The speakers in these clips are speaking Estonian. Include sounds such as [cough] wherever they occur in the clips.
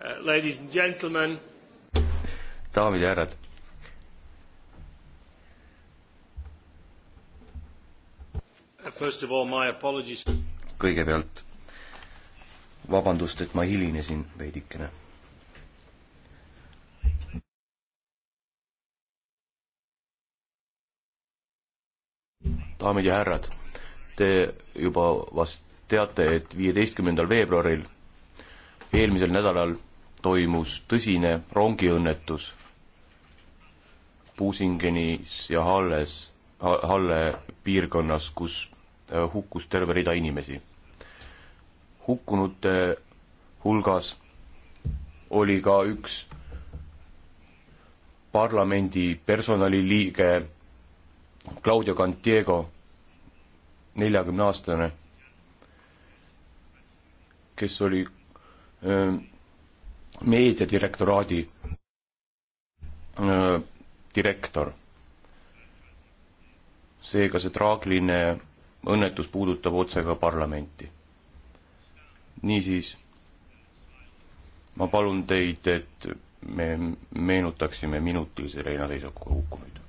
Uh, ladies and gentlemen. daamid ja härrad. Uh, first of all my apologies. kõigepealt vabandust, et ma hilinesin veidikene daamid ja härrad, te juba vast teate, et viieteistkümnendal veebruaril eelmisel nädalal toimus tõsine rongiõnnetus Puusingenis ja Halles, Halle piirkonnas, kus äh, hukkus terve rida inimesi. hukkunute hulgas oli ka üks parlamendi personaliliige Claudio Cantiego, neljakümne aastane, kes oli meediadirektoraadi direktor. seega see traagiline õnnetus puudutab otse ka parlamenti. niisiis, ma palun teid, et me meenutaksime minutilise leinaseisaku hukkunuid.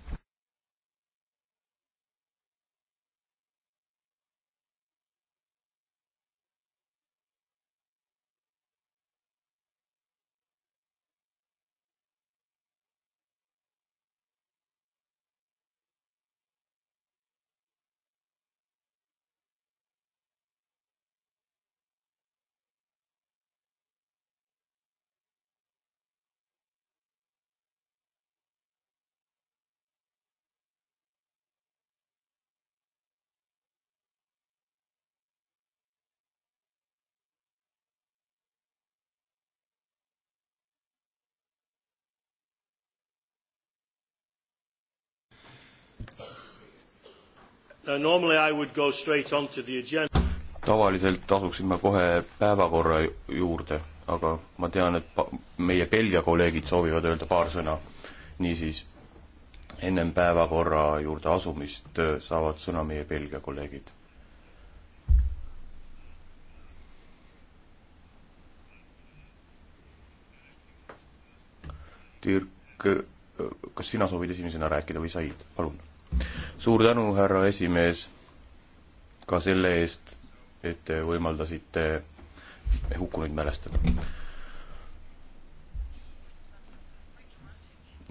Uh, tavaliselt asuksin ma kohe päevakorra juurde, aga ma tean, et meie Belgia kolleegid soovivad öelda paar sõna. niisiis, ennem päevakorra juurde asumist äh, saavad sõna meie Belgia kolleegid. Dirk, äh, kas sina soovid esimesena rääkida või Said, palun suur tänu, härra esimees, ka selle eest, et te võimaldasite hukkunuid mälestada.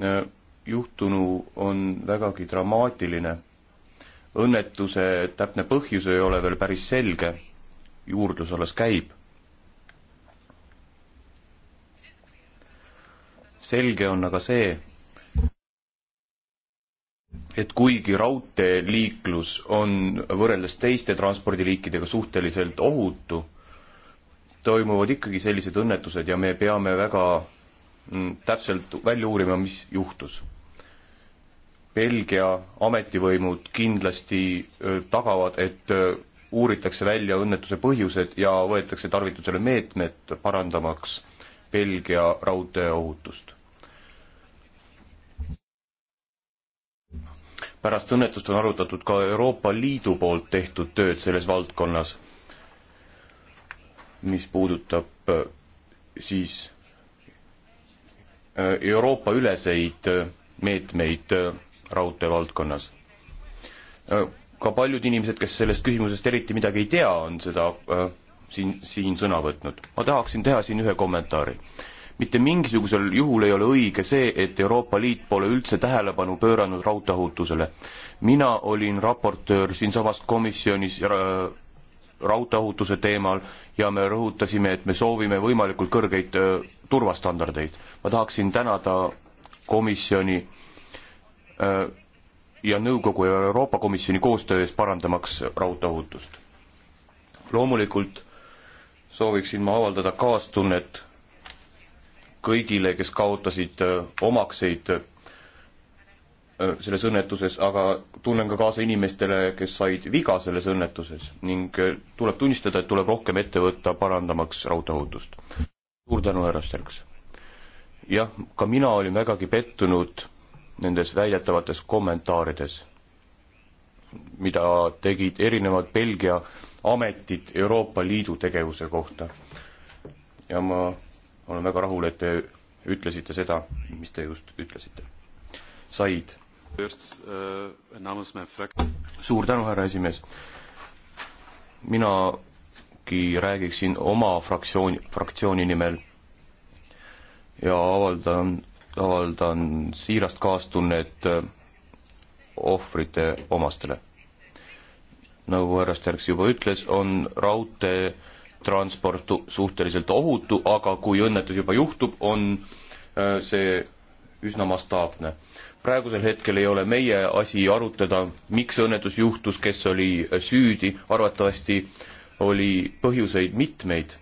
Äh, juhtunu on vägagi dramaatiline. õnnetuse täpne põhjus ei ole veel päris selge, juurdlus alles käib. selge on aga see, et kuigi raudteeliiklus on võrreldes teiste transpordiliikidega suhteliselt ohutu, toimuvad ikkagi sellised õnnetused ja me peame väga mm, täpselt välja uurima, mis juhtus. Belgia ametivõimud kindlasti tagavad, et uuritakse välja õnnetuse põhjused ja võetakse tarvitusele meetmed parandamaks Belgia raudteeohutust pärast õnnetust on arutatud ka Euroopa Liidu poolt tehtud tööd selles valdkonnas, mis puudutab äh, siis äh, Euroopa üleseid äh, meetmeid raudtee valdkonnas. ka paljud inimesed, kes sellest küsimusest eriti midagi ei tea, on seda siin, siin sõna võtnud. ma tahaksin teha siin ühe kommentaari mitte mingisugusel juhul ei ole õige see, et Euroopa Liit pole üldse tähelepanu pööranud raudteeohutusele. mina olin raportöör siinsamas komisjonis raudteeohutuse teemal ja me rõhutasime, et me soovime võimalikult kõrgeid turvastandardeid. ma tahaksin tänada komisjoni ja Nõukogu ja Euroopa Komisjoni koostöös parandamaks raudteeohutust. loomulikult sooviksin ma avaldada kaastunnet kõigile, kes kaotasid äh, omakseid äh, selles õnnetuses, aga tunnen ka kaasa inimestele, kes said viga selles õnnetuses ning äh, tuleb tunnistada, et tuleb rohkem ette võtta, parandamaks raudteeohutust. suur tänu, härra Sterks! jah, ka mina olin vägagi pettunud nendes väidetavates kommentaarides, mida tegid erinevad Belgia ametid Euroopa Liidu tegevuse kohta. ja ma olen väga rahul, et te ütlesite seda, mis te just ütlesite. Said. suur tänu, härra esimees. minagi räägiksin oma fraktsiooni, fraktsiooni nimel ja avaldan, avaldan siirast kaastunnet eh, ohvrite omastele. nagu härra Sterks juba ütles, on raudtee transport suhteliselt ohutu, aga kui õnnetus juba juhtub, on äh, see üsna mastaapne. praegusel hetkel ei ole meie asi arutada, miks õnnetus juhtus, kes oli süüdi, arvatavasti oli põhjuseid mitmeid.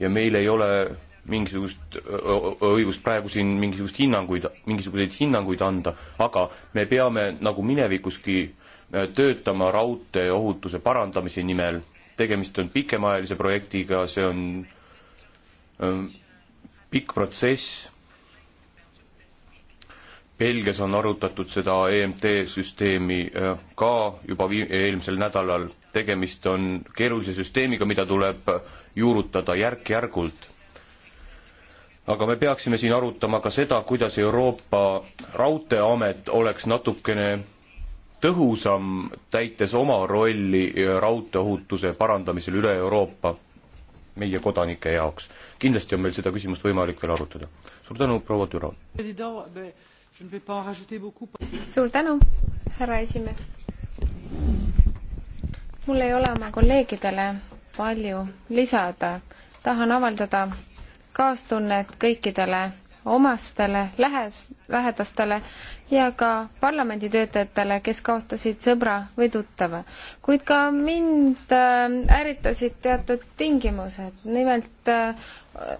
ja meil ei ole mingisugust õigust praegu siin mingisugust hinnanguid, mingisuguseid hinnanguid anda, aga me peame nagu minevikuski äh, töötama raudtee ohutuse parandamise nimel tegemist on pikemaajalise projektiga, see on ähm, pikk protsess. Belgias on arutatud seda EMT süsteemi äh, ka juba eelmisel nädalal. tegemist on keerulise süsteemiga, mida tuleb juurutada järk-järgult. aga me peaksime siin arutama ka seda, kuidas Euroopa Raudteeamet oleks natukene tõhusam, täites oma rolli raudteeohutuse parandamisel üle Euroopa meie kodanike jaoks. kindlasti on meil seda küsimust võimalik veel arutada. suur tänu, proua Türo! suur tänu, härra esimees! mul ei ole oma kolleegidele palju lisada. tahan avaldada kaastunnet kõikidele omastele, lähes, lähedastele ja ka parlamenditöötajatele, kes kaotasid sõbra või tuttava. kuid ka mind äh, ärritasid teatud tingimused, nimelt äh,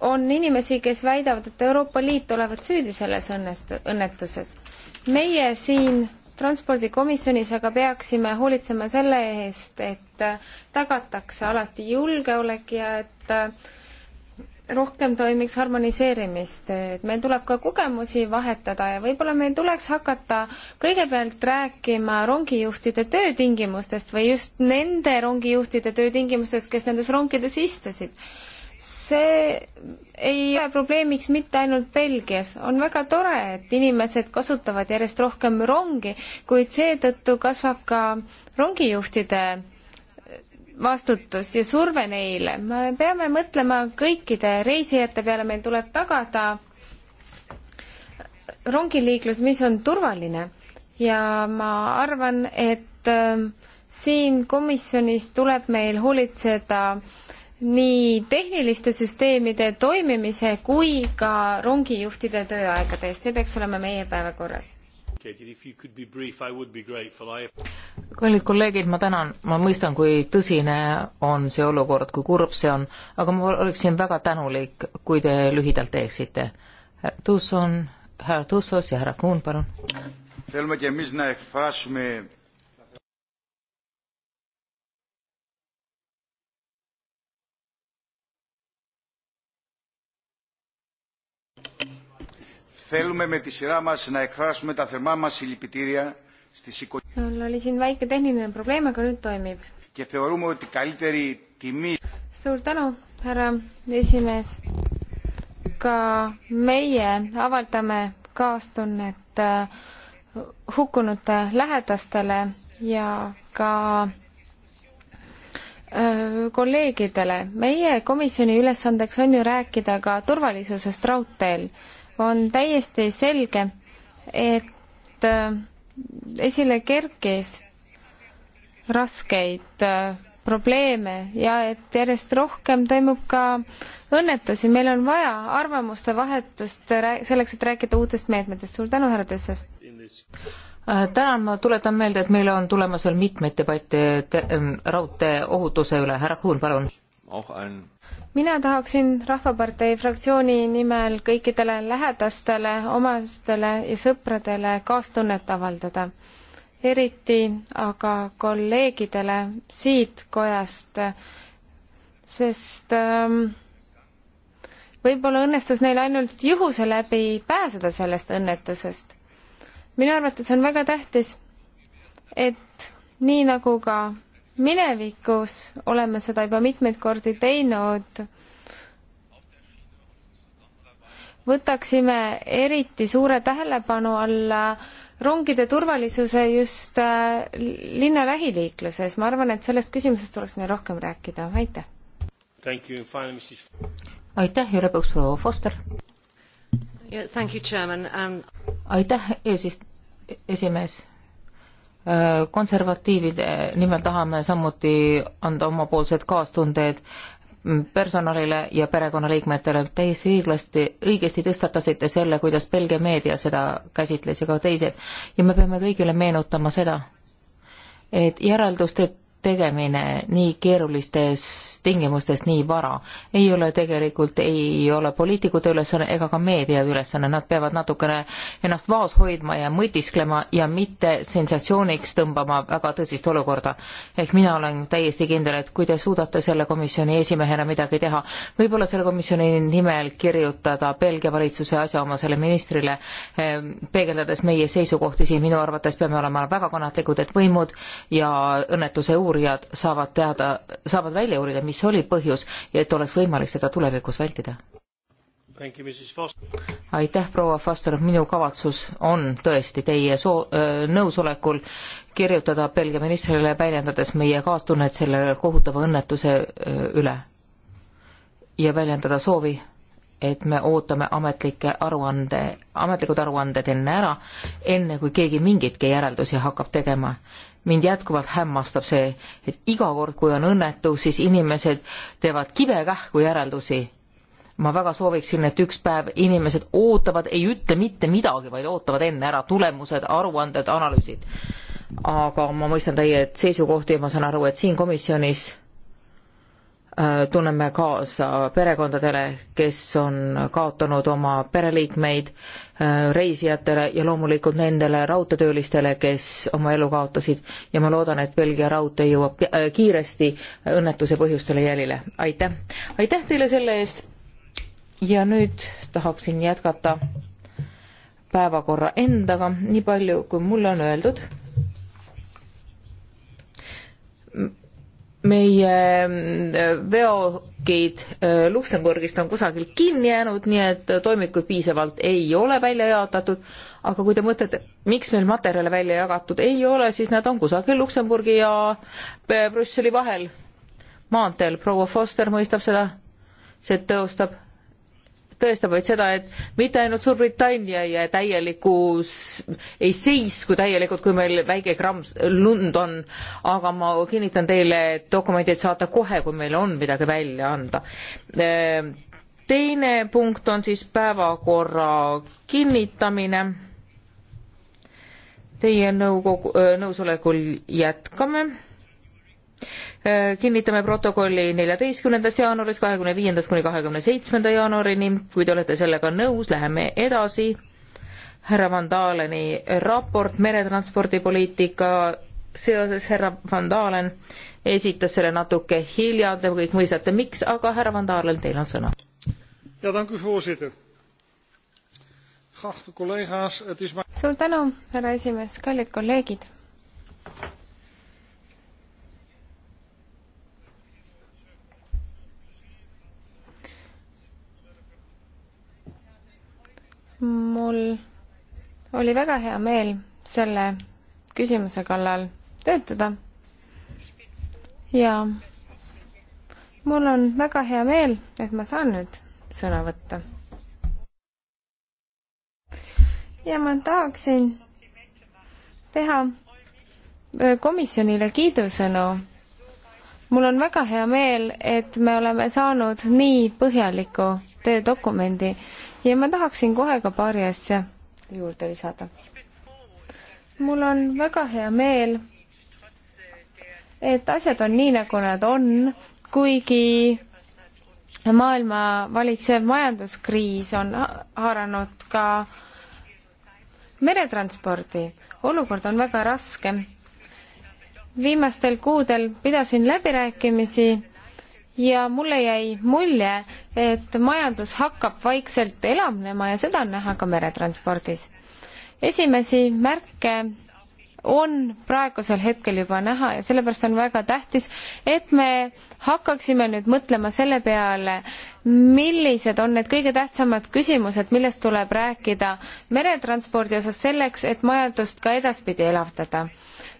on inimesi, kes väidavad, et Euroopa Liit olevat süüdi selles õnnest-, õnnetuses. meie siin transpordikomisjonis aga peaksime hoolitsema selle eest, et äh, tagatakse alati julgeolek ja et rohkem toimiks harmoniseerimistööd, meil tuleb ka kogemusi vahetada ja võib-olla meil tuleks hakata kõigepealt rääkima rongijuhtide töötingimustest või just nende rongijuhtide töötingimustest, kes nendes rongides istusid. see ei ole probleemiks mitte ainult Belgias, on väga tore, et inimesed kasutavad järjest rohkem rongi, kuid seetõttu kasvab ka rongijuhtide vastutus ja surve neile. me peame mõtlema kõikide reisijate peale, meil tuleb tagada rongiliiklus, mis on turvaline ja ma arvan, et ähm, siin komisjonis tuleb meil hoolitseda nii tehniliste süsteemide toimimise kui ka rongijuhtide tööaegade eest, see peaks olema meie päevakorras kallid kolleegid, ma tänan, ma mõistan, kui tõsine on see olukord, kui kurb see on, aga ma oleksin väga tänulik, kui te lühidalt teeksite. Tusson, härra Tussos ja härra Kuhn, palun. Θέλουμε με τη σειρά μας να εκφράσουμε τα θερμά μας συλληπιτήρια στις οικογένειες. Mul oli siin väike tehniline probleem, aga nüüd toimib. Και θεωρούμε ότι καλύτερη τιμή... Suur tänu, härra esimees. Ka meie avaldame kaastunnet hukkunute lähedastele ja ka äh, kolleegidele. meie komisjoni ülesandeks on ju rääkida ka turvalisusest raudteel on täiesti selge, et äh, esile kerkis raskeid äh, probleeme ja et järjest rohkem toimub ka õnnetusi. meil on vaja arvamuste vahetust selleks, et rääkida uutest meetmetest. suur tänu, härra Tõssus! Äh, tänan, ma tuletan meelde, et meil on tulemas veel mitmeid debatte raudtee ohutuse üle. härra Kuhn, palun! mina tahaksin Rahvapartei fraktsiooni nimel kõikidele lähedastele, omastele ja sõpradele kaastunnet avaldada. eriti aga kolleegidele siit kojast, sest ähm, võib-olla õnnestus neil ainult juhuse läbi pääseda sellest õnnetusest. minu arvates on väga tähtis, et nii nagu ka minevikus oleme seda juba mitmeid kordi teinud, võtaksime eriti suure tähelepanu alla rongide turvalisuse just äh, linna lähiliikluses, ma arvan, et sellest küsimusest tuleks meil rohkem rääkida, aitäh! aitäh ja lõpuks proua Foster yeah,! Um... aitäh, eesist-, esimees konservatiivide eh, nimel tahame samuti anda omapoolsed kaastunded personalile ja perekonnaliikmetele. täiesti õiglasti, õigesti tõstatasite selle, kuidas Belgia meedia seda käsitles ja ka teised. ja me peame kõigile meenutama seda, et järelduste tegemine nii keerulistes tingimustes nii vara ei ole tegelikult, ei ole poliitikute ülesanne ega ka meedia ülesanne, nad peavad natukene ennast vaos hoidma ja mõtisklema ja mitte sensatsiooniks tõmbama väga tõsist olukorda. ehk mina olen täiesti kindel, et kui te suudate selle komisjoni esimehena midagi teha, võib-olla selle komisjoni nimel kirjutada Belgia valitsuse asjaomasele ministrile, ehm, peegeldades meie seisukohti siin, minu arvates peame olema väga kannatlikud, et võimud ja õnnetuse uur-, uurijad saavad teada, saavad välja uurida, mis oli põhjus ja et oleks võimalik seda tulevikus vältida. aitäh, proua Foster, minu kavatsus on tõesti teie soo-, nõusolekul kirjutada Belgia ministrile, väljendades meie kaastunnet selle kohutava õnnetuse üle ja väljendada soovi et me ootame ametlikke aruande, ametlikud aruanded enne ära, enne kui keegi mingitki järeldusi hakkab tegema mind jätkuvalt hämmastab see, et iga kord, kui on õnnetus, siis inimesed teevad kibekähku järeldusi. ma väga sooviksin, et üks päev inimesed ootavad, ei ütle mitte midagi, vaid ootavad enne ära tulemused, aruanded, analüüsid. aga ma mõistan teie seisukohti ja ma saan aru, et siin komisjonis Äh, tunneme kaasa perekondadele, kes on kaotanud oma pereliikmeid, äh, reisijatele ja loomulikult nendele raudteetöölistele, kes oma elu kaotasid ja ma loodan, et Belgia raudtee jõuab äh, kiiresti õnnetuse põhjustele jälile. aitäh! aitäh teile selle eest ja nüüd tahaksin jätkata päevakorra endaga, nii palju kui mulle on öeldud meie mm, veokid äh, Luksemburgist on kusagil kinni jäänud, nii et toimikuid piisavalt ei ole välja jaotatud, aga kui te mõtlete, miks meil materjale välja jagatud ei ole, siis nad on kusagil Luksemburgi ja äh, Brüsseli vahel maanteel. proua Foster mõistab seda, see tõostab tõestab vaid seda, et mitte ainult Suurbritannia ei jää täielikus, ei seisku täielikult, kui meil väike gramm lund on, aga ma kinnitan teile, et dokumendid saata kohe, kui meil on midagi välja anda. Ehm, teine punkt on siis päevakorra kinnitamine. Teie nõukogu, nõusolekul jätkame Äh, kinnitame protokolli neljateistkümnendast jaanuarist kahekümne viiendast kuni kahekümne seitsmenda jaanuarini. kui te olete sellega nõus, läheme edasi. härra Van Daleni raport meretranspordipoliitika seoses härra Van Dalen esitas selle natuke hilja, te kõik mõistate, miks, aga härra Van Dalen, teil on sõna. ja tänku, voorzitter. suur tänu, härra esimees, kallid kolleegid mul oli väga hea meel selle küsimuse kallal töötada ja mul on väga hea meel, et ma saan nüüd sõna võtta. ja ma tahaksin teha äh, komisjonile kiidusõnu. mul on väga hea meel, et me oleme saanud nii põhjaliku töödokumendi, ja ma tahaksin kohe ka paari asja juurde lisada. mul on väga hea meel, et asjad on nii, nagu nad on, kuigi maailma valitsev majanduskriis on haaranud ka meretranspordi. olukord on väga raske. viimastel kuudel pidasin läbirääkimisi ja mulle jäi mulje, et majandus hakkab vaikselt elavnema ja seda on näha ka meretranspordis. esimesi märke on praegusel hetkel juba näha ja sellepärast on väga tähtis, et me hakkaksime nüüd mõtlema selle peale, millised on need kõige tähtsamad küsimused, millest tuleb rääkida meretranspordi osas selleks, et majandust ka edaspidi elavdada.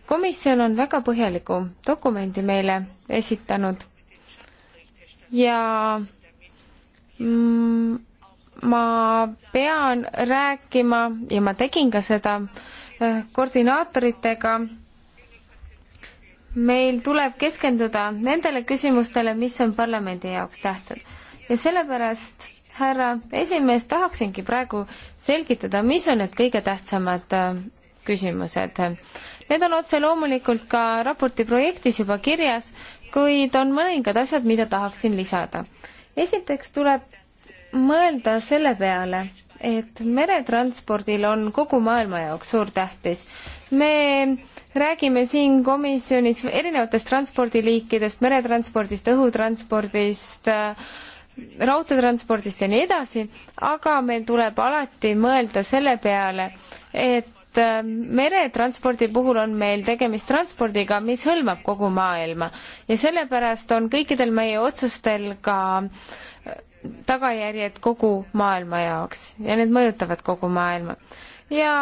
komisjon on väga põhjaliku dokumendi meile esitanud ja mm, ma pean rääkima ja ma tegin ka seda eh, koordinaatoritega, meil tuleb keskenduda nendele küsimustele, mis on parlamendi jaoks tähtsad. ja sellepärast, härra esimees, tahaksingi praegu selgitada, mis on need kõige tähtsamad eh, küsimused. Need on otse loomulikult ka raporti projektis juba kirjas kuid on mõningad asjad, mida tahaksin lisada. esiteks tuleb mõelda selle peale, et meretranspordil on kogu maailma jaoks suur tähtis. me räägime siin komisjonis erinevatest transpordiliikidest, meretranspordist, õhutranspordist, raudteetranspordist ja nii edasi, aga meil tuleb alati mõelda selle peale, et et ähm, meretranspordi puhul on meil tegemist transpordiga, mis hõlmab kogu maailma ja sellepärast on kõikidel meie otsustel ka äh, tagajärjed kogu maailma jaoks ja need mõjutavad kogu maailma. ja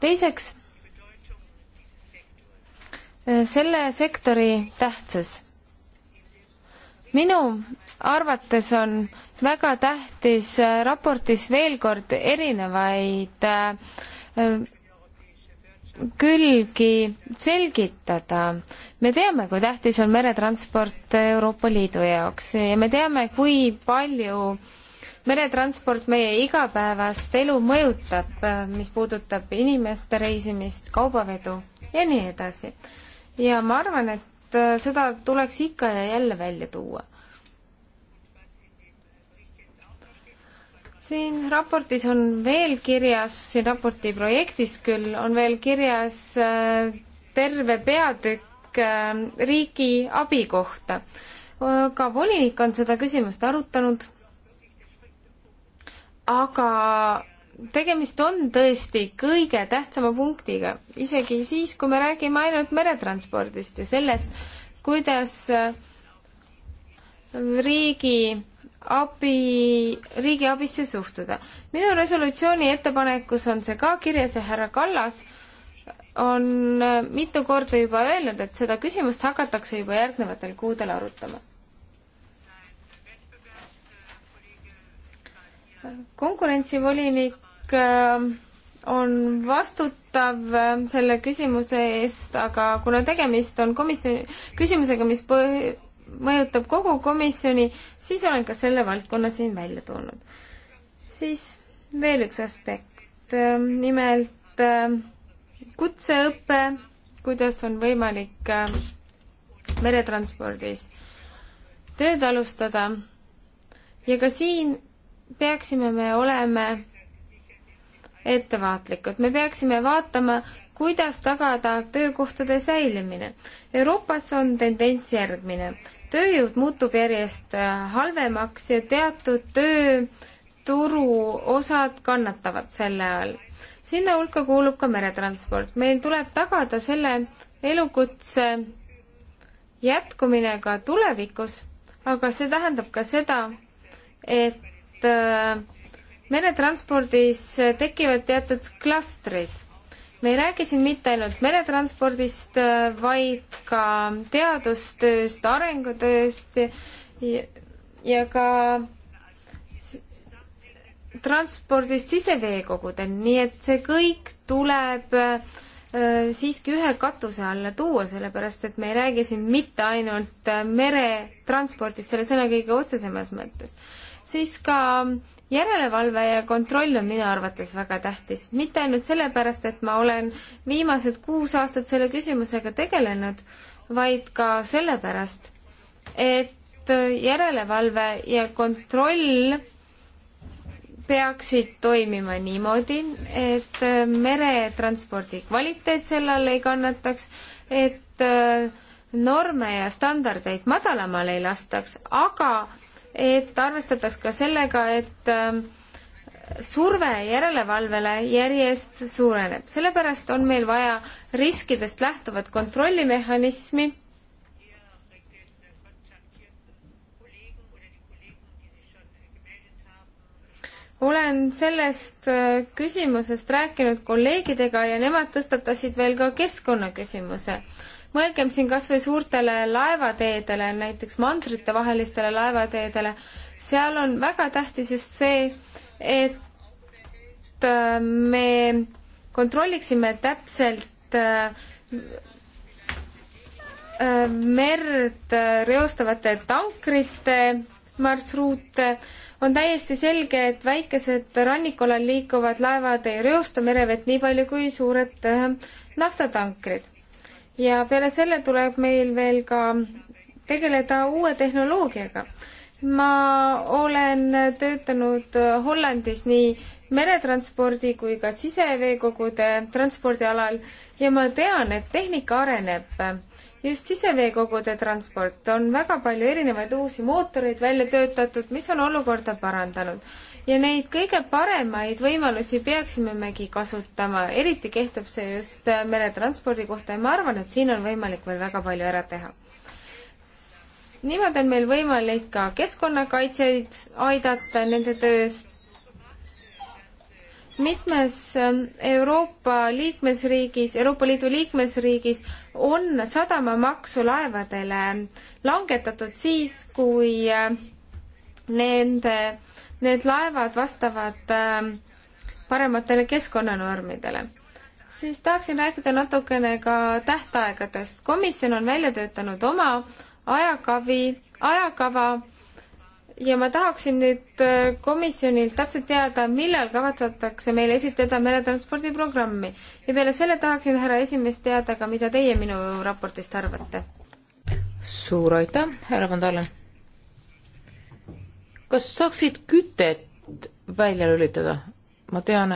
teiseks, äh, selle sektori tähtsus. minu arvates on väga tähtis raportis veel kord erinevaid äh, külgi selgitada. me teame, kui tähtis on meretransport Euroopa Liidu jaoks ja me teame, kui palju meretransport meie igapäevast elu mõjutab, äh, mis puudutab inimeste reisimist, kaubavedu ja nii edasi. ja ma arvan, et äh, seda tuleks ikka ja jälle välja tuua siin raportis on veel kirjas, siin raporti projektis küll, on veel kirjas äh, terve peatükk äh, riigi abi kohta. ka volinik on seda küsimust arutanud. aga tegemist on tõesti kõige tähtsama punktiga, isegi siis, kui me räägime ainult meretranspordist ja sellest, kuidas äh, riigi abi, riigiabisse suhtuda. minu resolutsiooni ettepanekus on see ka kirjas ja härra Kallas on äh, mitu korda juba öelnud, et seda küsimust hakatakse juba järgnevatel kuudel arutama. konkurentsivolinik äh, on vastutav äh, selle küsimuse eest, aga kuna tegemist on komisjoni, küsimusega, mis põh-, mõjutab kogu komisjoni, siis olen ka selle valdkonna siin välja toonud. siis veel üks aspekt, ähm, nimelt ähm, kutseõpe, kuidas on võimalik ähm, meretranspordis tööd alustada ja ka siin peaksime me olema ettevaatlikud, me peaksime vaatama, kuidas tagada töökohtade säilimine. Euroopas on tendents järgmine tööjõud muutub järjest äh, halvemaks ja teatud tööturu osad kannatavad selle all. sinna hulka kuulub ka meretransport. meil tuleb tagada selle elukutse jätkumine ka tulevikus, aga see tähendab ka seda, et äh, meretranspordis tekivad teatud klastrid me ei räägi siin mitte ainult meretranspordist, äh, vaid ka teadustööst, arengutööst ja, ja ka transpordist siseveekogudel, nii et see kõik tuleb äh, siiski ühe katuse alla tuua, sellepärast et me ei räägi siin mitte ainult äh, meretranspordist selle sõna kõige otsesemas mõttes, siis ka äh, järelevalve ja kontroll on minu arvates väga tähtis, mitte ainult sellepärast, et ma olen viimased kuus aastat selle küsimusega tegelenud, vaid ka sellepärast, et järelevalve ja kontroll peaksid toimima niimoodi, et meretranspordi kvaliteet selle all ei kannataks, et norme ja standardeid madalamale ei lastaks, aga et arvestataks ka sellega, et ähm, surve järelevalvele järjest suureneb, sellepärast on meil vaja riskidest lähtuvat kontrollimehhanismi olen sellest äh, küsimusest rääkinud kolleegidega ja nemad tõstatasid veel ka keskkonnaküsimuse mõelgem siin kas või suurtele laevateedele, näiteks mandritevahelistele laevateedele, seal on väga tähtis just see, et äh, me kontrolliksime täpselt äh, äh, merd reostavate tankrite marsruute, on täiesti selge, et väikesed rannikulal liikuvad laevad ei reosta merevett nii palju kui suured naftatankrid ja peale selle tuleb meil veel ka tegeleda uue tehnoloogiaga. ma olen töötanud Hollandis nii meretranspordi kui ka siseveekogude transpordi alal ja ma tean, et tehnika areneb. just siseveekogude transport on väga palju erinevaid uusi mootoreid välja töötatud, mis on olukorda parandanud ja neid kõige paremaid võimalusi peaksimegi kasutama, eriti kehtib see just äh, meretranspordi kohta ja ma arvan, et siin on võimalik veel väga palju ära teha. niimoodi on meil võimalik ka keskkonnakaitsjaid aidata nende töös. mitmes ähm, Euroopa liikmesriigis, Euroopa Liidu liikmesriigis on sadamamaksu laevadele langetatud siis, kui äh, nende need laevad vastavad ähm, parematele keskkonnanormidele. siis tahaksin rääkida natukene ka tähtaegadest. komisjon on välja töötanud oma ajakavi, ajakava ja ma tahaksin nüüd äh, komisjonilt täpselt teada, millal kavatsetakse meile esitleda meretranspordiprogrammi ja peale selle tahaksin, härra esimees, teada ka, mida teie minu raportist arvate. suur aitäh, härra Vandalen kas saaksid kütet välja lülitada? ma tean,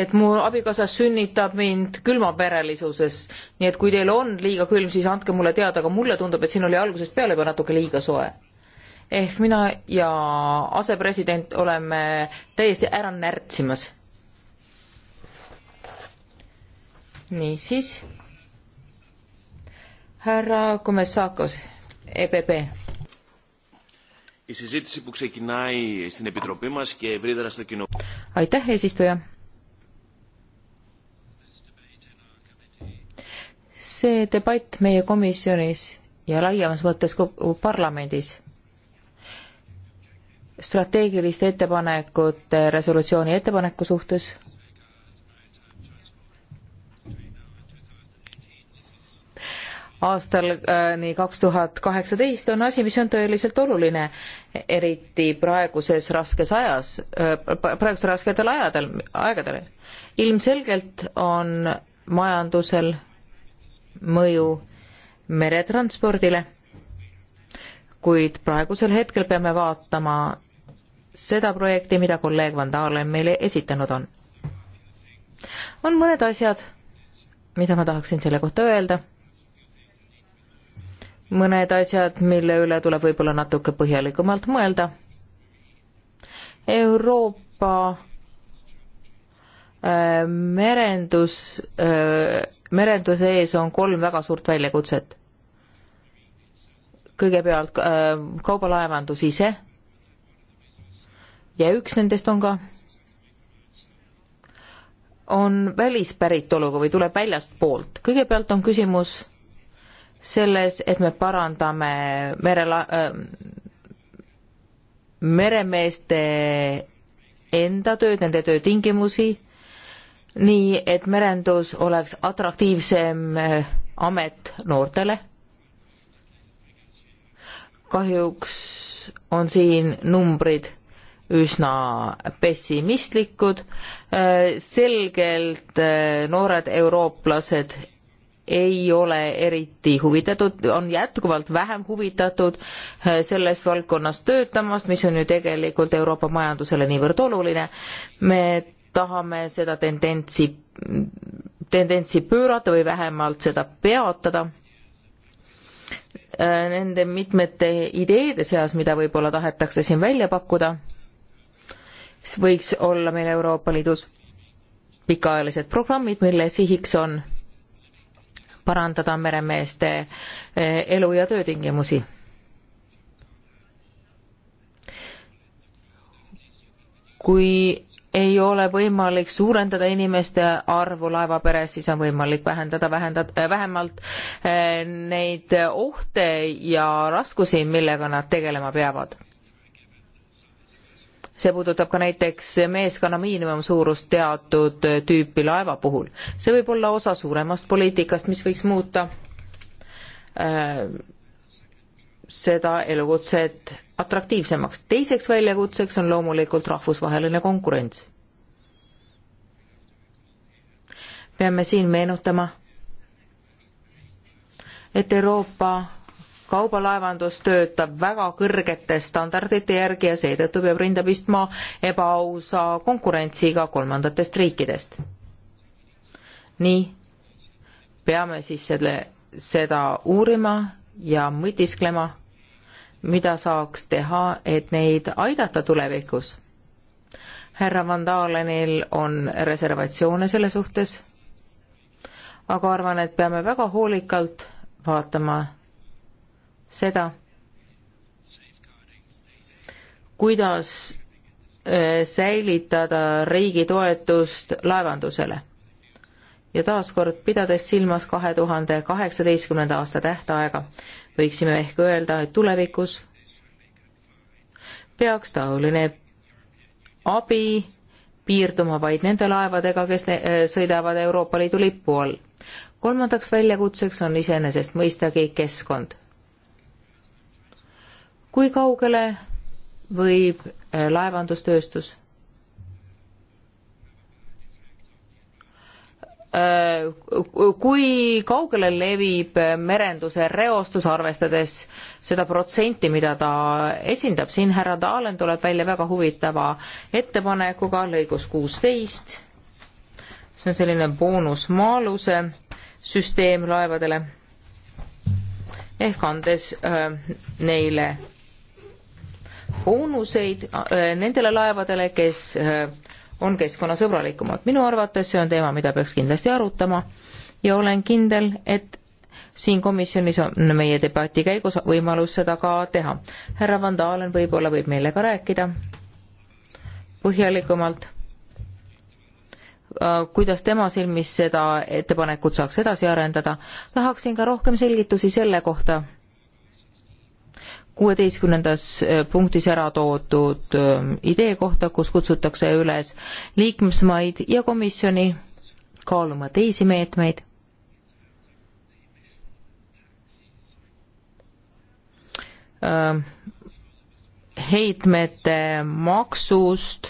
et mu abikaasa sünnitab mind külmaperelisuses, nii et kui teil on liiga külm, siis andke mulle teada, aga mulle tundub, et siin oli algusest peale juba natuke liiga soe. ehk mina ja asepresident oleme täiesti ära närtsimas. niisiis härra Komessakos, EPP Η συζήτηση που ξεκινάει στην Επιτροπή μας και ευρύτερα στο κοινό. Aitäh, eesistuja. see debatt meie komisjonis ja laiemas mõttes kogu parlamendis strateegiliste ettepanekute resolutsiooni ettepaneku suhtes aastani äh, kaks tuhat kaheksateist on asi, mis on tõeliselt oluline, eriti praeguses raskes ajas, äh, praegustel rasketel ajadel, aegadel. ilmselgelt on majandusel mõju meretranspordile, kuid praegusel hetkel peame vaatama seda projekti, mida kolleeg Van Dalen meile esitanud on. on mõned asjad, mida ma tahaksin selle kohta öelda mõned asjad, mille üle tuleb võib-olla natuke põhjalikumalt mõelda. Euroopa äh, merendus äh,, merenduse ees on kolm väga suurt väljakutset. kõigepealt äh, kaubalaevandus ise ja üks nendest on ka, on välispäritoluga või tuleb väljastpoolt. kõigepealt on küsimus selles, et me parandame merela- äh,, meremeeste enda tööd, nende töötingimusi, nii et merendus oleks atraktiivsem äh, amet noortele. kahjuks on siin numbrid üsna pessimistlikud, äh, selgelt äh, noored eurooplased ei ole eriti huvitatud, on jätkuvalt vähem huvitatud eh, selles valdkonnas töötamast, mis on ju tegelikult Euroopa majandusele niivõrd oluline. me tahame seda tendentsi, tendentsi pöörata või vähemalt seda peatada. Eh, nende mitmete ideede seas, mida võib-olla tahetakse siin välja pakkuda, võiks olla meil Euroopa Liidus pikaajalised programmid, mille sihiks on parandada meremeeste eh, elu ja töötingimusi. kui ei ole võimalik suurendada inimeste arvu laevaperes, siis on võimalik vähendada, vähendada, eh, vähemalt eh, neid ohte ja raskusi, millega nad tegelema peavad see puudutab ka näiteks meeskonna miinimumsuurust teatud tüüpi laeva puhul. see võib olla osa suuremast poliitikast, mis võiks muuta äh, seda elukutset atraktiivsemaks. teiseks väljakutseks on loomulikult rahvusvaheline konkurents. peame siin meenutama, et Euroopa kaubalaevandus töötab väga kõrgete standardite järgi ja seetõttu peab rinda pistma ebaausa konkurentsiga kolmandatest riikidest. nii, peame siis selle, seda uurima ja mõtisklema, mida saaks teha, et neid aidata tulevikus härra Van Dalenil on reservatsioone selle suhtes, aga arvan, et peame väga hoolikalt vaatama seda, kuidas äh, säilitada riigi toetust laevandusele. ja taaskord, pidades silmas kahe tuhande kaheksateistkümnenda aasta tähtaega, võiksime ehk öelda, et tulevikus peaks taoline abi piirduma vaid nende laevadega, kes äh, sõidavad Euroopa Liidu lipu all. kolmandaks väljakutseks on iseenesest mõistagi keskkond kui kaugele võib äh, laevandustööstus äh, kui kaugele levib äh, merenduse reostus, arvestades seda protsenti, mida ta esindab, siin härra Dahlen tuleb välja väga huvitava ettepanekuga lõigus kuusteist, see on selline boonusmaaluse süsteem laevadele, ehk andes öö, neile boonuseid äh, nendele laevadele, kes äh, on keskkonnasõbralikumad. minu arvates see on teema, mida peaks kindlasti arutama ja olen kindel, et siin komisjonis on meie debati käigus võimalus seda ka teha. härra Van Dalen võib-olla võib meile ka rääkida põhjalikumalt, äh, kuidas tema silmis seda ettepanekut saaks edasi arendada. tahaksin ka rohkem selgitusi selle kohta kuueteistkümnendas eh, punktis ära toodud eh, idee kohta, kus kutsutakse üles liikmesmaid ja komisjoni kaaluma teisi meetmeid. Eh, heitmete maksust,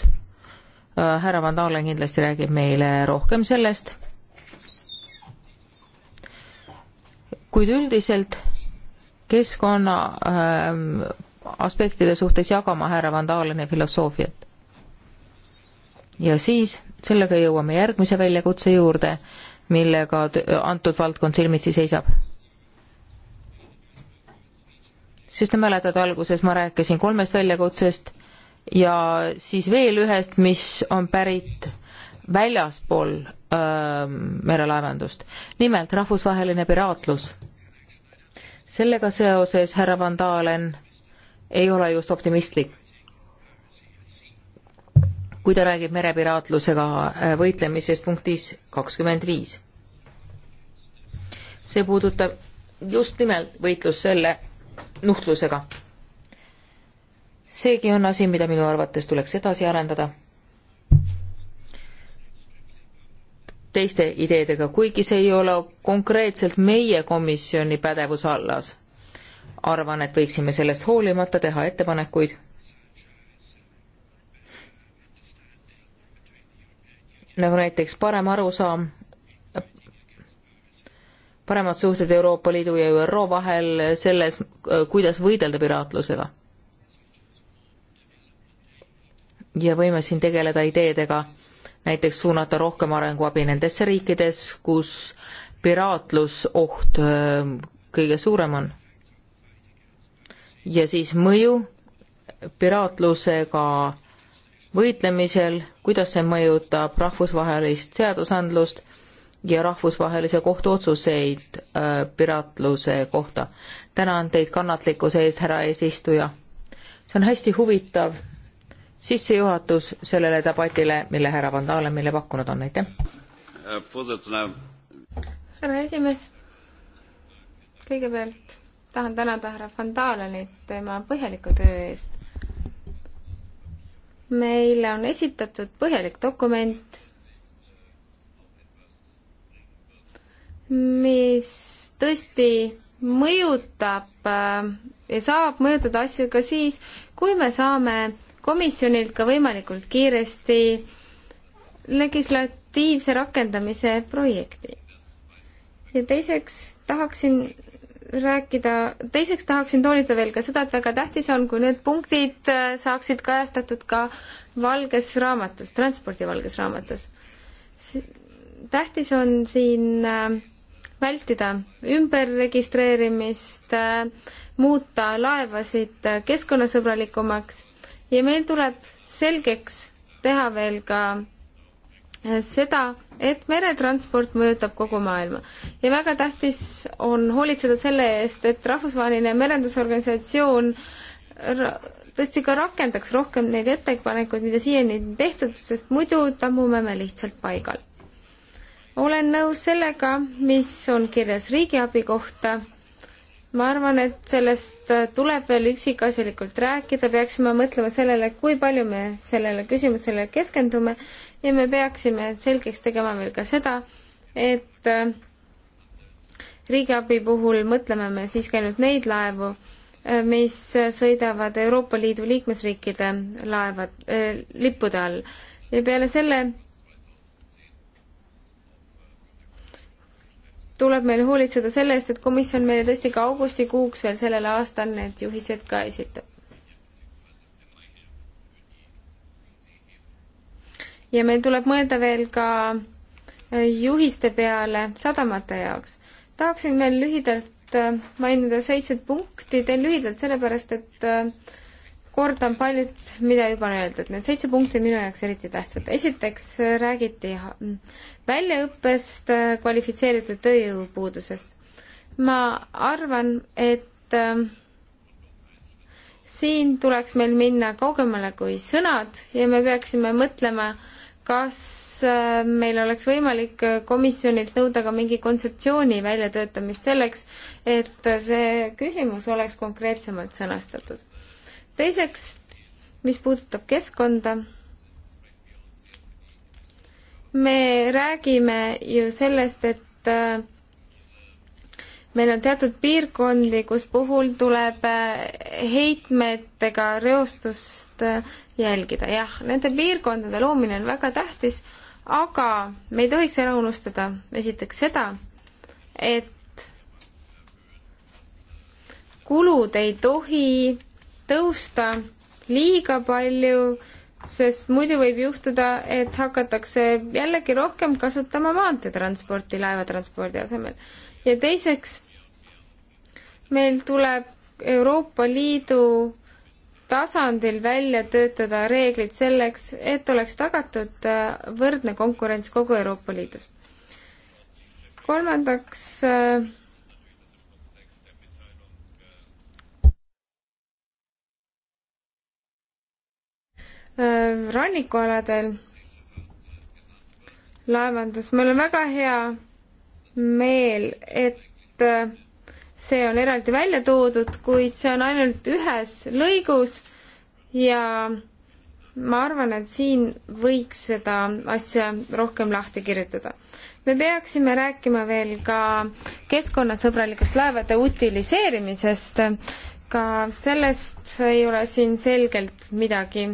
härra Van Dalen kindlasti räägib meile rohkem sellest, kuid üldiselt keskkonna ähm, aspektide suhtes jagama härra Van Daleni filosoofiat. ja siis sellega jõuame järgmise väljakutse juurde, millega antud valdkond silmitsi seisab. sest te mäletate, alguses ma rääkisin kolmest väljakutsest ja siis veel ühest, mis on pärit väljaspool öö, ähm, merelaevandust, nimelt rahvusvaheline piraatlus sellega seoses, härra Van Dalen, ei ole just optimistlik. kui ta räägib merepiraatlusega äh, võitlemisest punktis kakskümmend viis. see puudutab just nimelt võitlust selle nuhtlusega. seegi on asi, mida minu arvates tuleks edasi arendada teiste ideedega, kuigi see ei ole konkreetselt meie komisjoni pädevusallas. arvan, et võiksime sellest hoolimata teha ettepanekuid nagu näiteks parem arusaam, paremad suhted Euroopa Liidu ja ÜRO vahel selles, kuidas võidelda piraatlusega. ja võime siin tegeleda ideedega näiteks suunata rohkem arenguabi nendesse riikides, kus piraatlusoht kõige suurem on. ja siis mõju piraatlusega võitlemisel, kuidas see mõjutab rahvusvahelist seadusandlust ja rahvusvahelise kohtu otsuseid äh, piraatluse kohta. tänan teid kannatlikkuse eest, härra eesistuja. see on hästi huvitav sissejuhatus sellele debatile, mille härra Van Dalen meile pakkunud on, aitäh! härra esimees, kõigepealt tahan tänada härra Van Dalenit tema põhjaliku töö eest. meile on esitatud põhjalik dokument, mis tõesti mõjutab äh, ja saab mõjutada asju ka siis, kui me saame komisjonilt ka võimalikult kiiresti legislatiivse rakendamise projekti. ja teiseks tahaksin rääkida, teiseks tahaksin toonitada veel ka seda, et väga tähtis on, kui need punktid äh, saaksid kajastatud ka valges raamatus, transpordi valges raamatus. tähtis on siin äh, vältida ümberregistreerimist, äh, muuta laevasid keskkonnasõbralikumaks ja meil tuleb selgeks teha veel ka äh, seda, et meretransport mõjutab kogu maailma. ja väga tähtis on hoolitseda selle eest, et rahvusvaheline merendusorganisatsioon tõesti ka rakendaks rohkem neid ettepanekuid, mida siiani on tehtud, sest muidu tammume me lihtsalt paigal. olen nõus sellega, mis on kirjas riigiabi kohta ma arvan, et sellest äh, tuleb veel üksikasjalikult rääkida, peaksime mõtlema sellele, kui palju me sellele küsimusele keskendume ja me peaksime selgeks tegema veel ka seda, et äh, riigiabi puhul mõtleme me siiski ainult neid laevu, äh, mis sõidavad Euroopa Liidu liikmesriikide laevad äh,, lippude all. ja peale selle tuleb meil hoolitseda selle eest, et komisjon meile tõesti ka augustikuuks veel sellel aastal need juhised ka esitab. ja meil tuleb mõelda veel ka äh, juhiste peale sadamate jaoks. tahaksin veel lühidalt äh, mainida seitset punkti, teen lühidalt sellepärast, et äh, kordan paljud, mida juba on öeldud, need seitse punkti minu jaoks eriti tähtsad. esiteks räägiti väljaõppest, kvalifitseeritud tööjõupuudusest. ma arvan, et ähm, siin tuleks meil minna kaugemale kui sõnad ja me peaksime mõtlema, kas äh, meil oleks võimalik komisjonilt nõuda ka mingi kontseptsiooni väljatöötamist selleks, et see küsimus oleks konkreetsemalt sõnastatud teiseks, mis puudutab keskkonda, me räägime ju sellest, et äh, meil on teatud piirkondi, kus puhul tuleb äh, heitmetega reostust äh, jälgida, jah, nende piirkondade loomine on väga tähtis, aga me ei tohiks ära unustada esiteks seda, et kulud ei tohi tõusta liiga palju, sest muidu võib juhtuda, et hakatakse jällegi rohkem kasutama maanteetransporti laevatranspordi asemel. ja teiseks, meil tuleb Euroopa Liidu tasandil välja töötada reeglid selleks, et oleks tagatud äh, võrdne konkurents kogu Euroopa Liidus. kolmandaks äh, Äh, rannikualadel laevandus, meil on väga hea meel, et äh, see on eraldi välja toodud, kuid see on ainult ühes lõigus ja ma arvan, et siin võiks seda asja rohkem lahti kirjutada. me peaksime rääkima veel ka keskkonnasõbralikust laevade utiliseerimisest, ka sellest ei ole siin selgelt midagi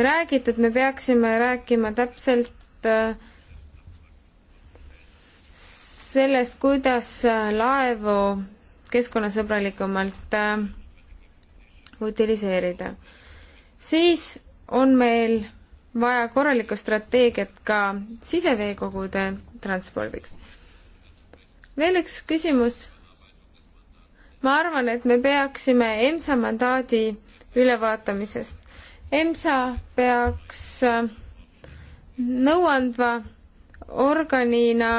räägitud, me peaksime rääkima täpselt äh, sellest, kuidas äh, laevu keskkonnasõbralikumalt äh, utiliseerida. siis on meil vaja korralikku strateegiat ka siseveekogude transpordiks. veel üks küsimus. ma arvan, et me peaksime EMSA mandaadi ülevaatamisest EMSA peaks äh, nõuandva organina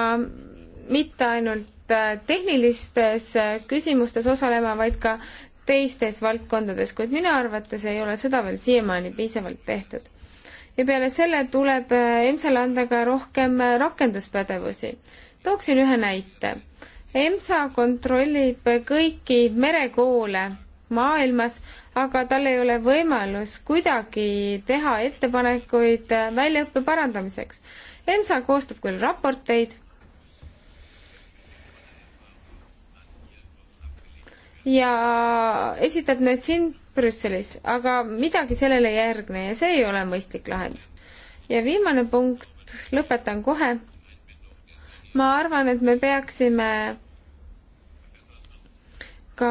mitte ainult äh, tehnilistes äh, küsimustes osalema, vaid ka teistes valdkondades, kuid minu arvates ei ole seda veel siiamaani piisavalt tehtud. ja peale selle tuleb EMSA-le anda ka rohkem rakenduspädevusi. tooksin ühe näite. EMSA kontrollib kõiki merekoole maailmas, aga tal ei ole võimalus kuidagi teha ettepanekuid väljaõppe parandamiseks. EMSA koostab küll raporteid ja esitab need siin Brüsselis, aga midagi sellele ei järgne ja see ei ole mõistlik lahendus. ja viimane punkt, lõpetan kohe. ma arvan, et me peaksime ka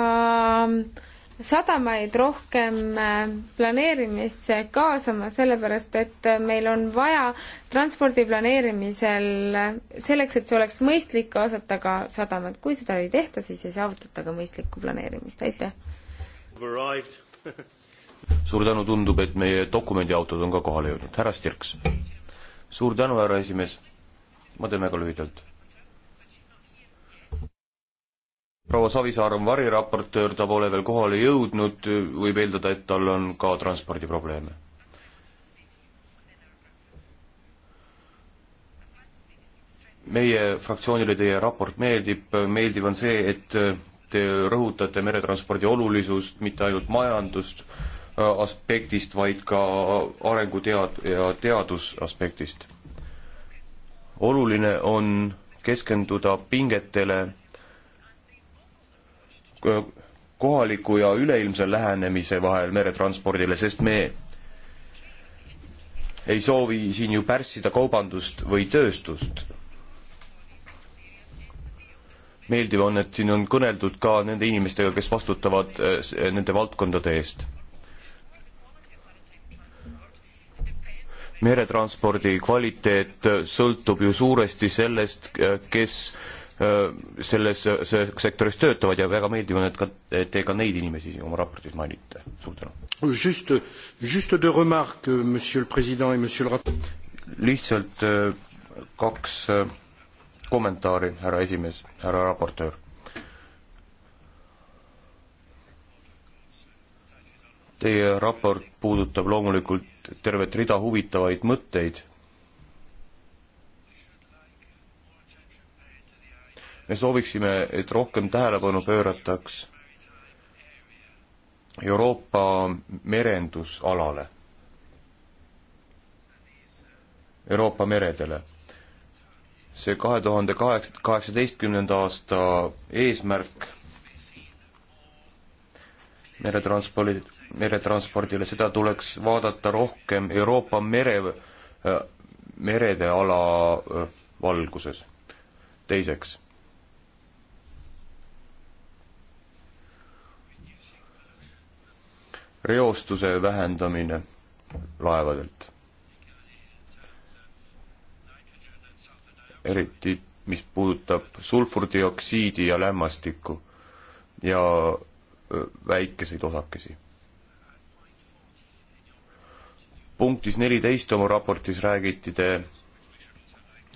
äh, sadamaid rohkem äh, planeerimisse kaasama, sellepärast et äh, meil on vaja transpordi planeerimisel äh, selleks, et see oleks mõistlik, kaasata ka sadamad. kui seda ei tehta, siis ei saavutata ka mõistlikku planeerimist, aitäh! [laughs] suur tänu, tundub, et meie dokumendiautod on ka kohale jõudnud, härra Stirks. suur tänu, härra esimees, ma teen väga lühidalt proua Savisaar on variraportöör, ta pole veel kohale jõudnud, võib eeldada, et tal on ka transpordiprobleeme. meie fraktsioonile teie raport meeldib, meeldiv on see, et te rõhutate meretranspordi olulisust, mitte ainult majandust äh, aspektist, vaid ka arengutead- ja teadusaspektist. oluline on keskenduda pingetele kohaliku ja üleilmse lähenemise vahel meretranspordile, sest me ei soovi siin ju pärssida kaubandust või tööstust. meeldiv on, et siin on kõneldud ka nende inimestega, kes vastutavad nende valdkondade eest. meretranspordi kvaliteet sõltub ju suuresti sellest, kes Äh, selles sektoris töötavad ja väga meeldiv on, et ka te ka neid inimesi oma raportis mainite. suur tänu. lihtsalt äh, kaks äh, kommentaari, härra esimees, härra raportöör. Teie raport puudutab loomulikult tervet rida huvitavaid mõtteid me sooviksime, et rohkem tähelepanu pöörataks Euroopa merendusalale, Euroopa meredele. see kahe tuhande kaheksa, kaheksateistkümnenda aasta eesmärk meretranspordi, meretranspordile, seda tuleks vaadata rohkem Euroopa mere, äh, merede ala äh, valguses. teiseks reostuse vähendamine laevadelt. eriti, mis puudutab sulfurdioksiidi ja lämmastikku ja väikeseid osakesi. punktis neliteist oma raportis räägiti te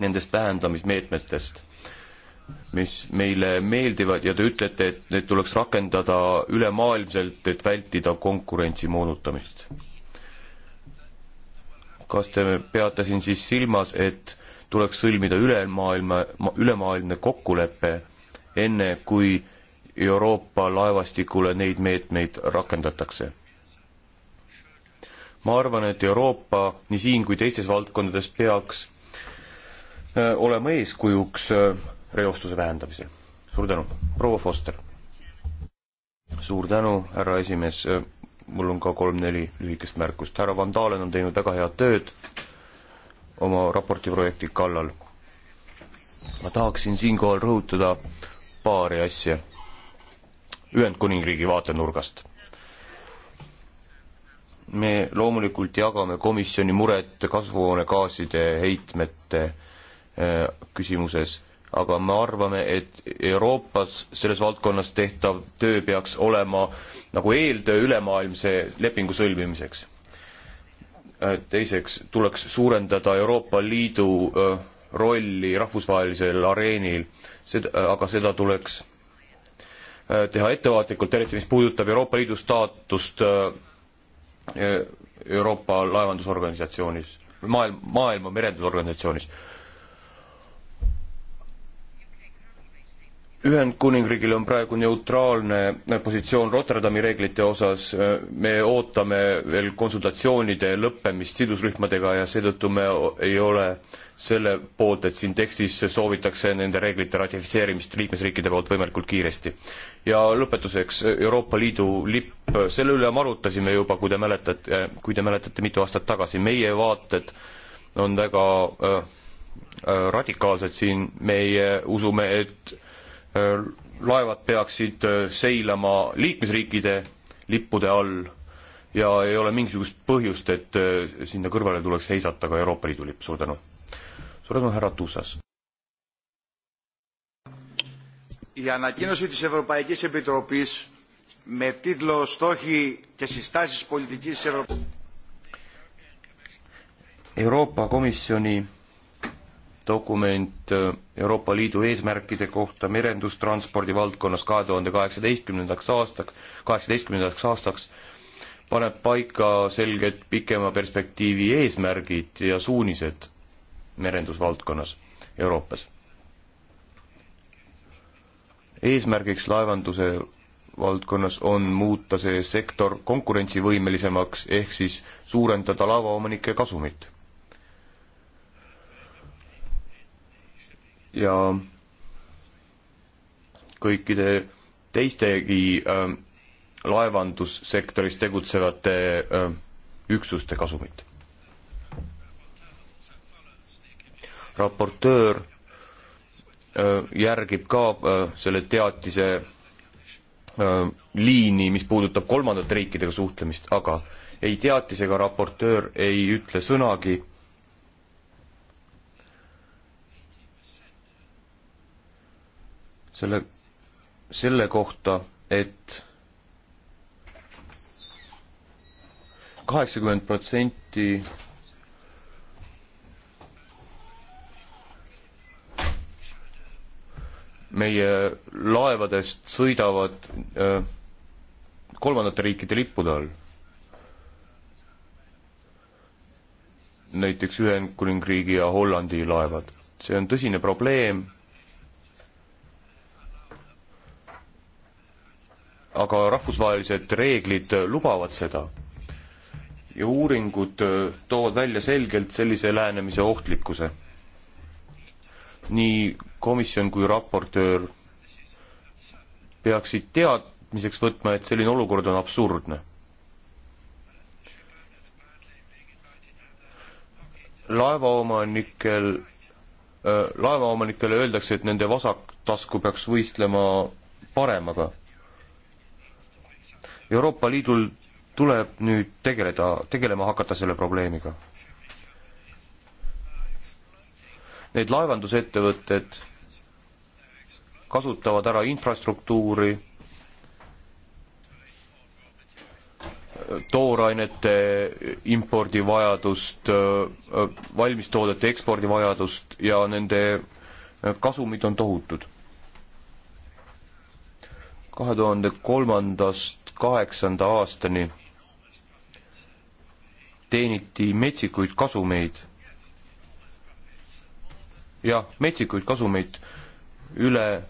nendest vähendamismeetmetest mis meile meeldivad ja te ütlete, et need tuleks rakendada ülemaailmselt, et vältida konkurentsi moonutamist. kas te peate siin siis silmas, et tuleks sõlmida ülemaailma, ülemaailmne kokkulepe, enne kui Euroopa laevastikule neid meetmeid rakendatakse? ma arvan, et Euroopa nii siin kui teistes valdkondades peaks äh, olema eeskujuks äh, reostuse vähendamisel. suur tänu, proua Foster. suur tänu, härra esimees, mul on ka kolm-neli lühikest märkust. härra Van Dalen on teinud väga head tööd oma raporti projekti kallal. ma tahaksin siinkohal rõhutada paari asja Ühendkuningriigi vaatenurgast. me loomulikult jagame komisjoni muret kasvuhoonegaaside heitmete eh, küsimuses aga me arvame, et Euroopas selles valdkonnas tehtav töö peaks olema nagu eeltöö ülemaailmse lepingu sõlmimiseks. Äh, teiseks tuleks suurendada Euroopa Liidu äh, rolli rahvusvahelisel areenil, seda, äh, aga seda tuleks teha ettevaatlikult, eriti mis puudutab Euroopa Liidu staatust Euroopa laevandusorganisatsioonis, maailm, maailma merendusorganisatsioonis Ühendkuningriigil on praegu neutraalne positsioon Rotterdami reeglite osas, me ootame veel konsultatsioonide lõppemist sidusrühmadega ja seetõttu me ei ole selle poolt, et siin tekstis soovitakse nende reeglite ratifitseerimist liikmesriikide poolt võimalikult kiiresti. ja lõpetuseks, Euroopa Liidu lipp, selle üle me arutasime juba, kui te mäletate, kui te mäletate, mitu aastat tagasi, meie vaated on väga äh, äh radikaalsed siin, meie usume, et laevad peaksid seilama liikmesriikide lippude all ja ei ole mingisugust põhjust, et sinna kõrvale tuleks heisata ka Euroopa Liidu lipp, suur tänu. suur tänu, härra Tuusas. Η ανακοίνωση της Ευρωπαϊκής Επιτροπής με τίτλο «Στόχοι και συστάσεις πολιτικής της Ευρωπαϊκής...» Euroopa Komisjoni dokument äh, Euroopa Liidu eesmärkide kohta merendustranspordi valdkonnas kahe tuhande kaheksateistkümnendaks aastaks, kaheksateistkümnendaks aastaks paneb paika selged pikema perspektiivi eesmärgid ja suunised merendusvaldkonnas Euroopas. eesmärgiks laevanduse valdkonnas on muuta see sektor konkurentsivõimelisemaks, ehk siis suurendada laevaomanike kasumit ja kõikide teistegi äh, laevandussektoris tegutsevate äh, üksuste kasumit. raportöör äh, järgib ka äh, selle teatise äh, liini, mis puudutab kolmandate riikidega suhtlemist, aga ei teatisega raportöör ei ütle sõnagi äh, selle, selle kohta, et kaheksakümmend protsenti meie laevadest sõidavad öö, äh, kolmandate riikide lippude all. näiteks Ühendkuningriigi ja Hollandi laevad. see on tõsine probleem aga rahvusvahelised reeglid lubavad seda. ja uuringud äh, toovad välja selgelt sellise lähenemise ohtlikkuse. nii komisjon kui raportöör peaksid teadmiseks võtma, et selline olukord on absurdne. laevaomanikel, äh, laevaomanikele öeldakse, et nende vasak tasku peaks võistlema paremaga Euroopa Liidul tuleb nüüd tegeleda, tegelema hakata selle probleemiga. Need laevandusettevõtted kasutavad ära infrastruktuuri, toorainete impordivajadust, valmistoodete ekspordivajadust ja nende kasumid on tohutud. kahe tuhande kolmandast kaheksanda aastani teeniti metsikuid kasumeid. jah, metsikuid kasumeid üle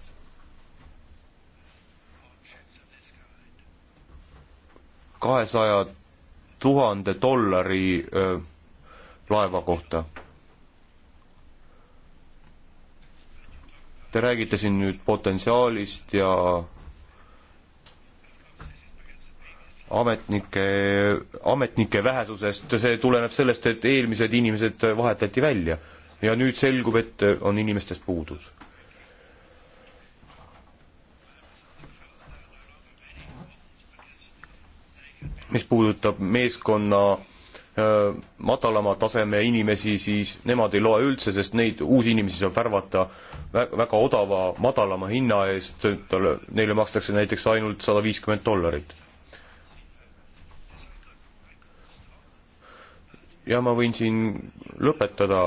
kahesaja tuhande dollari öö, laeva kohta. Te räägite siin nüüd potentsiaalist ja ametnike, ametnike vähesusest, see tuleneb sellest, et eelmised inimesed vahetati välja ja nüüd selgub, et on inimestest puudus. mis puudutab meeskonna öö, äh, madalama taseme inimesi, siis nemad ei loe üldse, sest neid uusi inimesi saab värvata väga, väga odava, madalama hinna eest, talle, neile makstakse näiteks ainult sada viiskümmend dollarit ja ma võin siin lõpetada,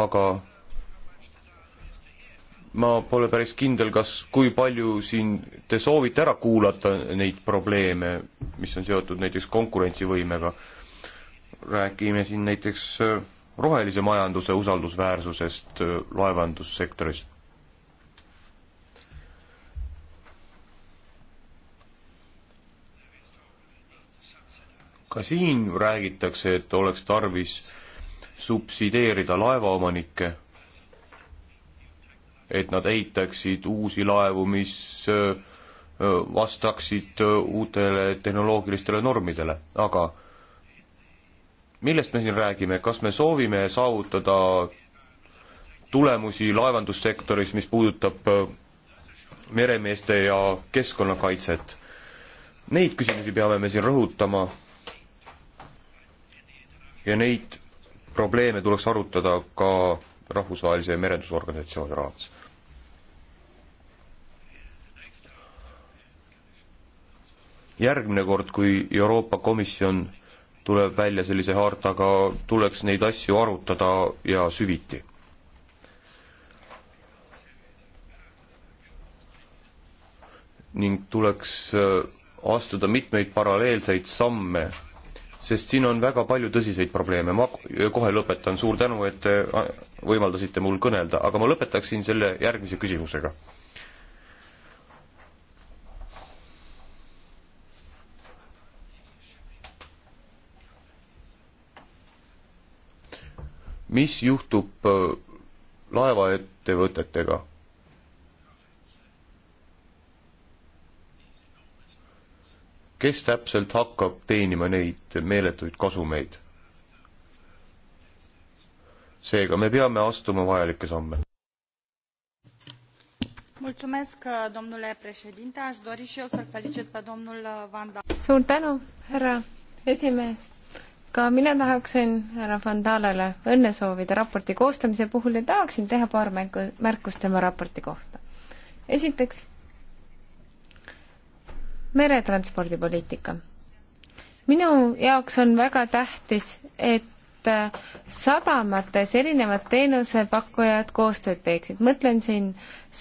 aga ma pole päris kindel, kas, kui palju siin te soovite ära kuulata neid probleeme, mis on seotud näiteks konkurentsivõimega. räägime siin näiteks äh, rohelise majanduse usaldusväärsusest äh, laevandussektoris ka siin räägitakse, et oleks tarvis subsideerida laevaomanikke, et nad ehitaksid uusi laevu, mis vastaksid uutele tehnoloogilistele normidele, aga millest me siin räägime, kas me soovime saavutada tulemusi laevandussektoris, mis puudutab meremeeste ja keskkonnakaitset. Neid küsimusi peame me siin rõhutama ja neid probleeme tuleks arutada ka rahvusvahelise merendusorganisatsiooni raames. järgmine kord, kui Euroopa Komisjon tuleb välja sellise haartaga, tuleks neid asju arutada ja süviti. ning tuleks äh, astuda mitmeid paralleelseid samme sest siin on väga palju tõsiseid probleeme, ma kohe lõpetan, suur tänu, et te võimaldasite mul kõnelda, aga ma lõpetaksin selle järgmise küsimusega. mis juhtub äh, laevaettevõtetega? kes täpselt hakkab teenima neid meeletuid kasumeid? seega me peame astuma vajalikke samme. suur tänu, härra esimees. ka mina tahaksin härra Vandalale õnne soovida raporti koostamise puhul ja tahaksin teha paar märkust tema raporti kohta. esiteks meretranspordipoliitika. minu jaoks on väga tähtis, et äh, sadamates erinevad teenusepakkujad koostööd teeksid. mõtlen siin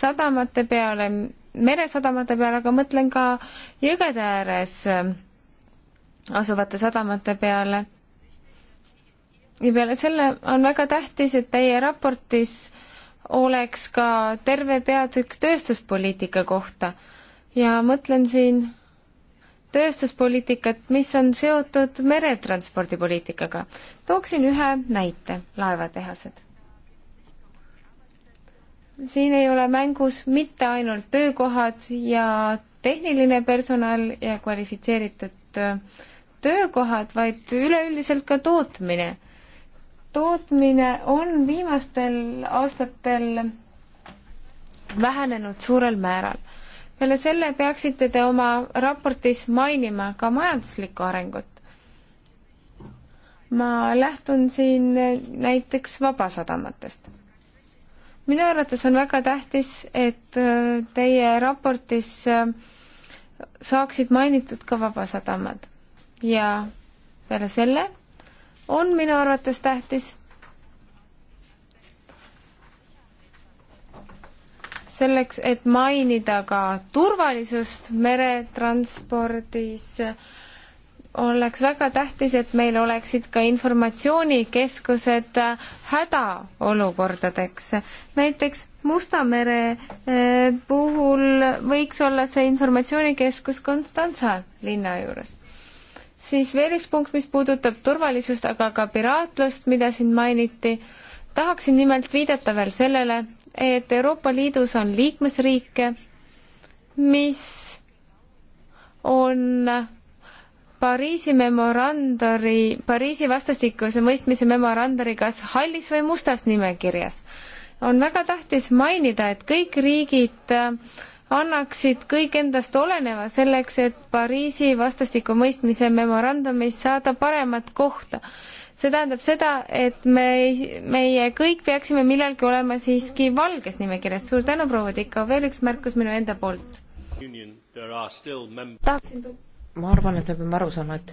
sadamate peale, meresadamate peale, aga mõtlen ka jõgede ääres äh, asuvate sadamate peale. ja peale selle on väga tähtis, et teie raportis oleks ka terve peatükk tööstuspoliitika kohta ja mõtlen siin tööstuspoliitikat, mis on seotud meretranspordipoliitikaga. tooksin ühe näite, laevatehased. siin ei ole mängus mitte ainult töökohad ja tehniline personal ja kvalifitseeritud äh, töökohad, vaid üleüldiselt ka tootmine. tootmine on viimastel aastatel vähenenud suurel määral peale selle peaksite te oma raportis mainima ka majanduslikku arengut. ma lähtun siin näiteks Vabasadamatest. minu arvates on väga tähtis, et teie raportis saaksid mainitud ka Vabasadamad ja peale selle on minu arvates tähtis, selleks, et mainida ka turvalisust meretranspordis, oleks väga tähtis, et meil oleksid ka informatsioonikeskused hädaolukordadeks. näiteks Musta mere eh, puhul võiks olla see informatsioonikeskus Konstantsa linna juures. siis veel üks punkt, mis puudutab turvalisust, aga ka piraatlust, mida siin mainiti tahaksin nimelt viidata veel sellele, et Euroopa Liidus on liikmesriike, mis on Pariisi memorandori, Pariisi vastastikuse mõistmise memorandori kas hallis või mustas nimekirjas. on väga tähtis mainida, et kõik riigid äh, annaksid kõik endast oleneva selleks, et Pariisi vastastiku mõistmise memorandumist saada paremat kohta see tähendab seda, et me, meie kõik peaksime millalgi olema siiski valges nimekirjas. suur tänu, proua Tiko, veel üks märkus minu enda poolt. tahaksin ma arvan, et me peame aru saama, et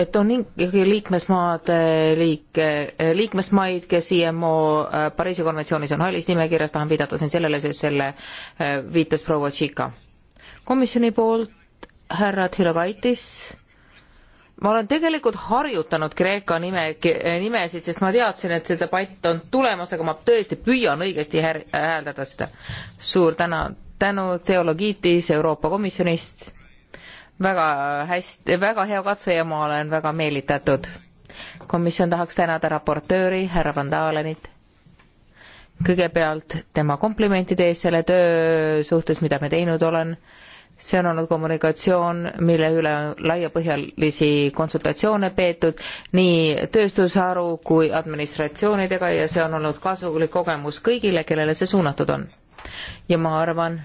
et on ikkagi liikmesmaade liike, liikmesmaid, kes IMO äh, Pariisi konventsioonis on hallis nimekirjas, tahan viidata siin sellele, sest selle äh, viitas proua Tšika. komisjoni poolt härra Tšilogaitis ma olen tegelikult harjutanud Kreeka nime, nimesid, sest ma teadsin, et see debatt on tulemas, aga ma tõesti püüan õigesti hääldada seda. suur täna, tänu Theologitis Euroopa Komisjonist. väga hästi, väga hea katsuja, ma olen väga meelitatud. komisjon tahaks tänada raportööri härra Van Dalenit kõigepealt tema komplimentide eest selle töö suhtes, mida me teinud olen see on olnud kommunikatsioon, mille üle laiapõhjalisi konsultatsioone peetud nii tööstusharu kui administratsioonidega ja see on olnud kasulik kogemus kõigile, kellele see suunatud on. ja ma arvan,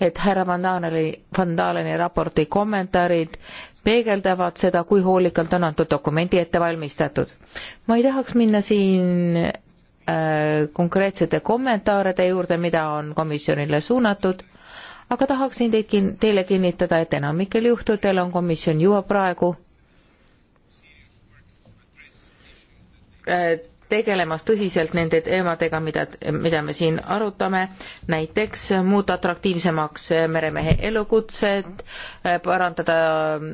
et härra Van Daleni, Van Daleni raporti kommentaarid peegeldavad seda, kui hoolikalt on antud dokumendi ette valmistatud. ma ei tahaks minna siin äh, konkreetsete kommentaaride juurde, mida on komisjonile suunatud aga tahaksin teid kin-, teile kinnitada, et enamikel juhtudel on komisjon juba praegu äh, tegelemas tõsiselt nende teemadega, mida, mida me siin arutame, näiteks muuta atraktiivsemaks meremehe elukutset, äh, parandada äh,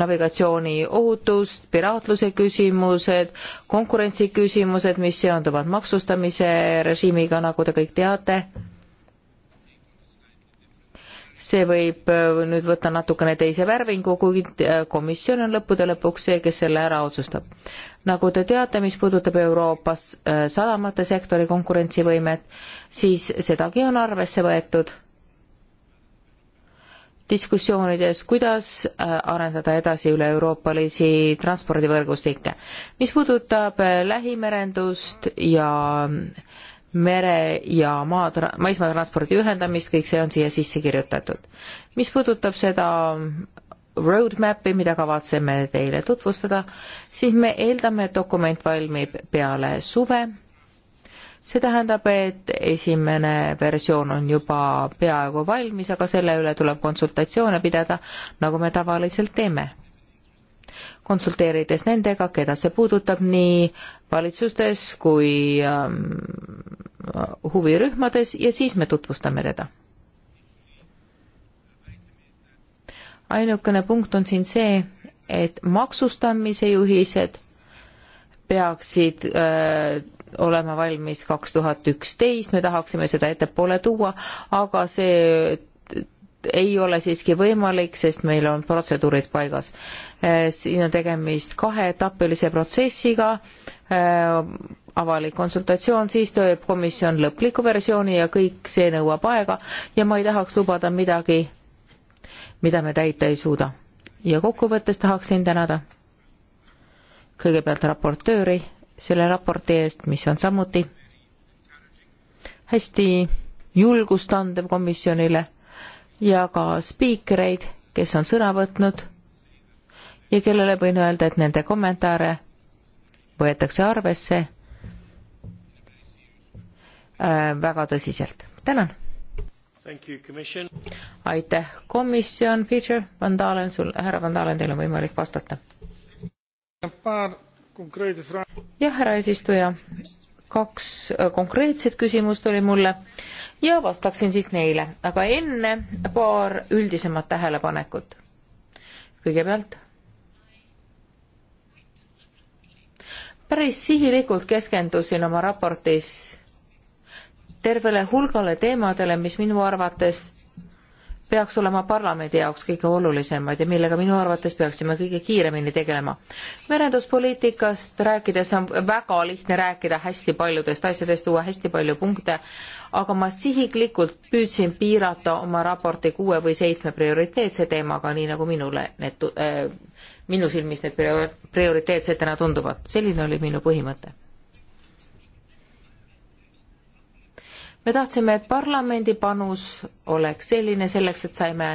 navigatsiooni ohutust, piraatluse küsimused, konkurentsi küsimused, mis seonduvad maksustamise režiimiga, nagu te kõik teate see võib äh, nüüd võtta natukene teise värvingu, kuid äh, komisjon on lõppude lõpuks see, kes selle ära otsustab. nagu te teate, mis puudutab Euroopas äh, sadamate sektori konkurentsivõimet, siis sedagi on arvesse võetud diskussioonides, kuidas arendada edasi üle-euroopalisi transpordivõrgustikke. mis puudutab lähimerendust ja äh, mere ja maa, maismaatranspordi ühendamist, kõik see on siia sisse kirjutatud. mis puudutab seda roadmap'i, mida kavatseme teile tutvustada, siis me eeldame, et dokument valmib peale suve. see tähendab, et esimene versioon on juba peaaegu valmis, aga selle üle tuleb konsultatsioone pidada, nagu me tavaliselt teeme konsulteerides nendega, keda see puudutab, nii valitsustes kui ähm, huvirühmades ja siis me tutvustame teda. ainukene punkt on siin see, et maksustamise juhised peaksid öö, äh, olema valmis kaks tuhat üksteist, me tahaksime seda ettepoole tuua, aga see ei ole siiski võimalik, sest meil on protseduurid paigas. Äh, siin on tegemist kaheetapilise protsessiga Äh, avalik konsultatsioon, siis tööb komisjon lõpliku versiooni ja kõik see nõuab aega ja ma ei tahaks lubada midagi, mida me täita ei suuda. ja kokkuvõttes tahaksin tänada kõigepealt raportööri selle raporti eest, mis on samuti hästi julgust andev komisjonile ja ka spiikreid, kes on sõna võtnud ja kellele võin öelda, et nende kommentaare võetakse arvesse äh, väga tõsiselt. tänan! aitäh, komisjon, Peter Van Dalen, sul, härra Van Dalen, teil on võimalik vastata. jah, härra eesistuja, kaks äh, konkreetset küsimust oli mulle ja vastaksin siis neile, aga enne paar üldisemat tähelepanekut. kõigepealt päris sihilikult keskendusin oma raportis tervele hulgale teemadele, mis minu arvates peaks olema parlamendi jaoks kõige olulisemad ja millega minu arvates peaksime kõige kiiremini tegelema. merenduspoliitikast rääkides on väga lihtne rääkida hästi paljudest asjadest, tuua hästi palju punkte, aga ma sihiklikult püüdsin piirata oma raporti kuue või seitsme prioriteetse teemaga, nii nagu minule need äh, minu silmis need prioriteetsetena tunduvad. selline oli minu põhimõte. me tahtsime, et parlamendi panus oleks selline selleks, et saime,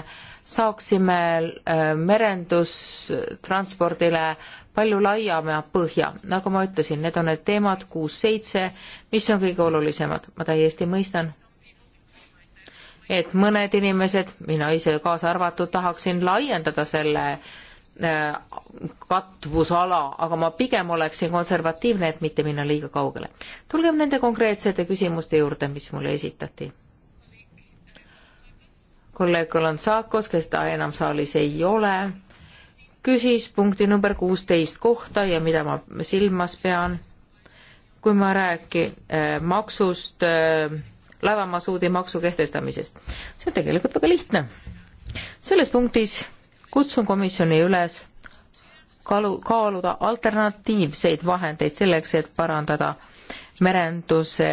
saaksime äh, merendustranspordile palju laiema põhja. nagu ma ütlesin, need on need teemad kuus-seitse, mis on kõige olulisemad. ma täiesti mõistan, et mõned inimesed, mina ise kaasa arvatud, tahaksin laiendada selle äh, Äh, katvusala, aga ma pigem oleksin konservatiivne, et mitte minna liiga kaugele. tulgem nende konkreetsete küsimuste juurde, mis mulle esitati. kolleeg Olandsakos, kes ta enam saalis ei ole, küsis punkti number kuusteist kohta ja mida ma silmas pean, kui ma räägin äh, maksust äh,, laevamasuudi maksu kehtestamisest. see on tegelikult väga lihtne. selles punktis kutsun komisjoni üles kaalu, kaaluda alternatiivseid vahendeid selleks, et parandada merenduse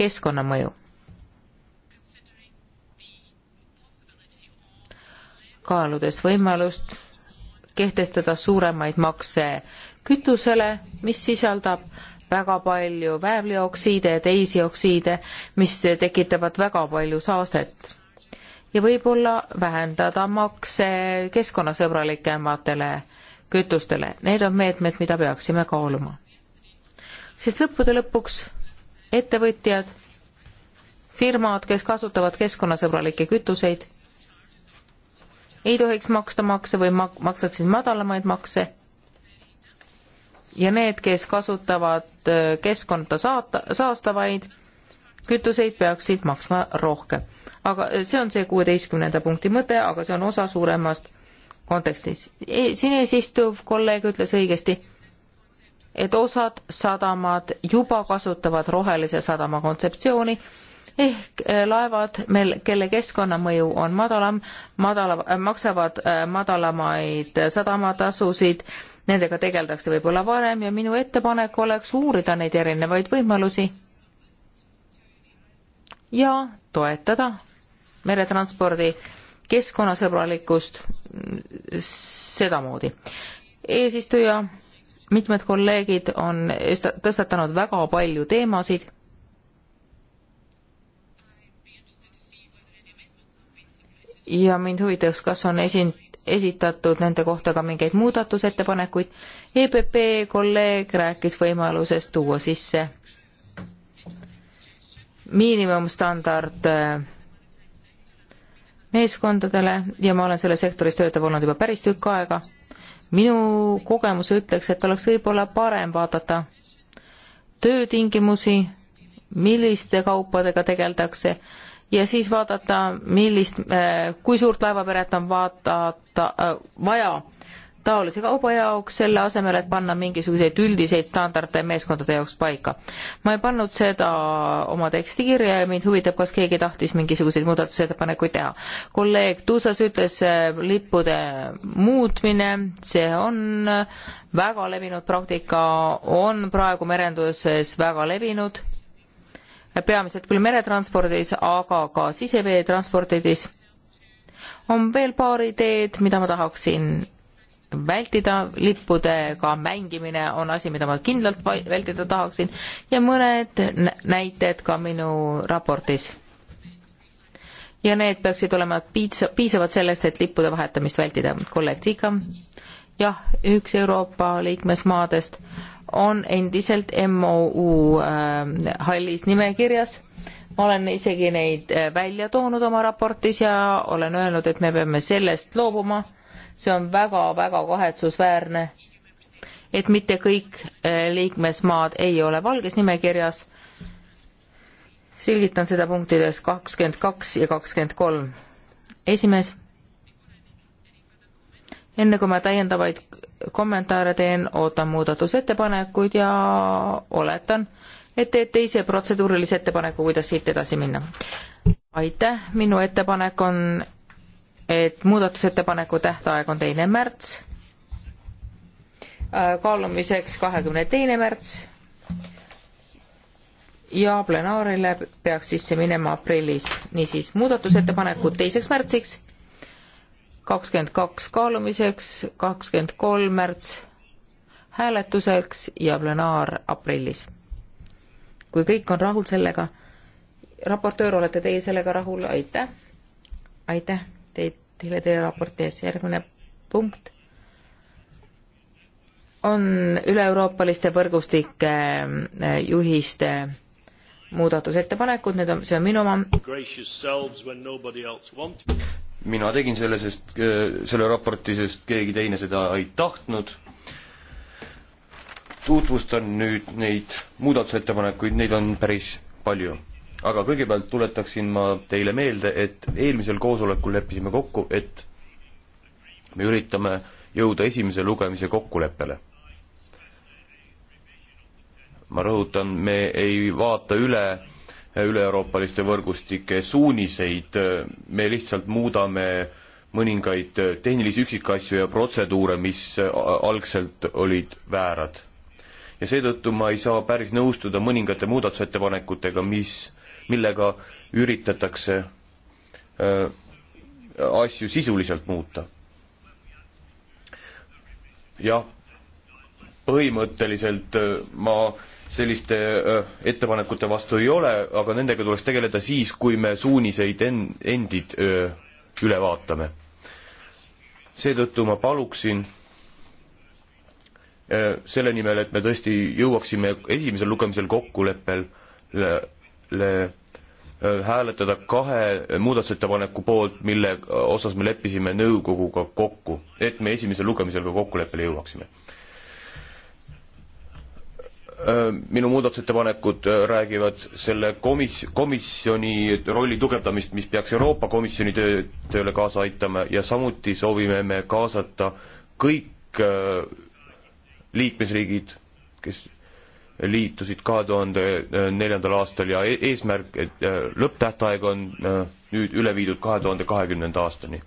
keskkonnamõju. kaaludes võimalust kehtestada suuremaid makse kütusele, mis sisaldab väga palju väävlioksiide ja teisi oksiide, mis tekitavad väga palju saastet ja võib-olla vähendada makse keskkonnasõbralikematele kütustele. Need on meetmed, mida peaksime kaaluma. sest lõppude lõpuks ettevõtjad, firmad, kes kasutavad keskkonnasõbralikke kütuseid, ei tohiks maksta makse või mak-, maksaksid madalamaid makse ja need, kes kasutavad äh, keskkonda saata, saastavaid kütuseid peaksid maksma rohkem. aga äh, see on see kuueteistkümnenda punkti mõte, aga see on osa suuremast kontekstist. E, siin eesistuv kolleeg ütles õigesti, et osad sadamad juba kasutavad rohelise sadama kontseptsiooni ehk äh, laevad, mel, kelle keskkonnamõju on madalam, madala, äh, maksavad madalamaid sadamatasusid, nendega tegeldakse võib-olla varem ja minu ettepanek oleks uurida neid erinevaid võimalusi ja toetada meretranspordi keskkonnasõbralikkust sedamoodi. eesistuja, mitmed kolleegid on tõstatanud väga palju teemasid. ja mind huvitaks, kas on esin-, esitatud nende kohta ka mingeid muudatusettepanekuid. EPP kolleeg rääkis võimalusest tuua sisse miinimumstandard äh, meeskondadele ja ma olen selles sektoris töötav olnud juba päris tükk aega. minu kogemus ütleks, et oleks võib-olla parem vaadata töötingimusi, milliste kaupadega tegeldakse ja siis vaadata, millist, äh, kui suurt laevaperet on vaadata äh,, vaja taolise kauba jaoks, selle asemel, et panna mingisuguseid üldiseid standarde meeskondade jaoks paika. ma ei pannud seda oma teksti kirja ja mind huvitab, kas keegi tahtis mingisuguseid muudatusettepanekuid teha. kolleeg Tuusas ütles lippude muutmine, see on väga levinud praktika, on praegu merenduses väga levinud, peamiselt küll meretranspordis, aga ka siseveetranspordidis on veel paar ideed, mida ma tahaksin vältida, lippudega mängimine on asi, mida ma kindlalt vältida tahaksin ja mõned näited ka minu raportis. ja need peaksid olema piisa-, piisavad sellest, et lippude vahetamist vältida. kolleeg Tiika, jah, üks Euroopa liikmesmaadest on endiselt MOU äh, hallis nimekirjas ma olen isegi neid äh, välja toonud oma raportis ja olen öelnud, et me peame sellest loobuma see on väga-väga kahetsusväärne, et mitte kõik eh, liikmesmaad ei ole valges nimekirjas. selgitan seda punktides kakskümmend kaks ja kakskümmend kolm. esimees, enne kui ma täiendavaid kommentaare teen, ootan muudatusettepanekuid ja oletan, et teete ise protseduurilise ettepaneku, kuidas siit edasi minna. aitäh, minu ettepanek on et muudatusettepaneku tähtaeg on teine märts, äh, kaalumiseks kahekümne teine märts ja plenaarile peaks sisse minema aprillis, niisiis muudatusettepanekud teiseks märtsiks, kakskümmend kaks kaalumiseks, kakskümmend kolm märts hääletuseks ja plenaar aprillis. kui kõik on rahul sellega, raportöör, olete teie sellega rahul, aitäh, aitäh! teid, teile teie raporti ees. järgmine punkt on üle-euroopaliste võrgustike eh, juhiste muudatusettepanekud, need on, see on minu oma. mina tegin selle, sest eh, selle raporti, sest keegi teine seda ei tahtnud. tutvustan nüüd neid muudatusettepanekuid, neid on päris palju aga kõigepealt tuletaksin ma teile meelde, et eelmisel koosolekul leppisime kokku, et me üritame jõuda esimese lugemise kokkuleppele. ma rõhutan, me ei vaata üle üle-euroopaliste võrgustike suuniseid, me lihtsalt muudame mõningaid tehnilisi üksikasju ja protseduure, mis algselt olid väärad. ja seetõttu ma ei saa päris nõustuda mõningate muudatusettepanekutega, mis millega üritatakse äh, asju sisuliselt muuta. jah, põhimõtteliselt äh, ma selliste äh, ettepanekute vastu ei ole, aga nendega tuleks tegeleda siis, kui me suuniseid en-, endid üle vaatame. seetõttu ma paluksin selle nimel, et me tõesti jõuaksime esimesel lugemisel kokkuleppel Äh, hääletada kahe muudatusettepaneku poolt, mille äh, osas me leppisime nõukoguga kokku, et me esimesel lugemisel ka kokkuleppele jõuaksime. Äh, minu muudatusettepanekud räägivad selle komis-, komisjoni rolli tugevdamist, mis peaks Euroopa Komisjoni töö, tööle kaasa aitama ja samuti soovime me kaasata kõik liikmesriigid, kes liitusid kahe tuhande neljandal aastal ja e-, eesmärk, et äh, lõpptähtaeg on äh, nüüd üle viidud kahe tuhande kahekümnenda aastani.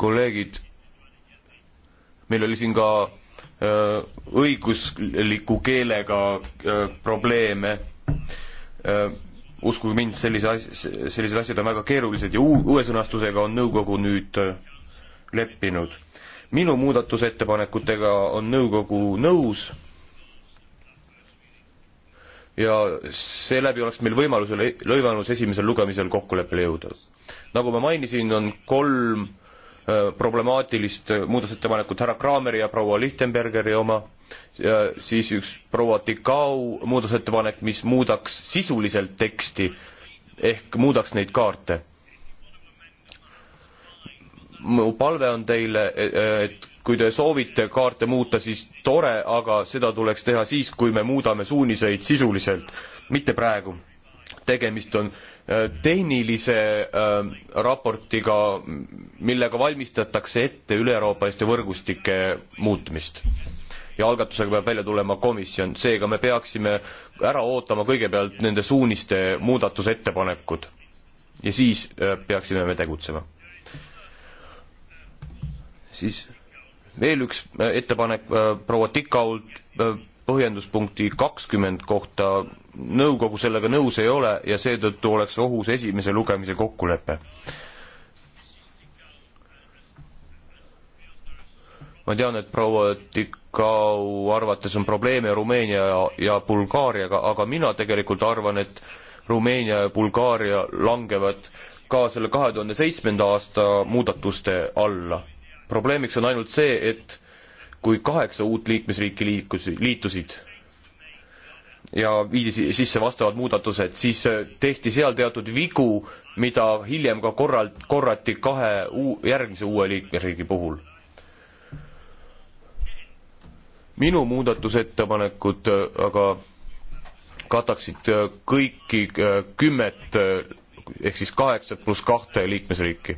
kolleegid, meil oli siin ka äh, õigusliku keelega probleeme. uskuge mind, sellise as-, sellised asjad on väga keerulised ja uu-, uue sõnastusega on nõukogu nüüd leppinud minu muudatusettepanekutega on nõukogu nõus ja seeläbi oleks meil võimalusel, võimalus esimesel lugemisel kokkuleppele jõuda. nagu ma mainisin, on kolm äh, problemaatilist äh, muudatusettepanekut härra Kraameri ja proua Lichtenbergeri oma, siis üks proua Tikau muudatusettepanek, mis muudaks sisuliselt teksti ehk muudaks neid kaarte mu palve on teile, et kui te soovite kaarte muuta, siis tore, aga seda tuleks teha siis, kui me muudame suuniseid sisuliselt, mitte praegu. tegemist on äh, tehnilise äh, raportiga, millega valmistatakse ette üle-euroopaliste võrgustike muutmist ja algatusega peab välja tulema komisjon, seega me peaksime ära ootama kõigepealt nende suuniste muudatusettepanekud ja siis äh, peaksime me tegutsema siis veel üks äh, ettepanek äh, proua Tikault äh, põhjenduspunkti kakskümmend kohta, nõukogu sellega nõus ei ole ja seetõttu oleks ohus esimese lugemise kokkulepe. ma tean, et proua Tikau arvates on probleeme Rumeenia ja, ja Bulgaariaga, aga mina tegelikult arvan, et Rumeenia ja Bulgaaria langevad ka selle kahe tuhande seitsmenda aasta muudatuste alla probleemiks on ainult see, et kui kaheksa uut liikmesriiki liikus, liitusid ja viidi sisse vastavad muudatused, siis äh, tehti seal teatud vigu, mida hiljem ka korralt, korrati kahe uu-, järgmise uue liikmesriigi puhul. minu muudatusettepanekud äh, aga kataksid äh, kõiki kümmet ehk siis kaheksat pluss kahte liikmesriiki.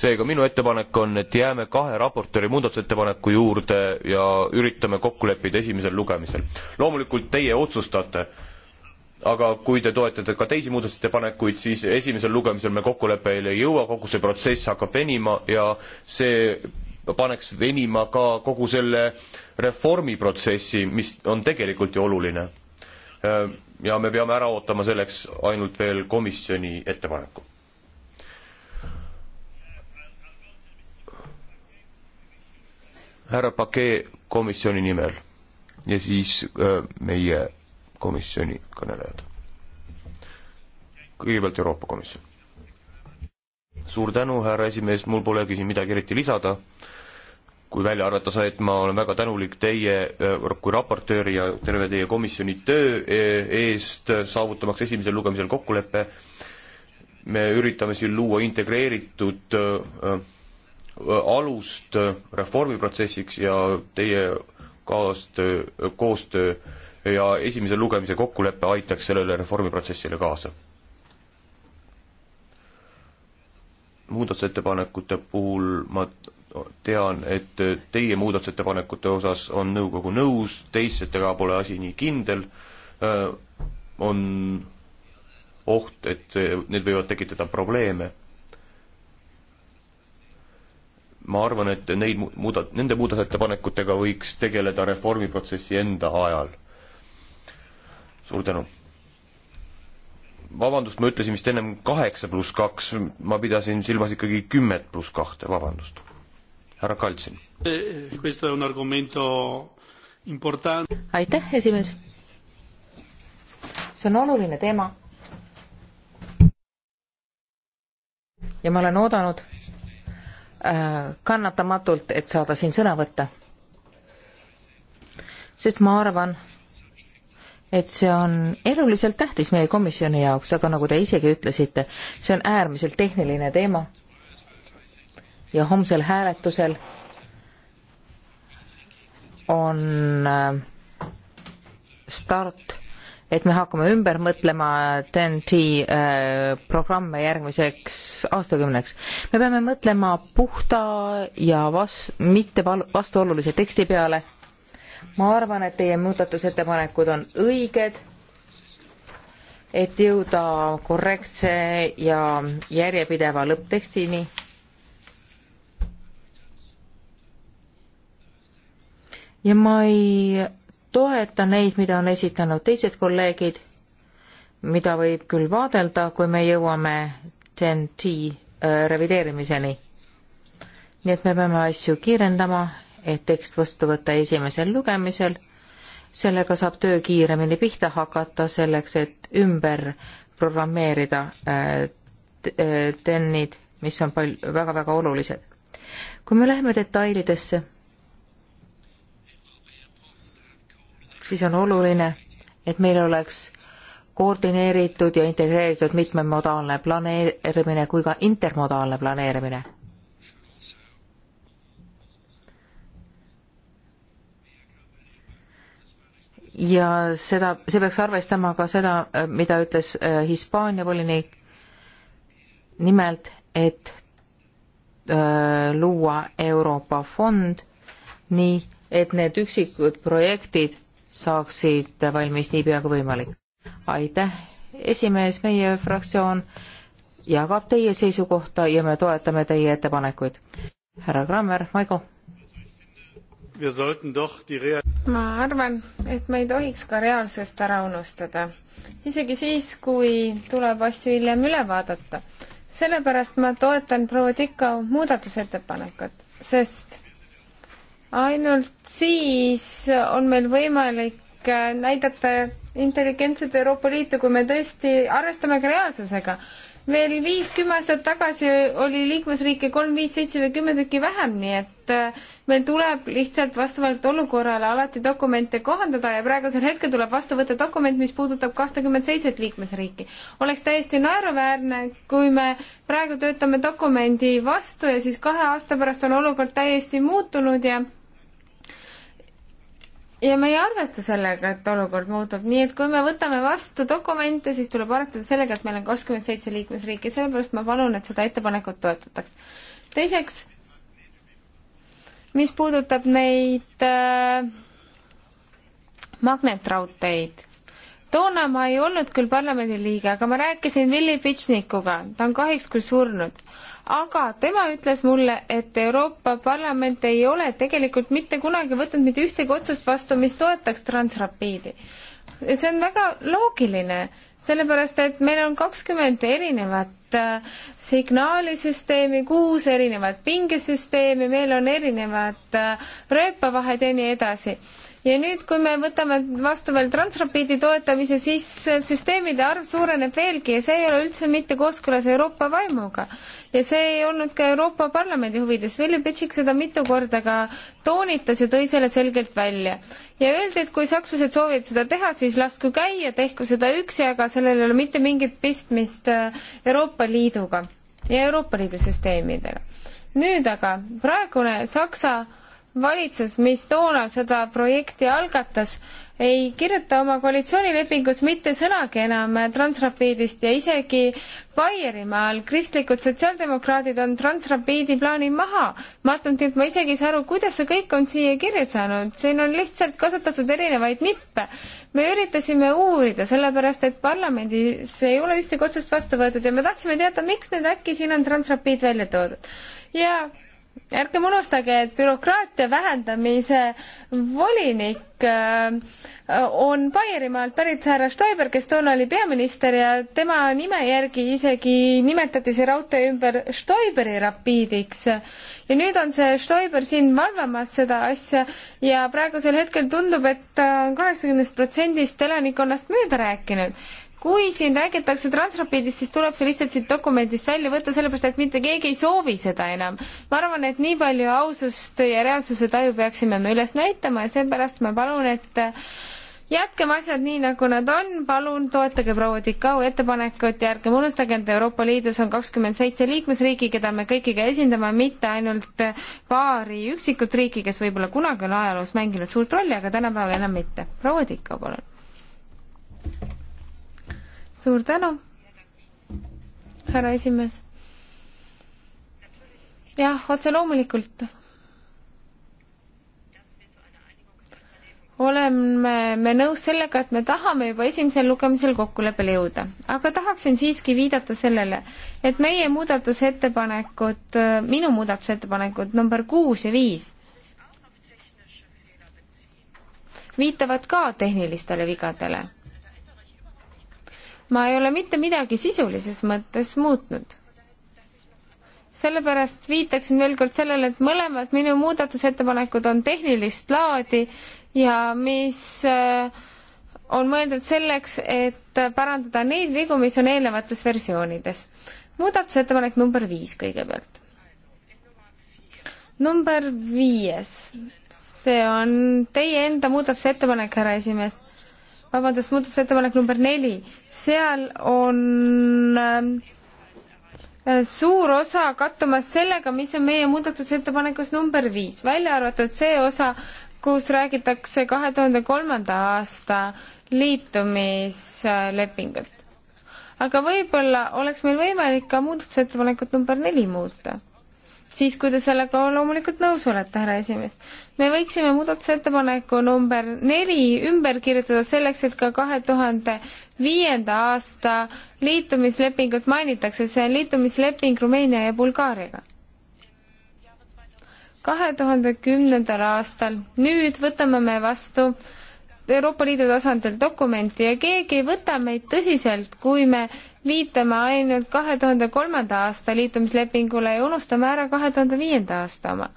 seega minu ettepanek on, et jääme kahe raportööri muudatusettepaneku juurde ja üritame kokku leppida esimesel lugemisel. loomulikult teie otsustate, aga kui te toetate ka teisi muudatusettepanekuid, siis esimesel lugemisel me kokkuleppele ei jõua, kogu see protsess hakkab venima ja see paneks venima ka kogu selle reformiprotsessi, mis on tegelikult ju oluline Äh, ja me peame ära ootama selleks ainult veel komisjoni ettepaneku. härra Paquet komisjoni nimel ja siis äh, meie komisjoni kõnelejad. kõigepealt Euroopa Komisjon. suur tänu, härra esimees, mul polegi siin midagi eriti lisada kui välja arvata sai, et ma olen väga tänulik teie äh, kui raportööri ja terve teie komisjoni töö äh, eest, äh, saavutamaks esimesel lugemisel kokkulepe. me üritame siin luua integreeritud alust reformiprotsessiks ja teie kaastöö, koostöö ja esimese lugemise kokkulepe aitaks sellele reformiprotsessile kaasa. muudatusettepanekute puhul ma tean, et teie muudatusettepanekute osas on nõukogu nõus, teistega pole asi nii kindel, äh, on oht, et need võivad tekitada probleeme. ma arvan, et neid muuda-, nende muudatusettepanekutega võiks tegeleda reformiprotsessi enda ajal. suur tänu vabandust, ma ütlesin vist ennem kaheksa pluss kaks, ma pidasin silmas ikkagi kümmet pluss kahte, vabandust härra Kaltsin. aitäh, esimees. see on oluline teema. ja ma olen oodanud äh, kannatamatult, et saada siin sõna võtta. sest ma arvan, et see on eluliselt tähtis meie komisjoni jaoks, aga nagu te isegi ütlesite, see on äärmiselt tehniline teema ja homsel hääletusel on äh, start, et me hakkame ümber mõtlema TNT äh, programme järgmiseks aastakümneks. me peame mõtlema puhta ja vas-, mitte val-, vastuolulise teksti peale. ma arvan, et teie muudatusettepanekud on õiged, et jõuda korrektse ja järjepideva lõpptekstini ja ma ei toeta neid, mida on esitanud teised kolleegid, mida võib küll vaadelda, kui me jõuame TNT äh, revideerimiseni. nii et me peame asju kiirendama, et tekst vastu võtta esimesel lugemisel. sellega saab töö kiiremini pihta hakata, selleks et ümber programmeerida äh, äh, TEN-id, mis on pal-, väga-väga olulised. kui me läheme detailidesse siis on oluline, et meil oleks koordineeritud ja integreeritud mitmemodaalne planeerimine kui ka intermodaalne planeerimine. ja seda, see peaks arvestama ka seda, mida ütles äh, Hispaania volinik, nimelt, et öö, äh, luua Euroopa fond, nii et need üksikud projektid saaksid valmis niipea kui võimalik. aitäh, esimees, meie fraktsioon jagab teie seisukohta ja me toetame teie ettepanekuid. härra Krammer, Maigo. ma arvan, et me ei tohiks ka reaalsust ära unustada, isegi siis, kui tuleb asju hiljem üle vaadata. sellepärast ma toetan proua Tikau muudatusettepanekut, sest ainult siis on meil võimalik äh, näidata intelligentset Euroopa Liitu, kui me tõesti arvestame ka reaalsusega. veel viis, kümme aastat tagasi oli liikmesriike kolm, viis, seitse või kümme tükki vähem, nii et äh, meil tuleb lihtsalt vastavalt olukorrale alati dokumente kohandada ja praegusel hetkel tuleb vastu võtta dokument, mis puudutab kahtekümmet seitset liikmesriiki. oleks täiesti naeruväärne, kui me praegu töötame dokumendi vastu ja siis kahe aasta pärast on olukord täiesti muutunud ja ja me ei arvesta sellega, et olukord muutub, nii et kui me võtame vastu dokumente, siis tuleb arvestada sellega, et meil on kakskümmend seitse liikmesriiki, sellepärast ma palun, et seda ettepanekut toetataks. teiseks, mis puudutab neid äh, magnetraudteid toona ma ei olnud küll parlamendiliige, aga ma rääkisin Willie Pitsnikuga, ta on kahjuks küll surnud. aga tema ütles mulle, et Euroopa Parlament ei ole tegelikult mitte kunagi võtnud mitte ühtegi otsust vastu, mis toetaks Transrapiidi. ja see on väga loogiline, sellepärast et meil on kakskümmend erinevat äh, signaalisüsteemi, kuus erinevat pingesüsteemi, meil on erinevad äh, rööpavahed ja nii edasi ja nüüd, kui me võtame vastu veel Transrapiidi toetamise, siis süsteemide arv suureneb veelgi ja see ei ole üldse mitte kooskõlas Euroopa vaimuga. ja see ei olnud ka Euroopa Parlamendi huvides, Willie Pitchik seda mitu korda ka toonitas ja tõi selle selgelt välja. ja öeldi, et kui sakslased soovivad seda teha, siis lasku käia, tehku seda üksi, aga sellel ei ole mitte mingit pistmist äh, Euroopa Liiduga ja Euroopa Liidu süsteemidega. nüüd aga praegune Saksa valitsus, mis toona seda projekti algatas, ei kirjuta oma koalitsioonilepingus mitte sõnagi enam Transrapiidist ja isegi Baierimaal kristlikud sotsiaaldemokraadid on Transrapiidi plaani maha matnud, nii et ma isegi ei saa aru, kuidas see kõik on siia kirja saanud, siin on lihtsalt kasutatud erinevaid nippe. me üritasime uurida, sellepärast et parlamendis ei ole ühtegi otsust vastu võetud ja me tahtsime teada, miks nüüd äkki siin on Transrapiid välja toodud ja ärgem unustage, et bürokraatia vähendamise volinik äh, on Baierimaalt pärit härra Stoiber, kes toona oli peaminister ja tema nime järgi isegi nimetati see raudtee ümber Stoiberi rapiidiks. ja nüüd on see Stoiber siin valvamas seda asja ja praegusel hetkel tundub, et ta on kaheksakümnest protsendist elanikkonnast mööda rääkinud kui siin räägitakse transrapiidist, siis tuleb see lihtsalt siit dokumendist välja võtta, sellepärast et mitte keegi ei soovi seda enam. ma arvan, et nii palju ausust ja reaalsuse taju peaksime me üles näitama ja seepärast ma palun, et jätkem asjad nii, nagu nad on, palun toetage proua Tikau ettepanekut ja ärgem unustage, et Euroopa Liidus on kakskümmend seitse liikmesriigi, keda me kõikiga esindame, mitte ainult paari üksikut riiki, kes võib-olla kunagi on ajaloos mänginud suurt rolli, aga tänapäeval enam mitte. proua Tikau, palun suur tänu, härra esimees. jah, otse loomulikult oleme me nõus sellega, et me tahame juba esimesel lugemisel kokkuleppele jõuda, aga tahaksin siiski viidata sellele, et meie muudatusettepanekud, minu muudatusettepanekud number kuus ja viis viitavad ka tehnilistele vigadele ma ei ole mitte midagi sisulises mõttes muutnud. sellepärast viitaksin veel kord sellele, et mõlemad minu muudatusettepanekud on tehnilist laadi ja mis äh, on mõeldud selleks, et parandada neid vigu, mis on eelnevates versioonides. muudatusettepanek number viis kõigepealt. number viies, see on teie enda muudatusettepanek, härra esimees vabandust, muudatusettepanek number neli, seal on äh, suur osa kattumas sellega, mis on meie muudatusettepanekus number viis, välja arvatud see osa, kus räägitakse kahe tuhande kolmanda aasta liitumislepingut. aga võib-olla oleks meil võimalik ka muudatusettepanekut number neli muuta siis, kui te sellega loomulikult nõus olete, härra esimees. me võiksime muudatusettepaneku number neli ümber kirjutada selleks, et ka kahe tuhande viienda aasta liitumislepingut mainitakse, see on liitumisleping Rumeenia ja Bulgaariaga kahe tuhande kümnendal aastal. nüüd võtame me vastu Euroopa Liidu tasandil dokumenti ja keegi ei võta meid tõsiselt, kui me viitame ainult kahe tuhande kolmanda aasta liitumislepingule ja unustame ära kahe tuhande viienda aasta oma.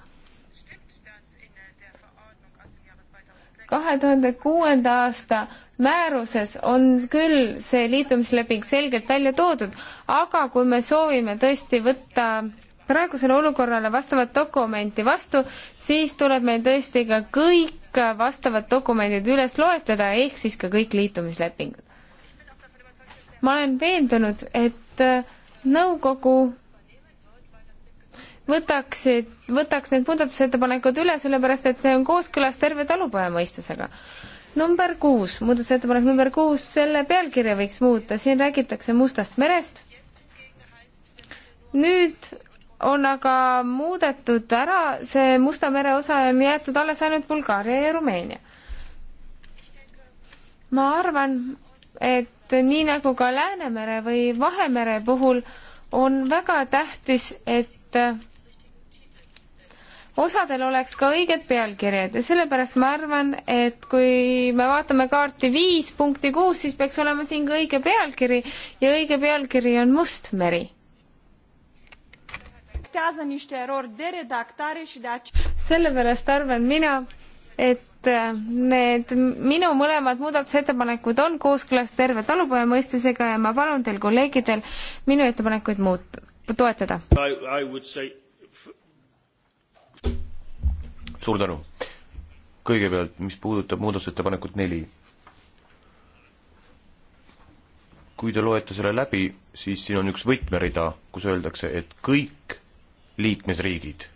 kahe tuhande kuuenda aasta määruses on küll see liitumisleping selgelt välja toodud, aga kui me soovime tõesti võtta praegusele olukorrale vastavat dokumenti vastu, siis tuleb meil tõesti ka kõik vastavad dokumendid üles loetleda, ehk siis ka kõik liitumislepingud. ma olen veendunud, et nõukogu võtaksid, võtaks need muudatusettepanekud üle, sellepärast et see on kooskõlas terve talupojamõistusega. number kuus, muudatusettepanek number kuus, selle pealkirja võiks muuta, siin räägitakse Mustast merest. nüüd on aga muudetud ära, see Musta mere osa on jäetud alles ainult Bulgaaria ja Rumeenia. ma arvan, et nii nagu ka Läänemere või Vahemere puhul on väga tähtis, et osadel oleks ka õiged pealkirjad ja sellepärast ma arvan, et kui me vaatame kaarti viis punkti kuus, siis peaks olema siin ka õige pealkiri ja õige pealkiri on Mustmeri corectează niște erori de redactare și de aceea... Sellepärast arvan mina, et äh, need minu mõlemad muudatusettepanekud on kooskõlas terve talupoja mõistisega ja ma palun teil kolleegidel minu ettepanekuid muut-, toetada. Say... suur tänu. kõigepealt, mis puudutab muudatusettepanekut neli. kui te loete selle läbi, siis siin on üks võtmerida, kus öeldakse, et kõik liikmesriigid.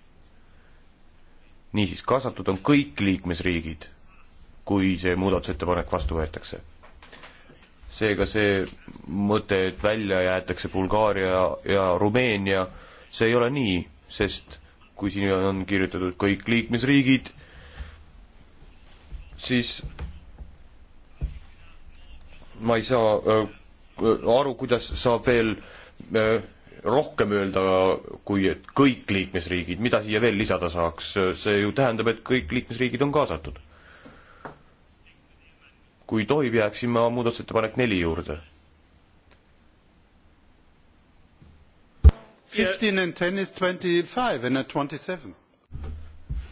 niisiis, kaasatud on kõik liikmesriigid, kui see muudatusettepanek vastu võetakse. seega see mõte, et välja jäetakse Bulgaaria ja Rumeenia, see ei ole nii, sest kui siin on kirjutatud kõik liikmesriigid, siis ma ei saa äh, aru, kuidas saab veel äh, rohkem öelda, kui et kõik liikmesriigid, mida siia veel lisada saaks, see ju tähendab, et kõik liikmesriigid on kaasatud. kui tohib, jääksin ma muudatusettepanek neli juurde. Fifteen and ten is twenty five and twenty seven.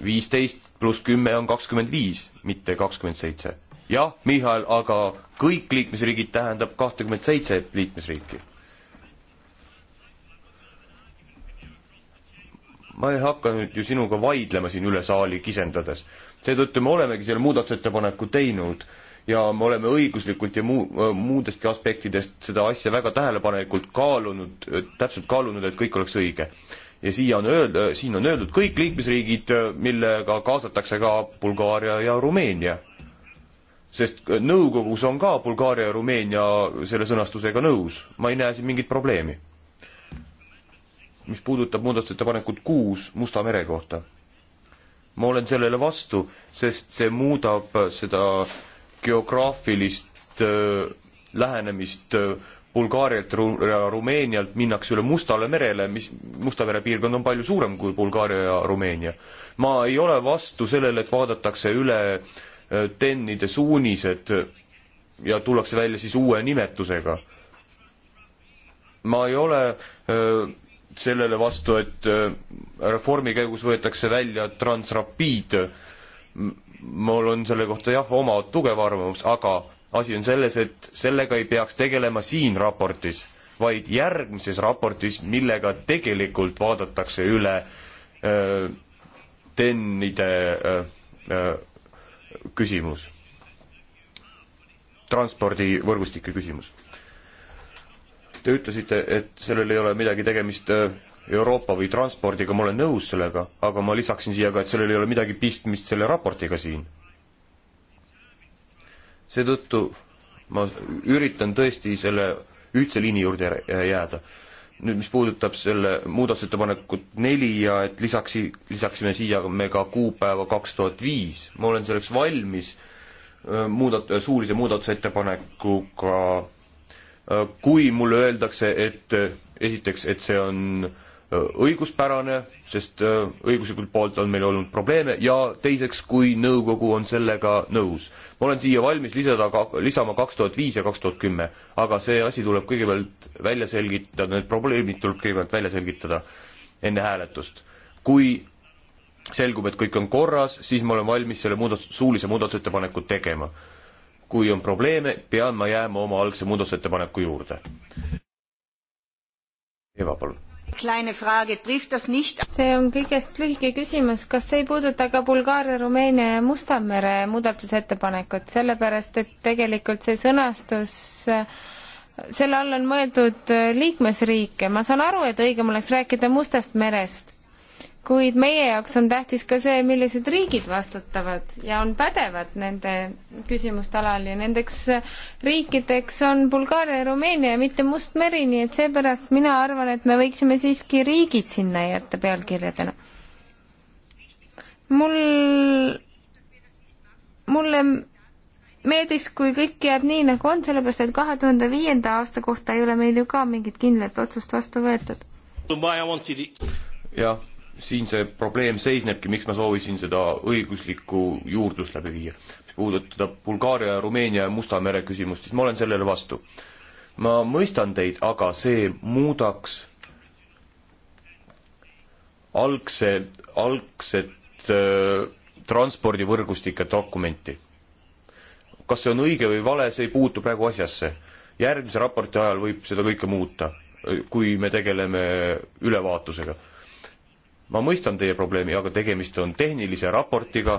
viisteist pluss kümme on kakskümmend viis, mitte kakskümmend seitse. jah, Michal, aga kõik liikmesriigid tähendab kahtekümmet seitset liikmesriiki ma ei hakka nüüd ju sinuga vaidlema siin üle saali kisendades. seetõttu me olemegi selle muudatusettepaneku teinud ja me oleme õiguslikult ja muu, äh, muudestki aspektidest seda asja väga tähelepanelikult kaalunud, äh, täpselt kaalunud, et kõik oleks õige. ja siia on öelda, äh, siin on öeldud kõik liikmesriigid, millega kaasatakse ka Bulgaaria ja Rumeenia. sest nõukogus on ka Bulgaaria ja Rumeenia selle sõnastusega nõus, ma ei näe siin mingit probleemi mis puudutab muudatusettepanekut kuus Musta mere kohta. ma olen sellele vastu, sest see muudab seda geograafilist öö, äh, lähenemist öö, äh, Bulgaarialt ja Rumeenialt minnakse üle Mustale merele, mis, Musta mere piirkond on palju suurem kui Bulgaaria ja Rumeenia. ma ei ole vastu sellele, et vaadatakse üle äh, TEN-ide suunised ja tullakse välja siis uue nimetusega. ma ei ole öö, sellele vastu, et äh, reformi käigus võetakse välja transrapiid. mul on selle kohta jah, oma tugev arvamus, aga asi on selles, et sellega ei peaks tegelema siin raportis, vaid järgmises raportis, millega tegelikult vaadatakse üle öö, äh, TEN-ide äh, küsimus, transpordivõrgustike küsimus Te ütlesite, et sellel ei ole midagi tegemist äh, Euroopa või transpordiga, ma olen nõus sellega, aga ma lisaksin siia ka, et sellel ei ole midagi pistmist selle raportiga siin. seetõttu ma üritan tõesti selle ühtse liini juurde jääda. nüüd, mis puudutab selle muudatusettepanekut neli ja et lisaksi, lisaksime siia me ka kuupäeva kaks tuhat viis, ma olen selleks valmis äh, muudat-, suulise muudatusettepanekuga Äh, kui mulle öeldakse, et äh, esiteks, et see on äh, õiguspärane, sest õiguslikult poolt on meil olnud probleeme ja teiseks, kui nõukogu on sellega nõus. ma olen siia valmis lisada, lisama kaks tuhat viis ja kaks tuhat kümme, aga see asi tuleb kõigepealt välja selgitada, need probleemid tuleb kõigepealt välja selgitada enne hääletust. kui selgub, et kõik on korras, siis ma olen valmis selle muudatus, suulise muudatusettepaneku tegema kui on probleeme, pean ma jääma oma algse muudatusettepaneku juurde. Eva, palun. see on kõigest lühike küsimus, kas see ei puuduta ka Bulgaaria, Rumeenia ja Musta mere muudatusettepanekut, sellepärast et tegelikult see sõnastus selle all on mõeldud liikmesriike, ma saan aru, et õigem oleks rääkida Mustast merest, kuid meie jaoks on tähtis ka see, millised riigid vastutavad ja on pädevad nende küsimuste alal ja nendeks riikideks on Bulgaaria ja Rumeenia ja mitte Mustmeri, nii et seepärast mina arvan, et me võiksime siiski riigid sinna jätta pealkirjadena. mul, mulle meeldiks, kui kõik jääb nii, nagu on, sellepärast et kahe tuhande viienda aasta kohta ei ole meil ju ka mingit kindlat otsust vastu võetud. jah siin see probleem seisnebki, miks ma soovisin seda õiguslikku juurdlust läbi viia. mis puudutab Bulgaaria, Rumeenia ja Musta mere küsimust, siis ma olen sellele vastu. ma mõistan teid, aga see muudaks algse, algset äh, transpordivõrgustike dokumenti. kas see on õige või vale, see ei puutu praegu asjasse. järgmise raporti ajal võib seda kõike muuta, äh, kui me tegeleme ülevaatusega ma mõistan teie probleemi, aga tegemist on tehnilise raportiga.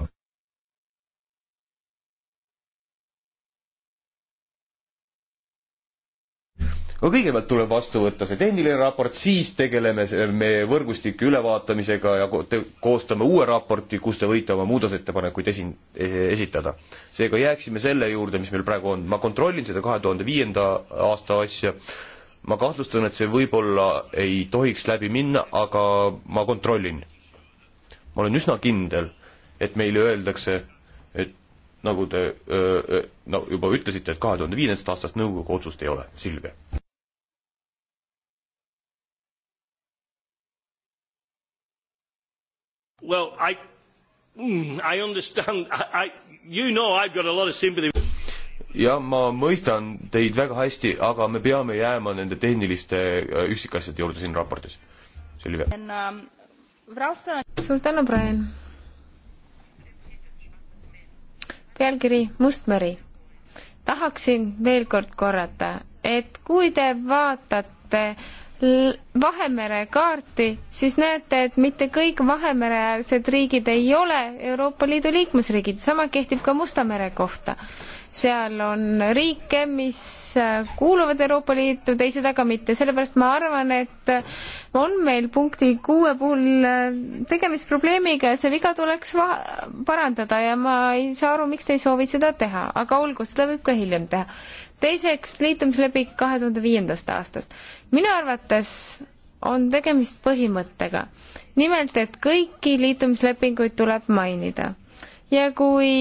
aga kõigepealt tuleb vastu võtta see tehniline raport, siis tegeleme me võrgustike ülevaatamisega ja koostame uue raporti, kus te võite oma muudatusettepanekuid esin-, e-, esitada. seega jääksime selle juurde, mis meil praegu on, ma kontrollin seda kahe tuhande viienda aasta asja ma kahtlustan, et see võib-olla ei tohiks läbi minna, aga ma kontrollin. ma olen üsna kindel, et meile öeldakse, et nagu te öö, no juba ütlesite, et kahe tuhande viiendast aastast nõukogu otsust ei ole, Silvia. Well, I, mm, I understand, I, you know I have got a lot of sympathy jah, ma mõistan teid väga hästi, aga me peame jääma nende tehniliste äh, üksikasjade juurde siin raportis. Silvia. Um, suur tänu, Brian. pealkiri Mustmeri. tahaksin veel kord korrata, et kui te vaatate Vahemere kaarti, siis näete, et mitte kõik Vahemereäärsed riigid ei ole Euroopa Liidu liikmesriigid, sama kehtib ka Musta mere kohta seal on riike, mis äh, kuuluvad Euroopa Liitu, teised aga mitte, sellepärast ma arvan, et äh, on meil punkti kuue puhul äh, tegemist probleemiga ja see viga tuleks va-, parandada ja ma ei saa aru, miks te ei soovi seda teha, aga olgu, seda võib ka hiljem teha. teiseks, liitumisleping kahe tuhande viiendast aastast. minu arvates on tegemist põhimõttega. nimelt, et kõiki liitumislepinguid tuleb mainida. ja kui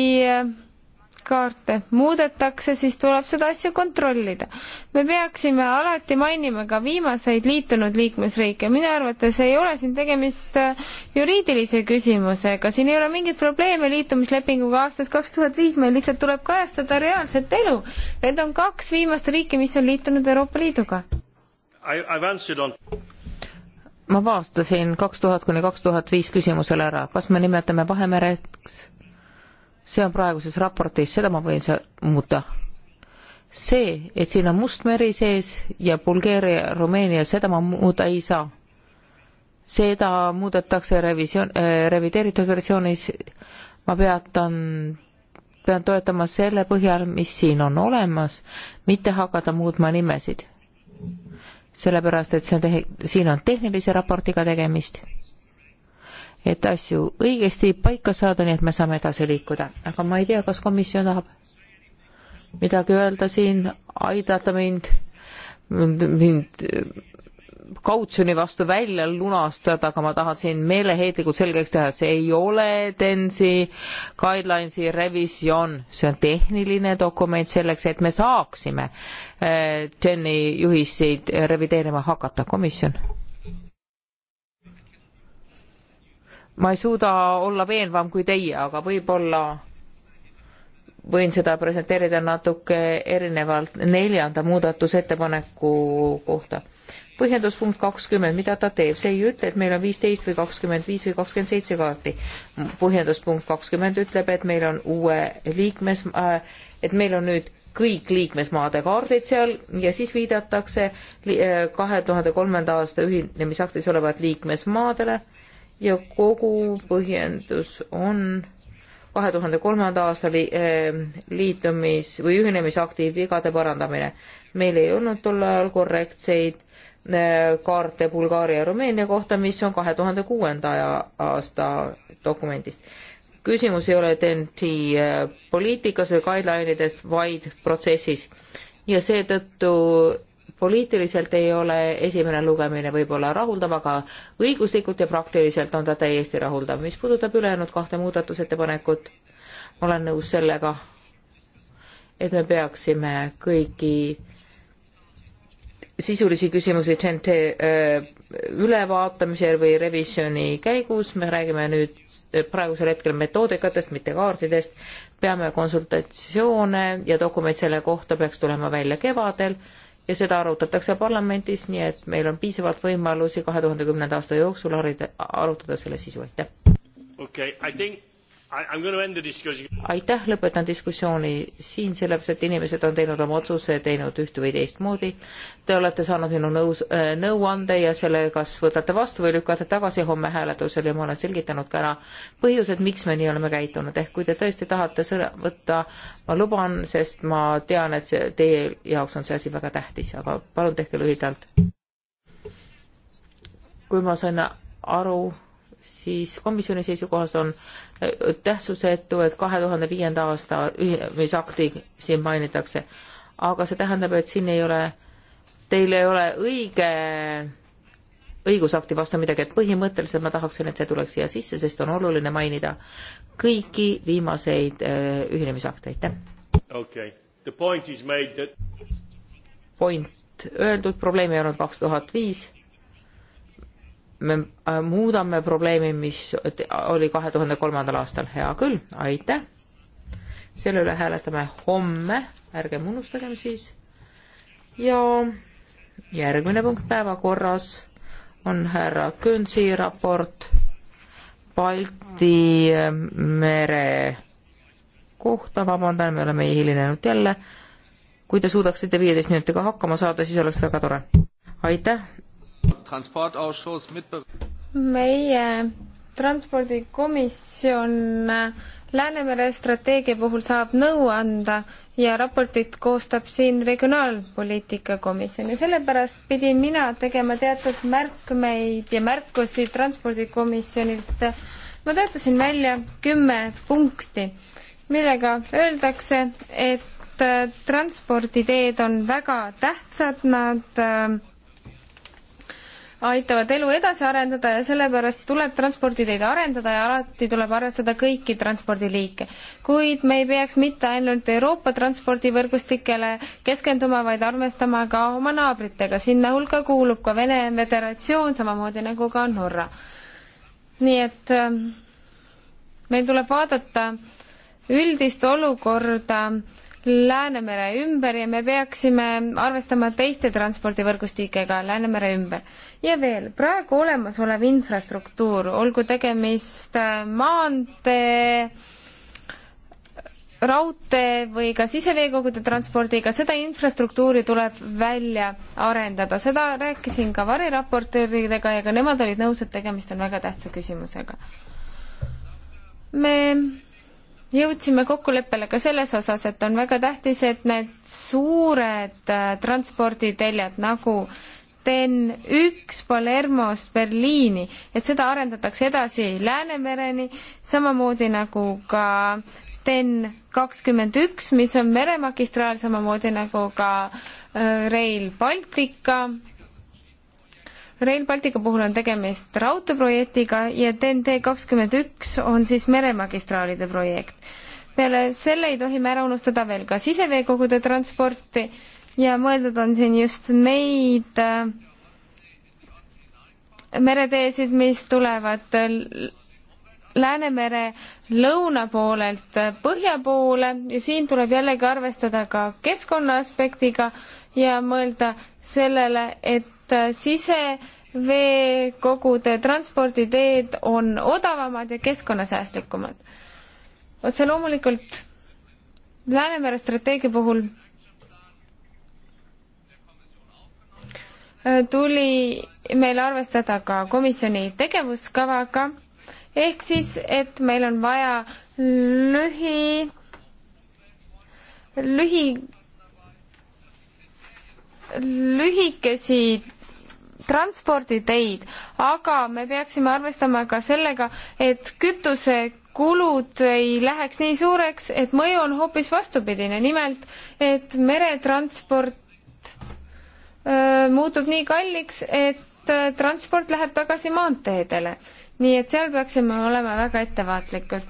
kaarte muudetakse, siis tuleb seda asja kontrollida. me peaksime alati mainima ka viimaseid liitunud liikmesriike, minu arvates ei ole siin tegemist äh, juriidilise küsimusega, siin ei ole mingit probleemi liitumislepinguga aastast kaks tuhat viis, meil lihtsalt tuleb kajastada reaalset elu. Need on kaks viimast riiki, mis on liitunud Euroopa Liiduga. On... ma vastasin kaks tuhat kuni kaks tuhat viis küsimusele ära, kas me nimetame Vahemereks see on praeguses raportis, seda ma võin seal muuta. see, et siin on Mustmeri sees ja Bulgaaria ja Rumeenia, seda ma muuta ei saa. seda muudetakse revisjon äh,, revideeritud versioonis. ma peatan, pean toetama selle põhjal, mis siin on olemas, mitte hakata muutma nimesid. sellepärast, et see on tehe-, siin on tehnilise raportiga tegemist et asju õigesti paika saada, nii et me saame edasi liikuda. aga ma ei tea, kas komisjon tahab midagi öelda siin, aidata mind, mind kautsjoni vastu välja lunastada, aga ma tahan siin meeleheitlikult selgeks teha, see ei ole TENSi guidelines'i revisjon, see on tehniline dokument selleks, et me saaksime TENi eh, juhiseid revideerima hakata, komisjon ma ei suuda olla veenvam kui teie, aga võib-olla võin seda presenteerida natuke erinevalt neljanda muudatusettepaneku kohta. põhjendus punkt kakskümmend, mida ta teeb, see ei ütle, et meil on viisteist või kakskümmend viis või kakskümmend seitse kaarti. põhjendus punkt kakskümmend ütleb, et meil on uue liikmes äh,, et meil on nüüd kõik liikmesmaade kaardid seal ja siis viidatakse äh, kahe tuhande kolmanda aasta ühinemisaktis olevat liikmesmaadele äh, ja kogu põhjendus on kahe tuhande kolmanda aasta li, eh, liitumis või ühinemisakti vigade parandamine. meil ei olnud tol ajal korrektseid eh, kaarte Bulgaaria ja Rumeenia kohta, mis on kahe tuhande kuuenda aasta dokumendist. küsimus ei ole TNT eh, poliitikas või guideline'ides, vaid protsessis ja seetõttu poliitiliselt ei ole esimene lugemine võib-olla rahuldav, aga õiguslikult ja praktiliselt on ta täiesti rahuldav. mis puudutab ülejäänud kahte muudatusettepanekut, ma olen nõus sellega, et me peaksime kõiki sisulisi küsimusi TNT äh, ülevaatamise või revisjoni käigus, me räägime nüüd äh, praegusel hetkel metoodikatest, mitte kaartidest, peame konsultatsioone ja dokument selle kohta peaks tulema välja kevadel ja seda arutatakse parlamendis, nii et meil on piisavalt võimalusi kahe tuhande kümnenda aasta jooksul harida, arutada selle sisu, aitäh. okei okay,, I think aitäh, lõpetan diskussiooni siin, sellepärast et inimesed on teinud oma otsuse, teinud üht või teistmoodi. Te olete saanud minu nõus äh,, nõuande ja selle kas võtate vastu või lükkate tagasi homme hääletusel ja ma olen selgitanud ka ära põhjused, miks me nii oleme käitunud, ehk kui te tõesti tahate sõna võtta, ma luban, sest ma tean, et see teie jaoks on see asi väga tähtis, aga palun tehke lühidalt. kui ma sain aru siis komisjoni seisukohast on äh, tähtsusetu, et kahe tuhande viienda aasta ühinemisakti siin mainitakse. aga see tähendab, et siin ei ole, teil ei ole õige õigusakti vastu midagi, et põhimõtteliselt ma tahaksin, et see tuleks siia sisse, sest on oluline mainida kõiki viimaseid äh, ühinemisakte, aitäh okay.. That... point öeldud, probleem ei olnud kaks tuhat viis me äh, muudame probleemi, mis oli kahe tuhande kolmandal aastal, hea küll, aitäh. selle üle hääletame homme, ärgem unustagem siis. ja järgmine punkt päevakorras on härra Künsi raport Balti äh, mere kohta, vabandan, me oleme hilinenud jälle. kui te suudaksite viieteist minutiga hakkama saada, siis oleks väga tore. aitäh, Transportausschuss mit meie transpordikomisjon Läänemere strateegia puhul saab nõu anda ja raportit koostab siin Regionaalpoliitika komisjon ja sellepärast pidin mina tegema teatud märkmeid ja märkusi transpordikomisjonilt. ma töötasin välja kümme punkti, millega öeldakse, et transporditeed on väga tähtsad, nad äh, aitavad elu edasi arendada ja sellepärast tuleb transporditeid arendada ja alati tuleb arvestada kõiki transpordiliike. kuid me ei peaks mitte ainult Euroopa transpordivõrgustikele keskenduma, vaid arvestama ka oma naabritega, sinna hulka kuulub ka Vene Föderatsioon, samamoodi nagu ka Norra. nii et ähm, meil tuleb vaadata üldist olukorda äh, Läänemere ümber ja me peaksime arvestama teiste transpordivõrgustikega Läänemere ümber. ja veel, praegu olemasolev infrastruktuur, olgu tegemist äh, maantee, raudtee või ka siseveekogude transpordiga, seda infrastruktuuri tuleb välja arendada, seda rääkisin ka variraportööridega ja ka nemad olid nõus, et tegemist on väga tähtsa küsimusega. me jõudsime kokkuleppele ka selles osas, et on väga tähtis, et need suured äh, transporditeljed nagu teen üks Palermost Berliini, et seda arendatakse edasi Läänemereni, samamoodi nagu ka TEN kakskümmend üks, mis on meremagistraal, samamoodi nagu ka äh, Rail Baltica Rail Baltica puhul on tegemist raudteeprojektiga ja TNT kakskümmend üks on siis meremagistraalide projekt. peale selle ei tohi me ära unustada veel ka siseveekogude transporti ja mõeldud on siin just neid äh, mereteesid, mis tulevad Läänemere lõuna poolelt äh, põhja poole ja siin tuleb jällegi arvestada ka keskkonna aspektiga ja mõelda sellele, et Äh, siseveekogude transporditeed on odavamad ja keskkonnasäästlikumad. otse loomulikult Läänemere strateegia puhul äh, tuli meil arvestada ka komisjoni tegevuskavaga, ehk siis, et meil on vaja lühi, lühi, lühikesi transporditeid, aga me peaksime arvestama ka sellega, et kütuse kulud ei läheks nii suureks, et mõju on hoopis vastupidine, nimelt et meretransport öö, muutub nii kalliks, et öö, transport läheb tagasi maanteedele. nii et seal peaksime olema väga ettevaatlikud.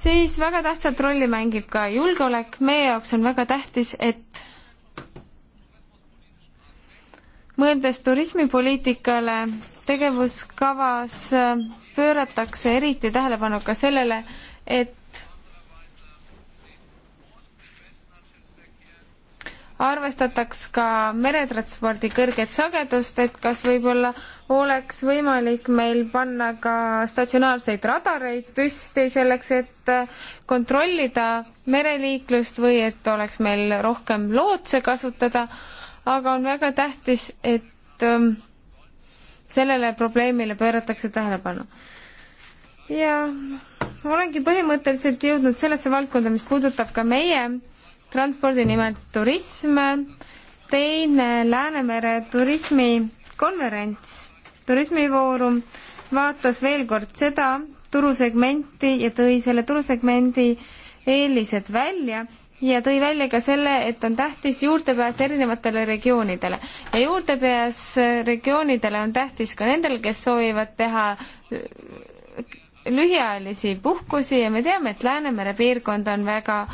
siis väga tähtsat rolli mängib ka julgeolek, meie jaoks on väga tähtis, et mõeldes turismipoliitikale, tegevuskavas äh, pööratakse eriti tähelepanu ka sellele, et arvestataks ka meretranspordi kõrget sagedust, et kas võib-olla oleks võimalik meil panna ka statsionaarseid radareid püsti selleks, et äh, kontrollida mereliiklust või et oleks meil rohkem lootse kasutada aga on väga tähtis, et ähm, sellele probleemile pööratakse tähelepanu. ja olengi põhimõtteliselt jõudnud sellesse valdkonda, mis puudutab ka meie transpordi nimelt turism, teine Läänemere turismikonverents, turismifoorum vaatas veel kord seda turusegmenti ja tõi selle turusegmendi eelised välja ja tõi välja ka selle, et on tähtis juurdepääs erinevatele regioonidele. ja juurdepääs regioonidele on tähtis ka nendel, kes soovivad teha äh, lühiajalisi puhkusi ja me teame, et Läänemere piirkond on väga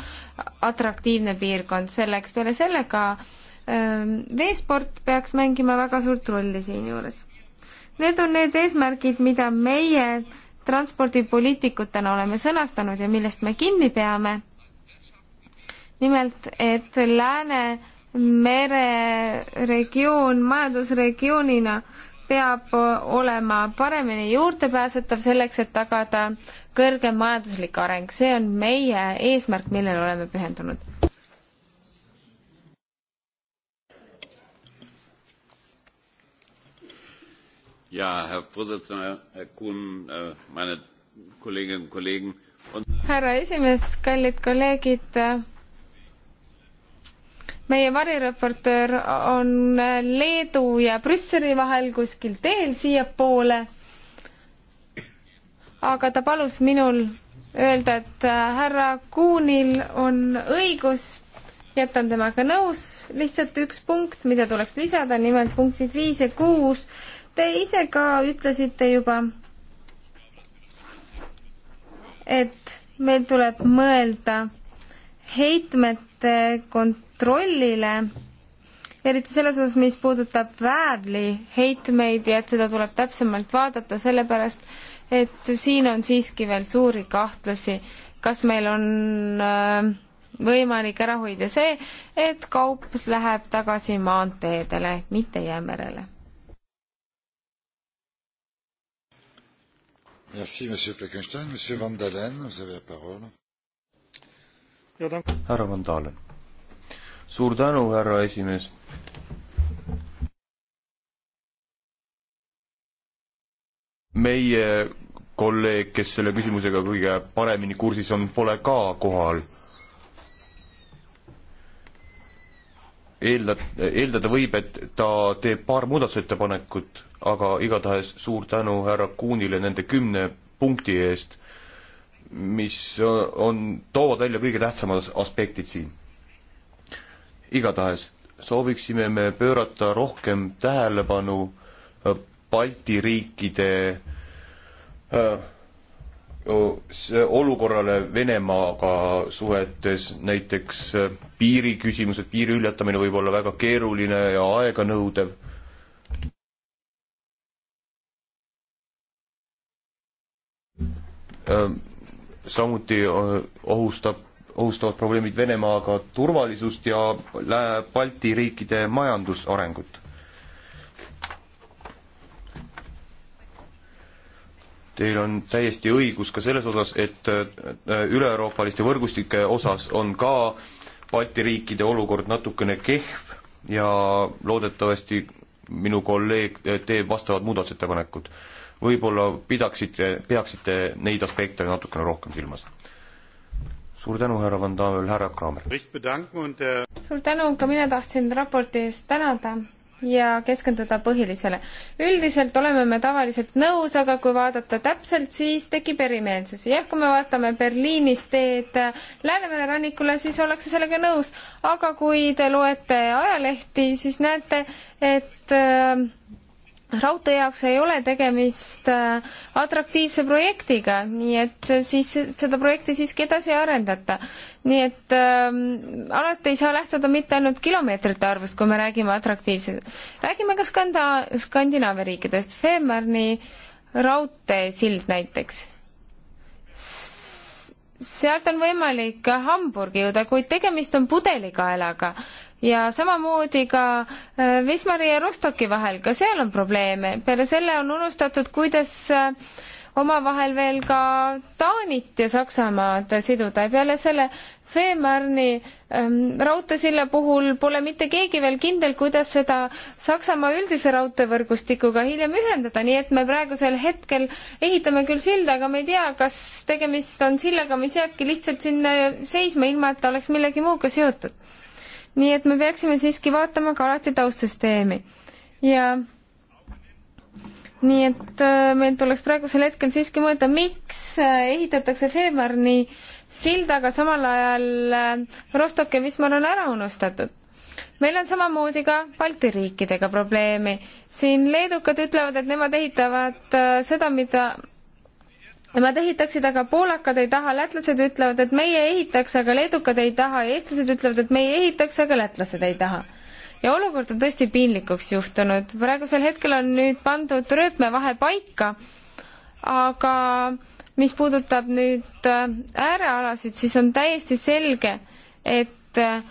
atraktiivne piirkond selleks, peale selle ka ähm, veesport peaks mängima väga suurt rolli siinjuures. Need on need eesmärgid, mida meie transpordipoliitikutena oleme sõnastanud ja millest me kinni peame nimelt, et Läänemere regioon majandusregioonina peab olema paremini juurdepääsetav selleks, et tagada kõrgem majanduslik areng. see on meie eesmärk, millele oleme pühendunud. Ja, herr präsident herr kuhn äh, meine kolleginnen und kollegen! härra esimees kallid kolleegid! meie variraportöör on Leedu ja Brüsseli vahel kuskil teel siiapoole. aga ta palus minul öelda, et äh, härra Kuunil on õigus, jätan temaga nõus, lihtsalt üks punkt, mida tuleks lisada, nimelt punktid viis ja kuus. Te ise ka ütlesite juba, et meil tuleb mõelda heitmete kont-, kontrollile, eriti selles osas, mis puudutab väävli heitmeid ja et seda tuleb täpsemalt vaadata, sellepärast et siin on siiski veel suuri kahtlusi, kas meil on äh, võimalik ära hoida see, et kaup läheb tagasi maanteedele, mitte Jäämerele. Merci, monsieur Fleckenstein. Monsieur Van Dalen, vous avez la parole. härra Van Dalen suur tänu, härra esimees. meie kolleeg, kes selle küsimusega kõige paremini kursis on, pole ka kohal. eeldad, eeldada võib, et ta teeb paar muudatusettepanekut, aga igatahes suur tänu härra Kuunile nende kümne punkti eest, mis on, toovad välja kõige tähtsamad aspektid siin igatahes sooviksime me pöörata rohkem tähelepanu äh, Balti riikide äh, olukorrale Venemaaga suhetes, näiteks äh, piiriküsimused, piiri ületamine võib olla väga keeruline ja aeganõudev. samuti ohustab ohustavad probleemid Venemaaga turvalisust ja Balti riikide majandusarengut. Teil on täiesti õigus ka selles osas, et äh, üle-euroopaliste võrgustike osas on ka Balti riikide olukord natukene kehv ja loodetavasti minu kolleeg äh, teeb vastavad muudatusettepanekud. võib-olla pidaksite, peaksite neid aspekte natukene rohkem silmas suur tänu, härra Van Damel, härra Kramer. suur tänu, ka mina tahtsin raporti eest tänada ja keskenduda põhilisele. üldiselt oleme me tavaliselt nõus, aga kui vaadata täpselt, siis tekib erimeelsusi. jah, kui me vaatame Berliinis teed Läänemere rannikule, siis ollakse sellega nõus, aga kui te loete ajalehti, siis näete, et äh, raudtee jaoks ei ole tegemist äh, atraktiivse projektiga, nii et äh, siis seda projekti siiski edasi ei arendata. nii et ähm, alati ei saa lähtuda mitte ainult kilomeetrite arvust, kui me räägime atraktiivsest. räägime ka skanda-, Skandinaavia riikidest, Fehmarni raudteesild näiteks S sealt on võimalik Hamburgi jõuda, kuid tegemist on pudelikaelaga ja samamoodi ka äh, Wismari ja Rostoki vahel, ka seal on probleeme. peale selle on unustatud, kuidas äh, omavahel veel ka Taanit ja Saksamaad siduda ja peale selle Fehmarni ähm, raudteesilla puhul pole mitte keegi veel kindel, kuidas seda Saksamaa üldise raudteevõrgustikuga hiljem ühendada, nii et me praegusel hetkel ehitame küll silda, aga me ei tea, kas tegemist on sillaga, mis jääbki lihtsalt sinna seisma, ilma et ta oleks millegi muuga seotud. nii et me peaksime siiski vaatama ka alati taustsüsteemi ja nii et äh, meil tuleks praegusel hetkel siiski mõelda, miks äh, ehitatakse Feemarni sild, aga samal ajal äh, Rostock ja Wismar on ära unustatud. meil on samamoodi ka Balti riikidega probleemi. siin leedukad ütlevad, et nemad ehitavad seda, mida Nemad ehitaksid, aga poolakad ei taha, lätlased ütlevad, et meie ehitaks, aga leedukad ei taha ja eestlased ütlevad, et meie ehitaks, aga lätlased ei taha ja olukord on tõesti piinlikuks juhtunud. praegusel hetkel on nüüd pandud rööpmevahe paika, aga mis puudutab nüüd äh, äärealasid, siis on täiesti selge, et äh,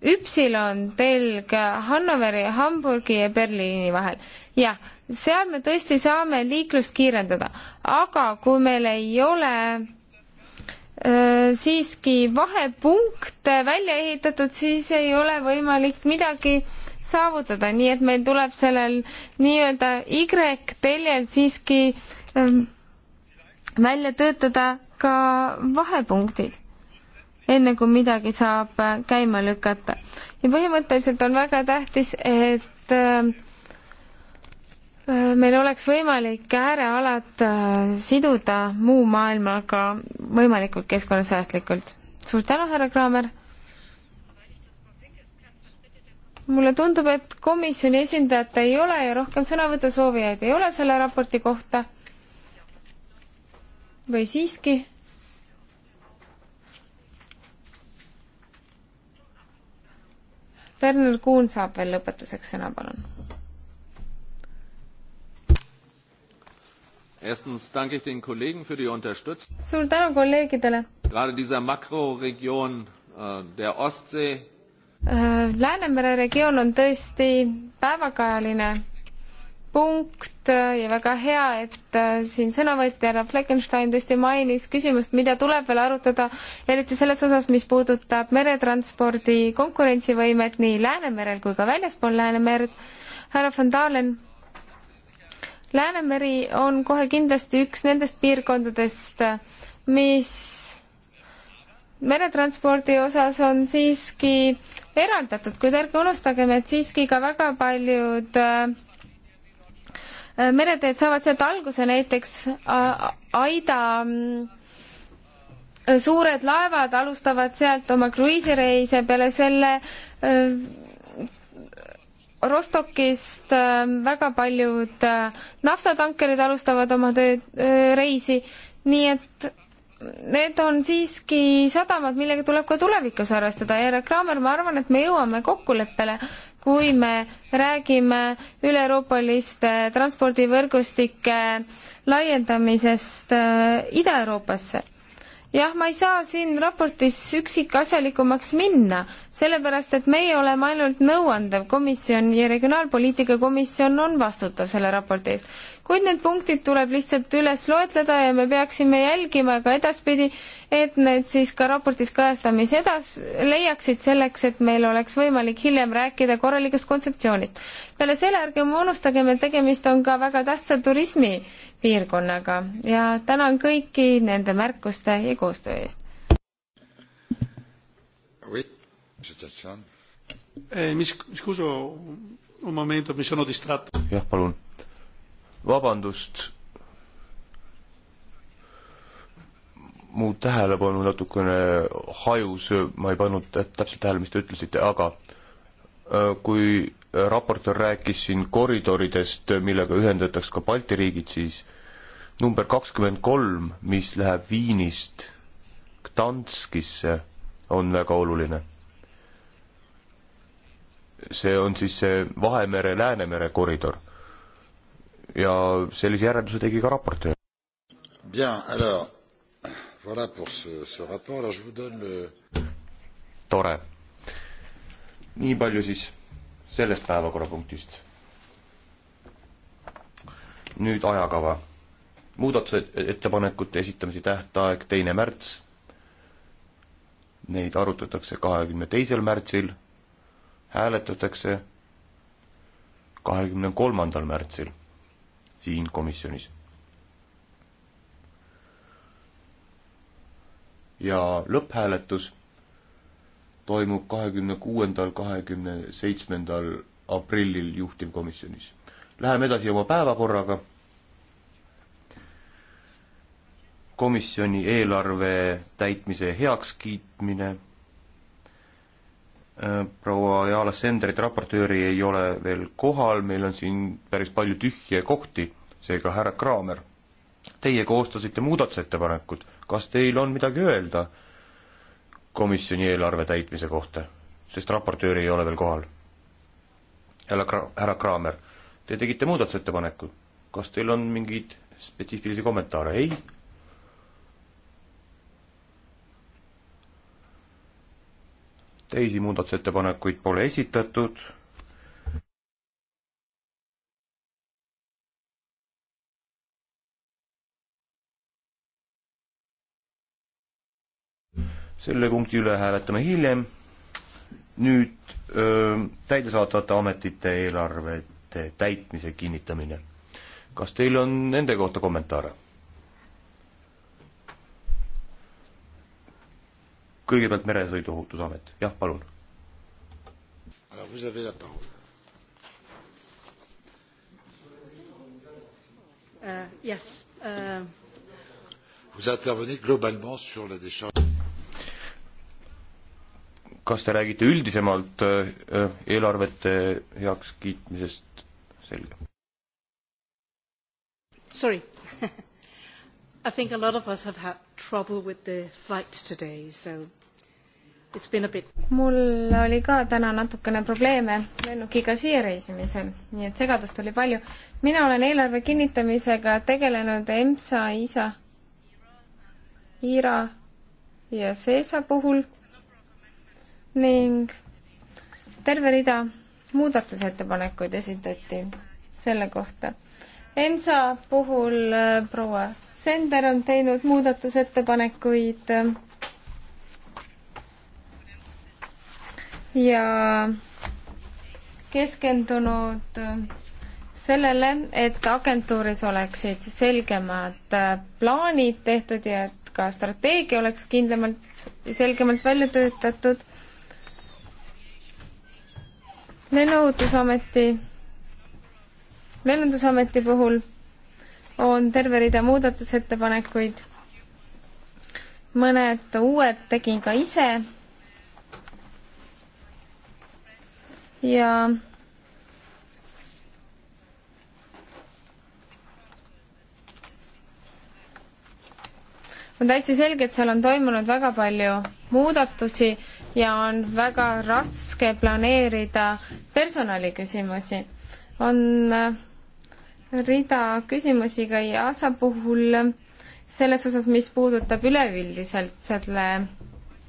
Üpsilon telg äh, Hannoveri, Hamburgi ja Berliini vahel. jah, seal me tõesti saame liiklust kiirendada, aga kui meil ei ole Äh, siiski vahepunkte välja ehitatud, siis ei ole võimalik midagi saavutada, nii et meil tuleb sellel nii-öelda Y-teljel siiski ähm, välja töötada ka vahepunktid, enne kui midagi saab äh, käima lükata. ja põhimõtteliselt on väga tähtis, et ähm, meil oleks võimalik äärealad äh, siduda muu maailmaga võimalikult keskkonnasäästlikult. suur tänu, härra Kraamer! mulle tundub, et komisjoni esindajat ei ole ja rohkem sõnavõtusoovijaid ei ole selle raporti kohta. või siiski? Werner Kuhn saab veel lõpetuseks sõna, palun Erstens danke ich den Kollegen für die Unterstützung. Suur tänu kolleegidele. Gerade dieser Makroregion äh, der Ostsee. Äh, Läänemere regioon on tõesti päevakajaline punkt äh, ja väga hea, et äh, siin sõnavõtja härra Fleckenstein tõesti mainis küsimust, mida tuleb veel arutada, eriti selles osas, mis puudutab meretranspordi konkurentsivõimet nii Läänemerel kui ka väljaspool Läänemerd. härra von Dahlen Läänemeri on kohe kindlasti üks nendest piirkondadest, mis meretranspordi osas on siiski eraldatud, kuid ärge unustagem, et siiski ka väga paljud äh, mereteed saavad sealt alguse, näiteks äh, Aida äh, suured laevad alustavad sealt oma kruiisireise peale selle Rostokist ähm, väga paljud äh, naftatankerid alustavad oma tööd, äh, reisi, nii et need on siiski sadamad, millega tuleb ka tulevikus arvestada ja härra Kramer, ma arvan, et me jõuame kokkuleppele, kui me räägime üle-euroopaliste transpordivõrgustike laiendamisest äh, Ida-Euroopasse jah, ma ei saa siin raportis üksikasjalikumaks minna, sellepärast, et meie oleme ainult nõuandev komisjon ja Regionaalpoliitika Komisjon on vastutav selle raporti eest. kuid need punktid tuleb lihtsalt üles loetleda ja me peaksime jälgima ka edaspidi, et need siis ka raportis kajastamise edas-, leiaksid selleks, et meil oleks võimalik hiljem rääkida korralikust kontseptsioonist. peale selle ärgem unustagem, et tegemist on ka väga tähtsa turismipiirkonnaga ja tänan kõiki nende märkuste ja koostöö eest. Oui mis, mis kusu, un momento, mis on distratto. jah, palun. vabandust. mu tähelepanu natukene hajus, ma ei pannud täpselt tähele, mis te ütlesite, aga äh, kui raportöör rääkis siin koridoridest, millega ühendatakse ka Balti riigid, siis number kakskümmend kolm, mis läheb Viinist Gdanskisse, on väga oluline see on siis see Vahemere-Läänemere koridor. ja sellise järelduse tegi ka raportöör. Bien, alors voilà pour ce, ce rapport, alors je vous donne le tore. nii palju siis sellest päevakorrapunktist. nüüd ajakava. muudatusettepanekute esitamise tähtaeg teine märts. Neid arutatakse kahekümne teisel märtsil hääletatakse kahekümne kolmandal märtsil siin komisjonis. ja lõpphääletus toimub kahekümne kuuendal, kahekümne seitsmendal aprillil juhtivkomisjonis. Läheme edasi oma päevakorraga. komisjoni eelarve täitmise heakskiitmine Äh, proua Jaala Sendrit, raportööri ei ole veel kohal, meil on siin päris palju tühje kohti, seega härra Kraamer, teie koostasite muudatusettepanekud, kas teil on midagi öelda komisjoni eelarve täitmise kohta, sest raportööri ei ole veel kohal? härra Kra-, härra Kraamer, te tegite muudatusettepaneku, kas teil on mingeid spetsiifilisi kommentaare, ei? teisi muudatusettepanekuid pole esitatud. selle punkti üle hääletame hiljem. nüüd öö, täidesaatvate ametite eelarvete täitmise kinnitamine. kas teil on nende kohta kommentaare? kõigepealt Meresõiduohutusamet, jah, palun. Uh, yes. Uh... Vous intervenez globalement sur la décharge kas te räägite üldisemalt uh, eelarvete heakskiitmisest, selge. Sorry [laughs] I think a lot of us have had trouble with the flights today, so it's been a bit mul oli ka täna natukene probleeme lennukiga siia reisimisel, nii et segadust oli palju. mina olen eelarve kinnitamisega tegelenud EMSA, ISA, IRA ja CESA puhul ning terve rida muudatusettepanekuid esitati selle kohta. EMSA puhul äh, proua Sender on teinud muudatusettepanekuid ja keskendunud sellele, et agentuuris oleksid selgemad plaanid tehtud ja et ka strateegia oleks kindlamalt, selgemalt välja töötatud. lennuohutusameti, lennundusameti puhul on terve rida muudatusettepanekuid. mõned uued tegin ka ise. ja on täiesti selge, et seal on toimunud väga palju muudatusi ja on väga raske planeerida personaliküsimusi. on äh, rida küsimusi ka EASA puhul selles osas, mis puudutab üleüldiselt selle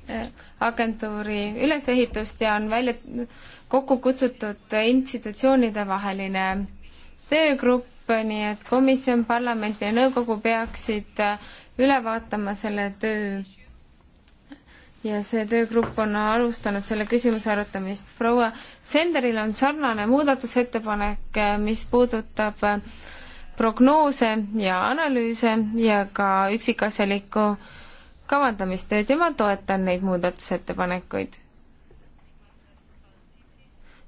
eh, agentuuri ülesehitust ja on välja kokku kutsutud institutsioonide vaheline töögrupp, nii et komisjon, parlament ja nõukogu peaksid eh, üle vaatama selle töö ja see töögrupp on alustanud selle küsimuse arutamist. proua Senderil on sarnane muudatusettepanek, eh, mis puudutab eh, prognoose ja analüüse ja ka üksikasjalikku kavandamistööd ja ma toetan neid muudatusettepanekuid.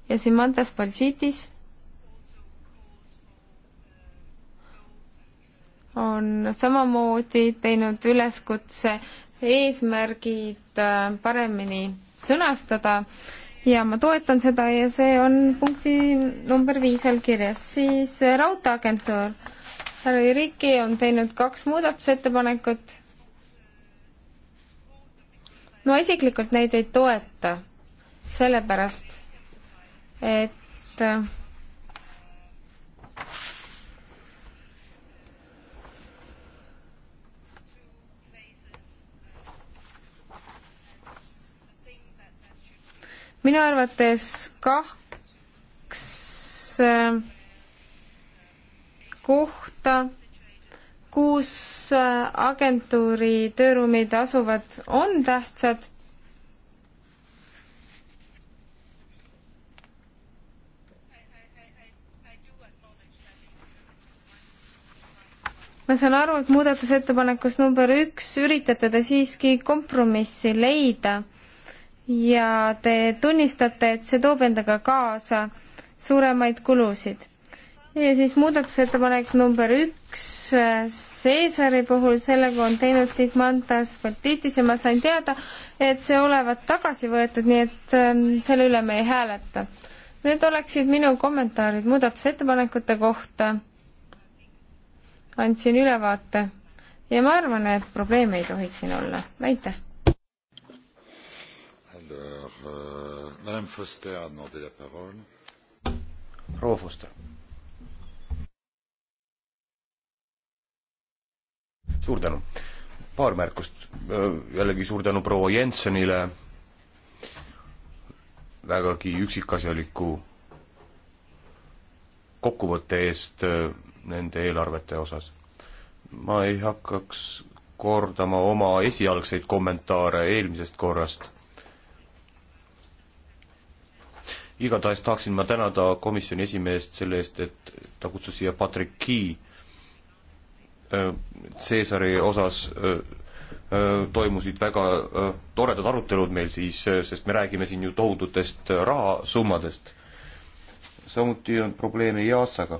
ja siin Mantas Balšitis on samamoodi teinud üleskutse eesmärgid äh, paremini sõnastada ja ma toetan seda ja see on punkti number viis all kirjas. siis äh, Raudteeagentuur. härra Jüriki on teinud kaks muudatusettepanekut. no isiklikult neid ei toeta, sellepärast et äh, minu arvates kaks äh, kohta, kus äh, agentuuri tööruumid asuvad, on tähtsad ma saan aru, et muudatusettepanekus number üks üritate te siiski kompromissi leida ja te tunnistate, et see toob endaga kaasa suuremaid kulusid. ja siis muudatusettepanek number üks Seesari puhul, sellega on teinud Sigmantas Baltitis ja ma sain teada, et see olevat tagasi võetud, nii et ähm, selle üle me ei hääleta. Need oleksid minu kommentaarid muudatusettepanekute kohta. andsin ülevaate ja ma arvan, et probleeme ei tohiks siin olla. aitäh! Madame Foster a demandé la parole. proua Foster. suur tänu. paar märkust. jällegi suur tänu proua Jensenile vägagi üksikasjaliku kokkuvõtte eest nende eelarvete osas. ma ei hakkaks kordama oma esialgseid kommentaare eelmisest korrast igatahes tahaksin ma tänada komisjoni esimeest selle eest, et ta kutsus siia Patrick Key. Äh, Caesari osas äh, äh, toimusid väga toredad arutelud meil siis, sest me räägime siin ju tohututest rahasummadest. samuti on probleeme EASA-ga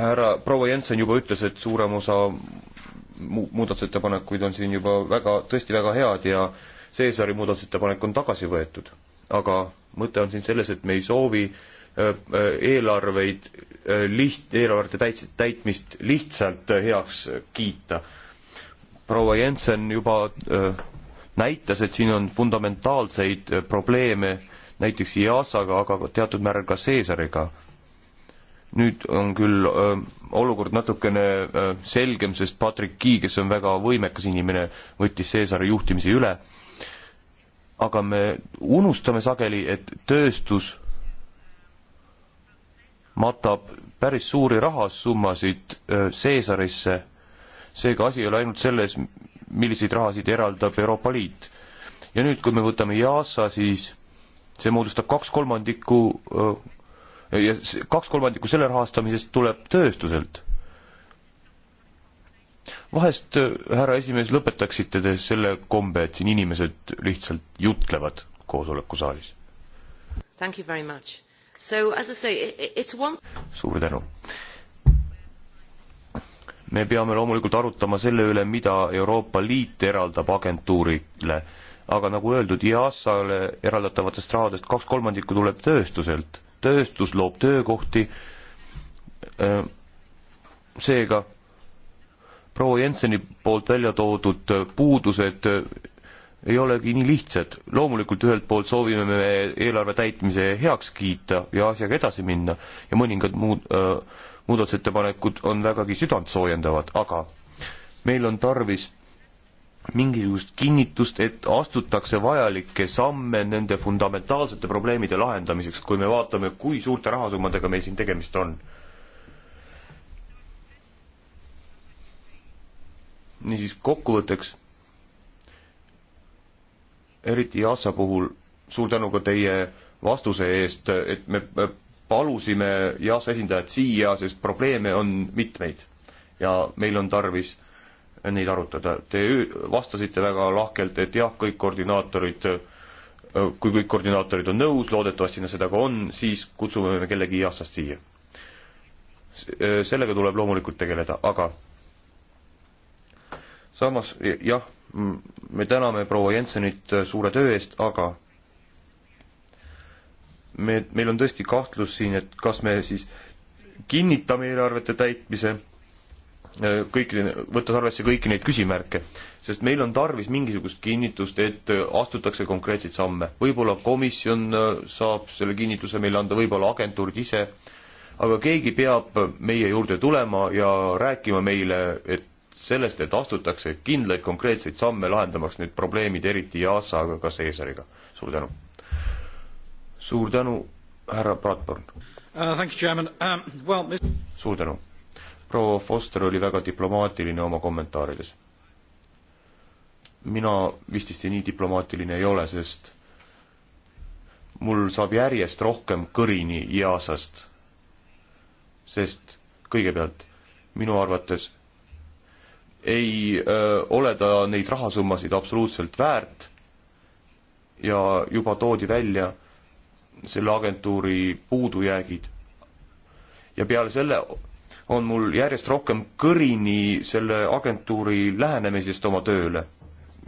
härra proua Jensen juba ütles, et suurem osa mu-, muudatusettepanekuid on siin juba väga, tõesti väga head ja Seesari muudatusettepanek on tagasi võetud aga mõte on siin selles, et me ei soovi äh, äh, eelarveid äh, liht-, eelarvete täit-, täitmist lihtsalt heaks kiita. proua Jensen juba näitas, et siin on fundamentaalseid probleeme näiteks IASA-ga, aga teatud määral ka Caesariga. nüüd on küll öö, olukord natukene öö, selgem, sest Patrick Key, kes on väga võimekas inimene, võttis Caesari juhtimise üle aga me unustame sageli, et tööstus matab päris suuri rahasummasid Seesarisse. Äh, seega asi ei ole ainult selles, milliseid rahasid eraldab Euroopa Liit. ja nüüd, kui me võtame EASA, siis see moodustab kaks kolmandikku äh, ja kaks kolmandikku selle rahastamisest tuleb tööstuselt vahest, äh, härra esimees, lõpetaksite te selle kombe, et siin inimesed lihtsalt jutlevad koosolekusaalis? One... suur tänu. me peame loomulikult arutama selle üle, mida Euroopa Liit eraldab agentuurile, aga nagu öeldud, EASA-le eraldatavatest rahadest kaks kolmandikku tuleb tööstuselt. tööstus loob töökohti, äh, seega proua Jenseni poolt välja toodud puudused ei olegi nii lihtsad. loomulikult ühelt poolt soovime me eelarve täitmise heaks kiita ja asjaga edasi minna ja mõningad muud äh, muudatusettepanekud on vägagi südantsoojendavad, aga meil on tarvis mingisugust kinnitust, et astutakse vajalikke samme nende fundamentaalsete probleemide lahendamiseks, kui me vaatame, kui suurte rahasummadega meil siin tegemist on niisiis kokkuvõtteks, eriti Jaassa puhul, suur tänu ka teie vastuse eest, et me palusime Jaassa esindajad siia, sest probleeme on mitmeid ja meil on tarvis neid arutada. Te vastasite väga lahkelt, et jah, kõik koordinaatorid, kui kõik koordinaatorid on nõus, loodetavasti nad seda ka on, siis kutsume me kellegi Jassast siia. sellega tuleb loomulikult tegeleda, aga samas jah, me täname proua Jensenit äh, suure töö eest, aga me, meil on tõesti kahtlus siin, et kas me siis kinnitame eelarvete täitmise, äh, kõiki, võttes arvesse kõiki neid küsimärke, sest meil on tarvis mingisugust kinnitust, et äh, astutakse konkreetseid samme. võib-olla komisjon saab selle kinnituse meile anda, võib-olla agentuurid ise, aga keegi peab meie juurde tulema ja rääkima meile, et sellest, et astutakse kindlaid konkreetseid samme, lahendamaks need probleemid, eriti Jaasa, aga ka Seesariga. suur tänu. suur tänu, härra Bradburn uh,. Um, well, mis... suur tänu. proua Foster oli väga diplomaatiline oma kommentaarides. mina vististi nii diplomaatiline ei ole, sest mul saab järjest rohkem kõrini Jaasast. sest kõigepealt minu arvates ei öö, ole ta neid rahasummasid absoluutselt väärt ja juba toodi välja selle agentuuri puudujäägid. ja peale selle on mul järjest rohkem kõrini selle agentuuri lähenemisest oma tööle,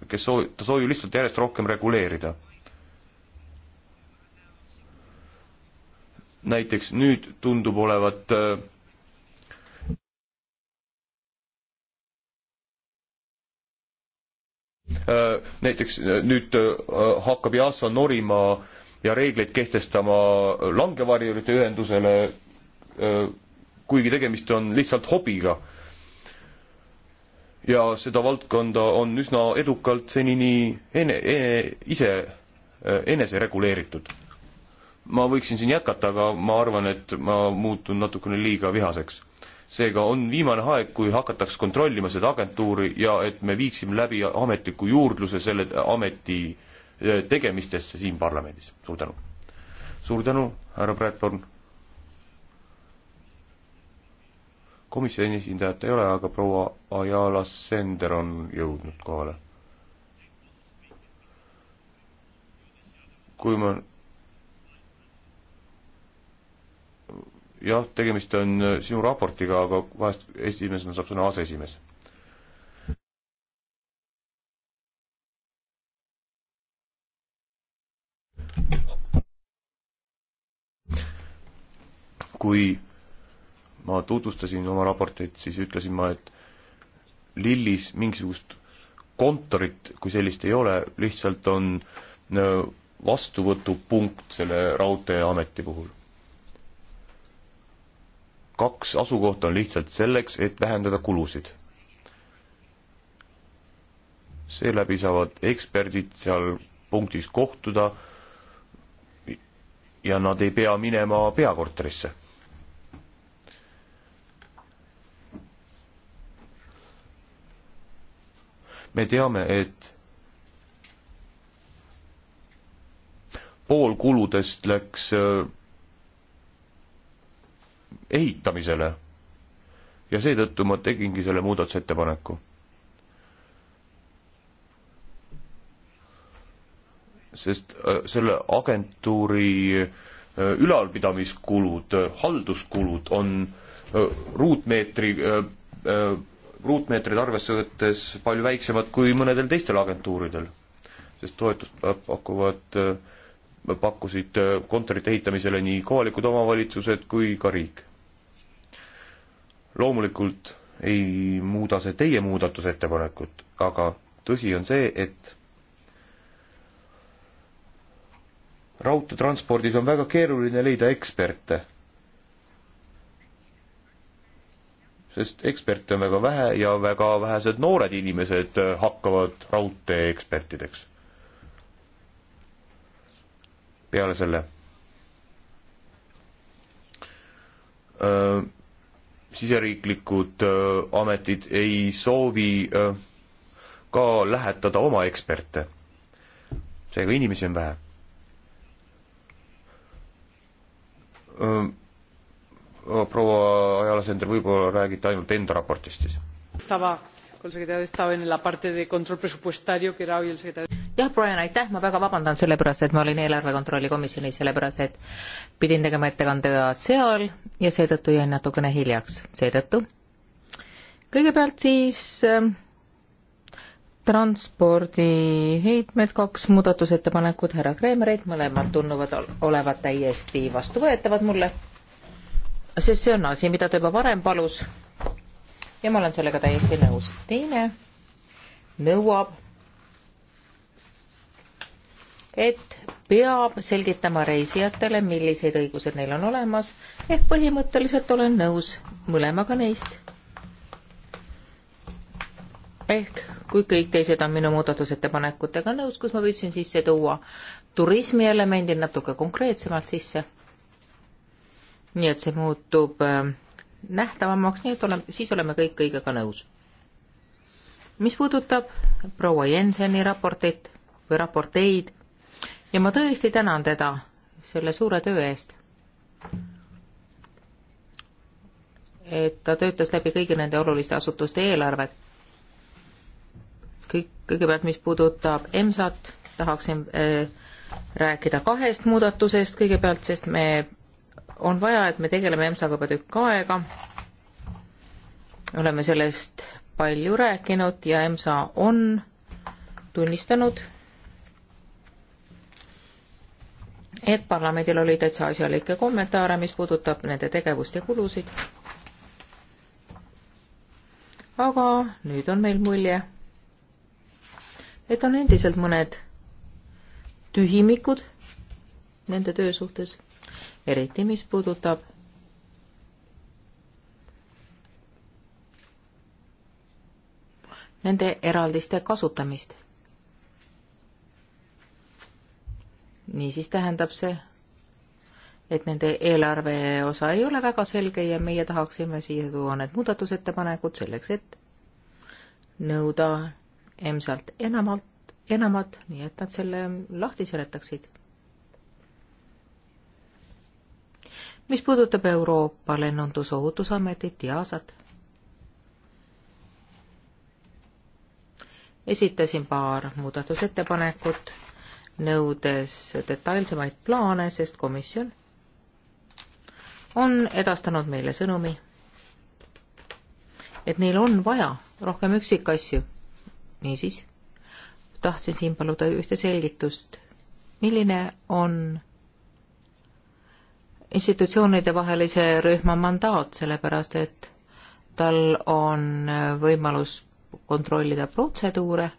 kes soo-, ta soovib lihtsalt järjest rohkem reguleerida. näiteks nüüd tundub olevat öö, Äh, näiteks äh, nüüd äh, hakkab EASA norima ja reegleid kehtestama langevarjurite ühendusele, kuigi tegemist on lihtsalt hobiga. ja seda valdkonda on üsna edukalt senini ene, ene, ise, enese reguleeritud. ma võiksin siin jätkata, aga ma arvan, et ma muutun natukene liiga vihaseks seega on viimane aeg, kui hakataks kontrollima seda agentuuri ja et me viiksime läbi ametliku juurdluse selle ameti eh, tegemistesse siin parlamendis. suur tänu. suur tänu, härra Bradburn. komisjoni esindajat ei ole, aga proua Ajala Sender on jõudnud kohale. kui ma jah, tegemist on äh, sinu raportiga, aga vahest esimesena saab sõna aseesimees. kui ma tutvustasin oma raporteid, siis ütlesin ma, et Lillis mingisugust kontorit kui sellist ei ole, lihtsalt on äh, vastuvõtupunkt selle raudteeameti puhul kaks asukohta on lihtsalt selleks, et vähendada kulusid. seeläbi saavad eksperdid seal punktis kohtuda ja nad ei pea minema peakorterisse. me teame, et pool kuludest läks äh, ehitamisele. ja seetõttu ma tegingi selle muudatusettepaneku. sest äh, selle agentuuri äh, ülalpidamiskulud, äh, halduskulud on ruutmeetri, ruutmeetreid arvesse võttes palju väiksemad kui mõnedel teistel agentuuridel, sest toetust pakuvad pakkusid kontorite ehitamisele nii kohalikud omavalitsused kui ka riik loomulikult ei muuda see teie muudatusettepanekut, aga tõsi on see, et raudteetranspordis on väga keeruline leida eksperte. sest eksperte on väga vähe ja väga vähesed noored inimesed hakkavad raudteeekspertideks. peale selle öö, siseriiklikud äh, ametid ei soovi äh, ka lähetada oma eksperte. seega inimesi on vähe. Äh, proua Ajalasender, võib-olla räägite ainult enda raportist siis? estaba el secretario de Estado en la parte de control presupuestario, que era hoy el secretario jah, Brian, aitäh, ma väga vabandan selle pärast, et ma olin eelarve kontrolli komisjonis, sellepärast et pidin tegema ettekande seal ja seetõttu jäin natukene hiljaks, seetõttu. kõigepealt siis äh, transpordiheitmed, kaks muudatusettepanekut härra Kreemerit, mõlemad tunduvad olevat täiesti vastuvõetavad mulle, sest see on asi, mida ta juba varem palus ja ma olen sellega täiesti nõus. teine nõuab et peab selgitama reisijatele, millised õigused neil on olemas, ehk põhimõtteliselt olen nõus mõlemaga neist. ehk kui kõik teised on minu muudatusettepanekutega nõus, kus ma püüdsin sisse tuua turismielemendid natuke konkreetsemalt sisse. nii et see muutub äh, nähtavamaks, nii et oleme, siis oleme kõik kõigega nõus. mis puudutab proua Jenseni raportit või raporteid ja ma tõesti tänan teda selle suure töö eest. et ta töötas läbi kõigi nende oluliste asutuste eelarved. kõik, kõigepealt, mis puudutab EMSA-t, tahaksin äh, rääkida kahest muudatusest kõigepealt, sest me, on vaja, et me tegeleme EMSA-ga juba tükk aega. oleme sellest palju rääkinud ja EMSA on tunnistanud et parlamendil oli täitsa asjalikke kommentaare, mis puudutab nende tegevust ja kulusid. aga nüüd on meil mulje, et on endiselt mõned tühimikud nende töö suhtes, eriti mis puudutab nende eraldiste kasutamist niisiis tähendab see, et nende eelarve osa ei ole väga selge ja meie tahaksime siia tuua need muudatusettepanekud selleks, et nõuda EMSA-lt enamalt, enamat, nii et nad selle lahti seletaksid. mis puudutab Euroopa Lennundusohutusametit, EASA-t, esitasin paar muudatusettepanekut nõudes detailsemaid plaane, sest komisjon on edastanud meile sõnumi, et neil on vaja rohkem üksikasju. niisiis, tahtsin siin paluda ühte selgitust. milline on institutsioonide vahelise rühma mandaat, sellepärast et tal on võimalus kontrollida protseduure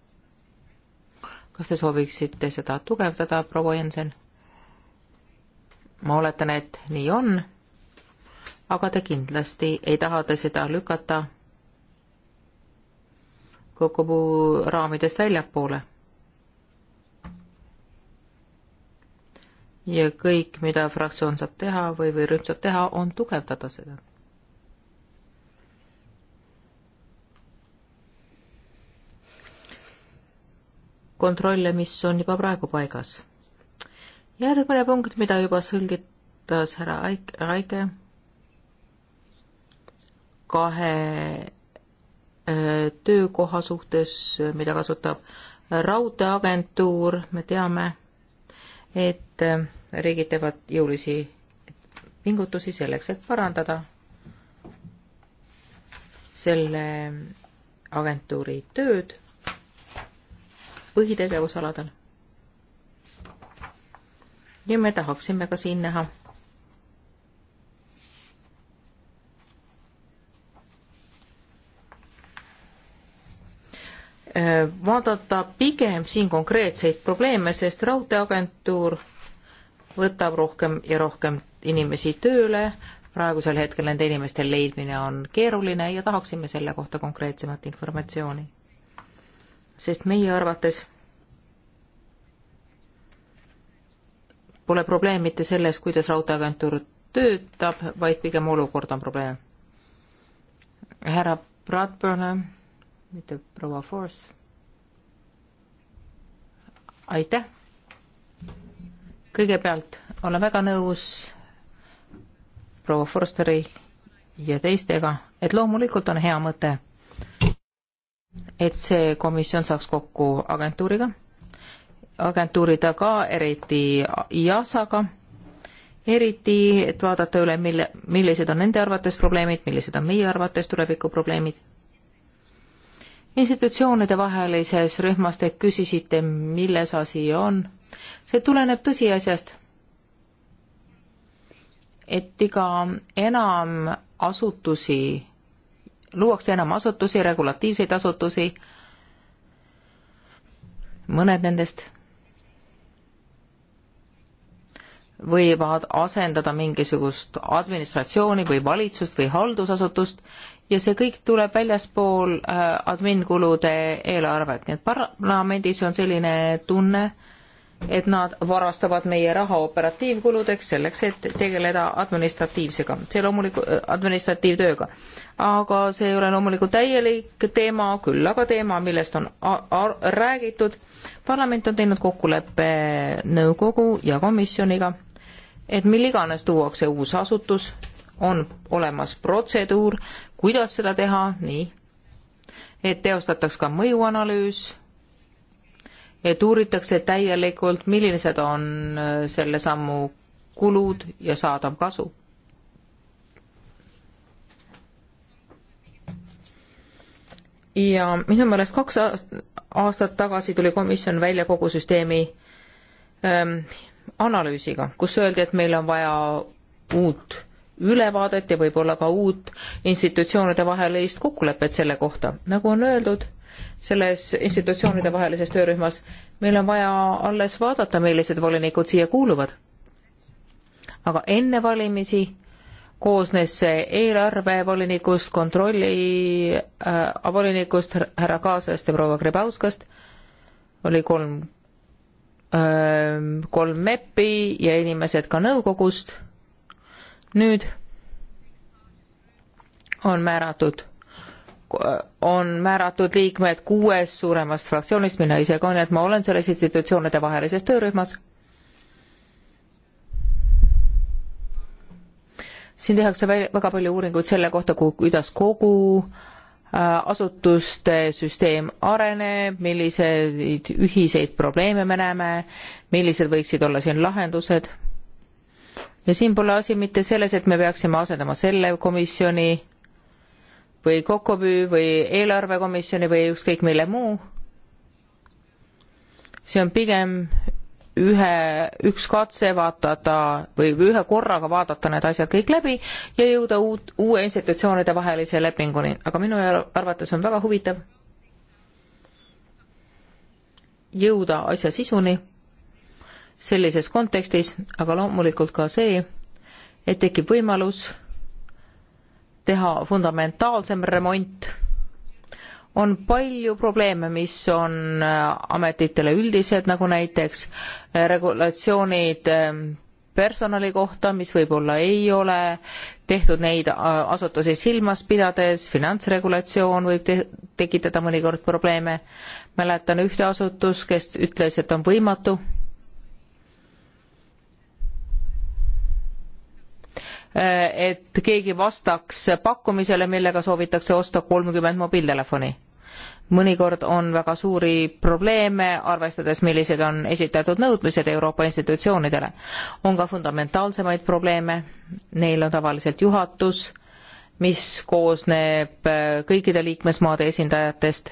kas te sooviksite seda tugevdada, proua Jensen? ma oletan, et nii on, aga te kindlasti ei taha te seda lükata kogu raamidest väljapoole. ja kõik, mida fraktsioon saab teha või, või rühm saab teha, on tugevdada seda kontrolle, mis on juba praegu paigas. järgmine punkt, mida juba sõlgitas härra Aik-, Aike, kahe äh, töökoha suhtes, äh, mida kasutab raudteeagentuur, me teame, et äh, riigid teevad jõulisi pingutusi selleks, et parandada selle agentuuri tööd põhitegevusaladel. ja me tahaksime ka siin näha vaadata pigem siin konkreetseid probleeme, sest Raudteeagentuur võtab rohkem ja rohkem inimesi tööle, praegusel hetkel nende inimeste leidmine on keeruline ja tahaksime selle kohta konkreetsemat informatsiooni sest meie arvates pole probleem mitte selles, kuidas raudteeagentuur töötab, vaid pigem olukord on probleem. härra Bradburn, mitte proua Force. aitäh. kõigepealt olen väga nõus proua Forsteri ja teistega, et loomulikult on hea mõte et see komisjon saaks kokku agentuuriga, agentuuridega ka, eriti IASA-ga, eriti, et vaadata üle, mille, millised on nende arvates probleemid, millised on meie arvates tulevikuprobleemid. institutsioonide vahelises rühmas te küsisite, milles asi on. see tuleneb tõsiasjast, et iga enam asutusi luuakse enam asutusi, regulatiivseid asutusi, mõned nendest võivad asendada mingisugust administratsiooni või valitsust või haldusasutust ja see kõik tuleb väljaspool äh, adminkulude eelarvet, nii et parlamendis on selline tunne, et nad varastavad meie raha operatiivkuludeks selleks, et tegeleda administratiivsega, see loomulikult, administratiivtööga. aga see ei ole loomulikult täielik teema, küll aga teema, millest on räägitud. parlament on teinud kokkuleppe nõukogu ja komisjoniga, et mil iganes tuuakse uus asutus, on olemas protseduur, kuidas seda teha, nii, et teostataks ka mõjuanalüüs et uuritakse täielikult, millised on äh, selle sammu kulud ja saadav kasu. ja minu meelest kaks aastat tagasi tuli komisjon välja kogu süsteemi ähm, analüüsiga, kus öeldi, et meil on vaja uut ülevaadet ja võib-olla ka uut institutsioonide vahelist kokkulepet selle kohta. nagu on öeldud selles institutsioonide vahelises töörühmas. meil on vaja alles vaadata, millised volinikud siia kuuluvad. aga enne valimisi koosnes see eelarvevolinikust, kontrolli äh, volinikust, härra Kaasast ja proua Grebauskast, oli kolm äh,, kolm MEP-i ja inimesed ka nõukogust. nüüd on määratud on määratud liikmed kuuest suuremast fraktsioonist, mina ise ka, nii et ma olen selles institutsioonide vahelises töörühmas. siin tehakse väga palju uuringuid selle kohta, kuidas kogu äh, asutuste süsteem areneb, milliseid ühiseid probleeme me näeme, millised võiksid olla siin lahendused. ja siin pole asi mitte selles, et me peaksime asendama selle komisjoni või Kokopüü või eelarvekomisjoni või ükskõik mille muu. see on pigem ühe, üks katse vaadata või ühe korraga vaadata need asjad kõik läbi ja jõuda uut, uue institutsioonide vahelise lepinguni, aga minu arvates on väga huvitav jõuda asja sisuni sellises kontekstis, aga loomulikult ka see, et tekib võimalus teha fundamentaalsem remont. on palju probleeme, mis on äh, ametitele üldised, nagu näiteks äh, regulatsioonid ähm, personali kohta, mis võib-olla ei ole tehtud neid äh, asutusi silmas pidades, finantsregulatsioon võib te tekitada mõnikord probleeme. mäletan ühte asutust, kes ütles, et on võimatu Eh, et keegi vastaks pakkumisele, millega soovitakse osta kolmkümmend mobiiltelefoni. mõnikord on väga suuri probleeme, arvestades, millised on esitatud nõudmised Euroopa institutsioonidele. on ka fundamentaalsemaid probleeme, neil on tavaliselt juhatus, mis koosneb eh, kõikide liikmesmaade esindajatest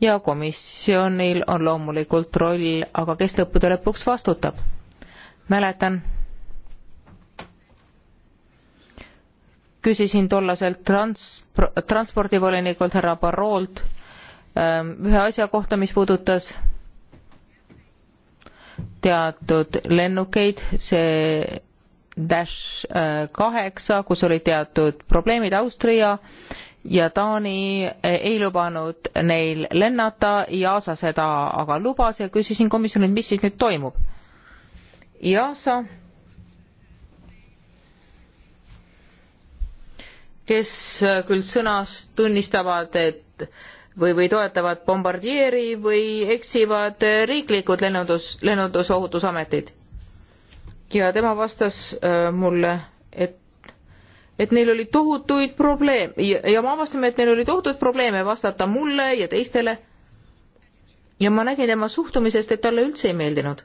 ja komisjonil on loomulikult roll, aga kes lõppude lõpuks vastutab? mäletan küsisin tollaselt trans-, transpordivolinikult härra Barrolt ähm, ühe asja kohta, mis puudutas teatud lennukeid, see Dash äh, kaheksa, kus olid teatud probleemid Austria ja Taani äh, ei lubanud neil lennata, EASA seda aga lubas ja küsisin komisjonilt, mis siis nüüd toimub. EASA ja kes küll sõnas tunnistavad, et või, või toetavad Bombardieri või eksivad riiklikud lennundus, lennundusohutusametid. ja tema vastas äh, mulle, et, et neil oli tohutuid probleeme ja, ja me avastasime, et neil oli tohutuid probleeme vastata mulle ja teistele. ja ma nägin tema suhtumisest, et talle üldse ei meeldinud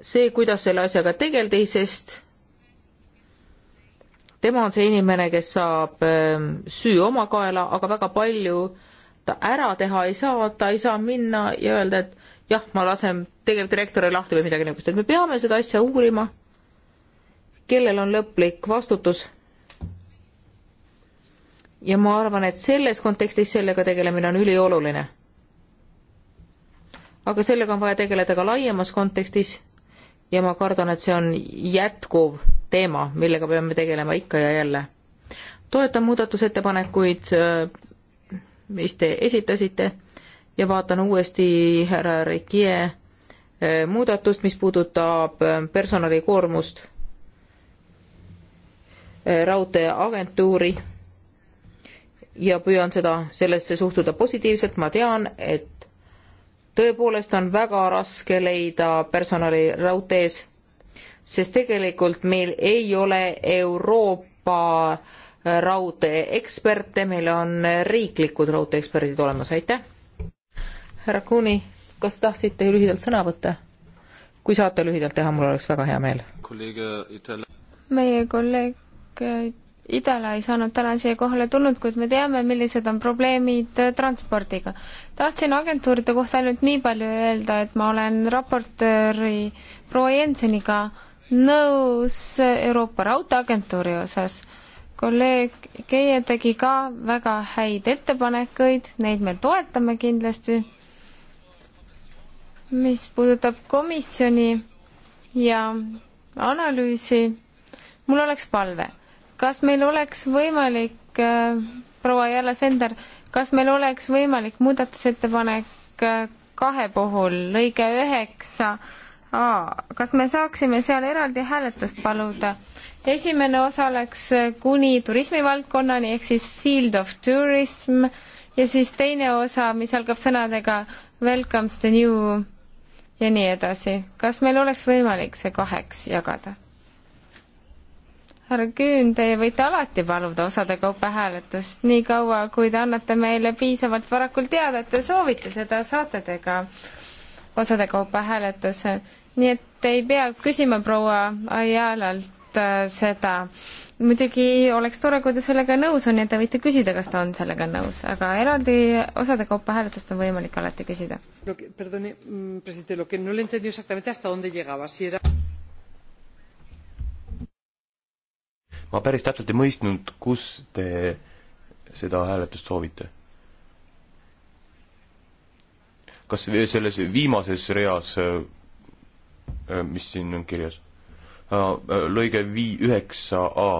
see, kuidas selle asjaga tegeldi, sest tema on see inimene, kes saab ähm, süü oma kaela, aga väga palju ta ära teha ei saa, ta ei saa minna ja öelda, et jah, ma lasen tegevdirektori lahti või midagi niisugust, et me peame seda asja uurima, kellel on lõplik vastutus. ja ma arvan, et selles kontekstis sellega tegelemine on ülioluline. aga sellega on vaja tegeleda ka laiemas kontekstis ja ma kardan, et see on jätkuv teema, millega peame tegelema ikka ja jälle. toetan muudatusettepanekuid, äh, mis te esitasite ja vaatan uuesti härra Rekie äh, muudatust, mis puudutab äh, personalikoormust raudteeagentuuri ja püüan seda, sellesse suhtuda positiivselt, ma tean, et tõepoolest on väga raske leida personali raudtees sest tegelikult meil ei ole Euroopa äh, raudteeeksperte, meil on riiklikud raudteeeksperdid olemas, aitäh. härra Kuni, kas tahtsite lühidalt sõna võtta? kui saate lühidalt teha, mul oleks väga hea meel. Äh, meie kolleeg äh, Idala ei saanud täna siia kohale tulnud, kuid me teame, millised on probleemid transpordiga. tahtsin agentuuride kohta ainult nii palju öelda, et ma olen raportööri proua Jenseniga äh, nõus Euroopa Raudteeagentuuri osas. kolleeg Keie tegi ka väga häid ettepanekuid, neid me toetame kindlasti. mis puudutab komisjoni ja analüüsi, mul oleks palve, kas meil oleks võimalik äh,, proua Jalla Sender, kas meil oleks võimalik muudatusettepanek äh, kahe puhul, lõige üheksa äh, aa, kas me saaksime seal eraldi hääletust paluda? esimene osa oleks äh, kuni turismivaldkonnani ehk siis Field of Tourism ja siis teine osa, mis algab sõnadega Welcomes the new ja nii edasi. kas meil oleks võimalik see kaheks jagada? härra Küün, teie võite alati paluda osade kaupa hääletust, niikaua kui te annate meile piisavalt varakult teada, et te soovite seda, saate te ka äh, osade kaupa hääletas. nii et ei pea küsima proua Ajalalt äh, seda. muidugi oleks tore, kui ta sellega nõus on ja te võite küsida, kas ta on sellega nõus, aga eraldi osade kaupa hääletust on võimalik alati küsida. Mm, ma päris täpselt ei mõistnud, kus te seda hääletust soovite kas selles viimases reas, äh, äh, mis siin on kirjas, äh, lõige vii-, üheksa A,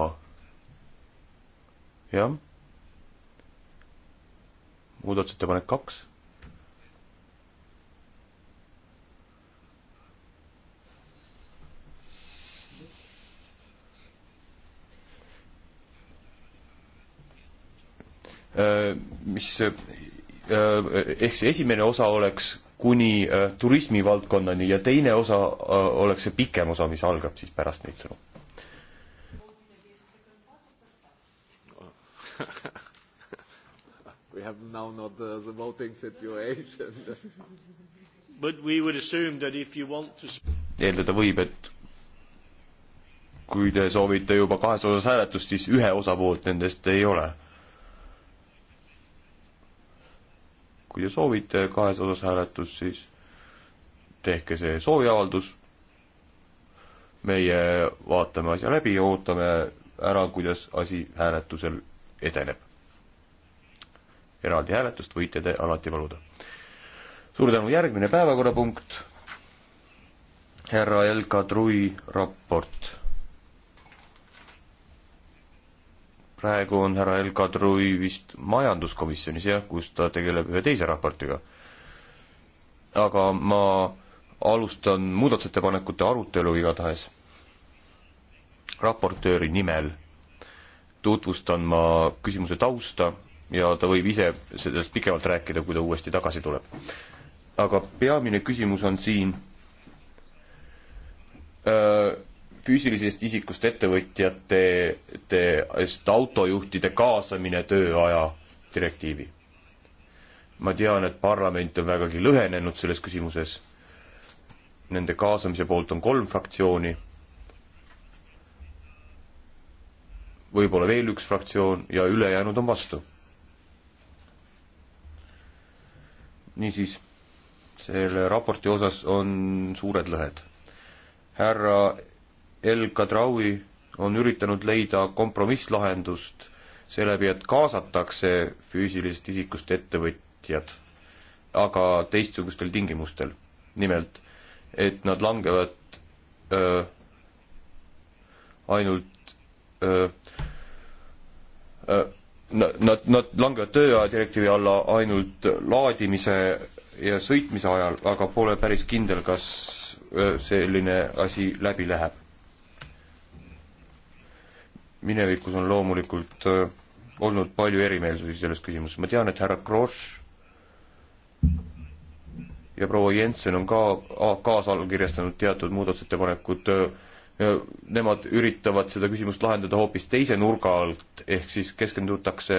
jah, muudatusettepanek kaks mis Äh, ehk see esimene osa oleks kuni äh, turismivaldkonnani ja teine osa äh, oleks see pikem osa, mis algab siis pärast neid sõnu. [laughs] We have now not the, uh, the voting situation [laughs] But we would assume that if you want to eeldada võib, et kui te soovite juba kahes osas hääletust, siis ühe osa poolt nendest ei ole kui te soovite kahes osas hääletust, siis tehke see sooviavaldus. meie vaatame asja läbi ja ootame ära, kuidas asi hääletusel edeneb. eraldi hääletust võite te alati paluda. suur tänu, järgmine päevakorrapunkt. härra Elka Trui raport praegu on härra El Kadri vist majanduskomisjonis jah, kus ta tegeleb ühe teise raportiga. aga ma alustan muudatusettepanekute arutelu igatahes. raportööri nimel tutvustan ma küsimuse tausta ja ta võib ise sellest pikemalt rääkida, kui ta uuesti tagasi tuleb. aga peamine küsimus on siin öö, äh, füüsilisest isikust ettevõtjate, eest autojuhtide kaasamine tööaja direktiivi. ma tean, et parlament on vägagi lõhenenud selles küsimuses. Nende kaasamise poolt on kolm fraktsiooni. võib-olla veel üks fraktsioon ja ülejäänud on vastu. niisiis, selle raporti osas on suured lõhed. härra El Kadraui on üritanud leida kompromisslahendust seeläbi, et kaasatakse füüsilisest isikust ettevõtjad, aga teistsugustel tingimustel. nimelt, et nad langevad öö, äh, ainult öö, äh, öö, äh, nad, nad langevad tööaja direktiivi alla ainult laadimise ja sõitmise ajal, aga pole päris kindel, kas öö, selline asi läbi läheb minevikus on loomulikult äh, olnud palju erimeelsusi selles küsimuses, ma tean, et härra Kross ja proua Jensen on ka kaasallkirjastanud teatud muudatusettepanekud, äh, nemad üritavad seda küsimust lahendada hoopis teise nurga alt, ehk siis keskendutakse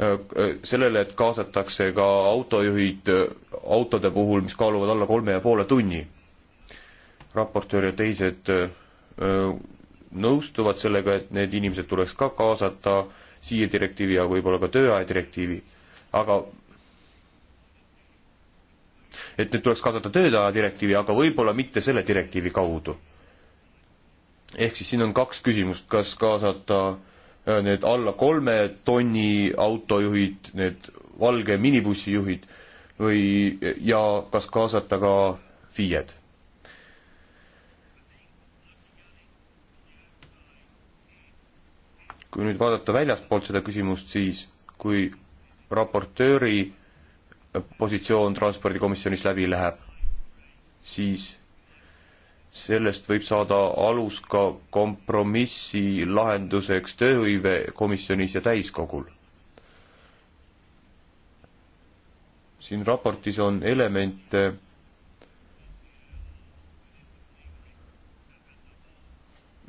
äh, sellele, et kaasatakse ka autojuhid autode puhul, mis kaaluvad alla kolme ja poole tunni. raportöör ja teised nõustuvad sellega, et need inimesed tuleks ka kaasata siia direktiivi ja võib-olla ka tööaja direktiivi, aga et need tuleks kaasata töötaja direktiivi, aga võib-olla mitte selle direktiivi kaudu. ehk siis siin on kaks küsimust, kas kaasata need alla kolme tonni autojuhid, need valge minibussijuhid või, ja kas kaasata ka FIE-d kui nüüd vaadata väljaspoolt seda küsimust, siis kui raportööri positsioon transpordikomisjonis läbi läheb, siis sellest võib saada alus ka kompromissi lahenduseks tööhõive komisjonis ja täiskogul. siin raportis on elemente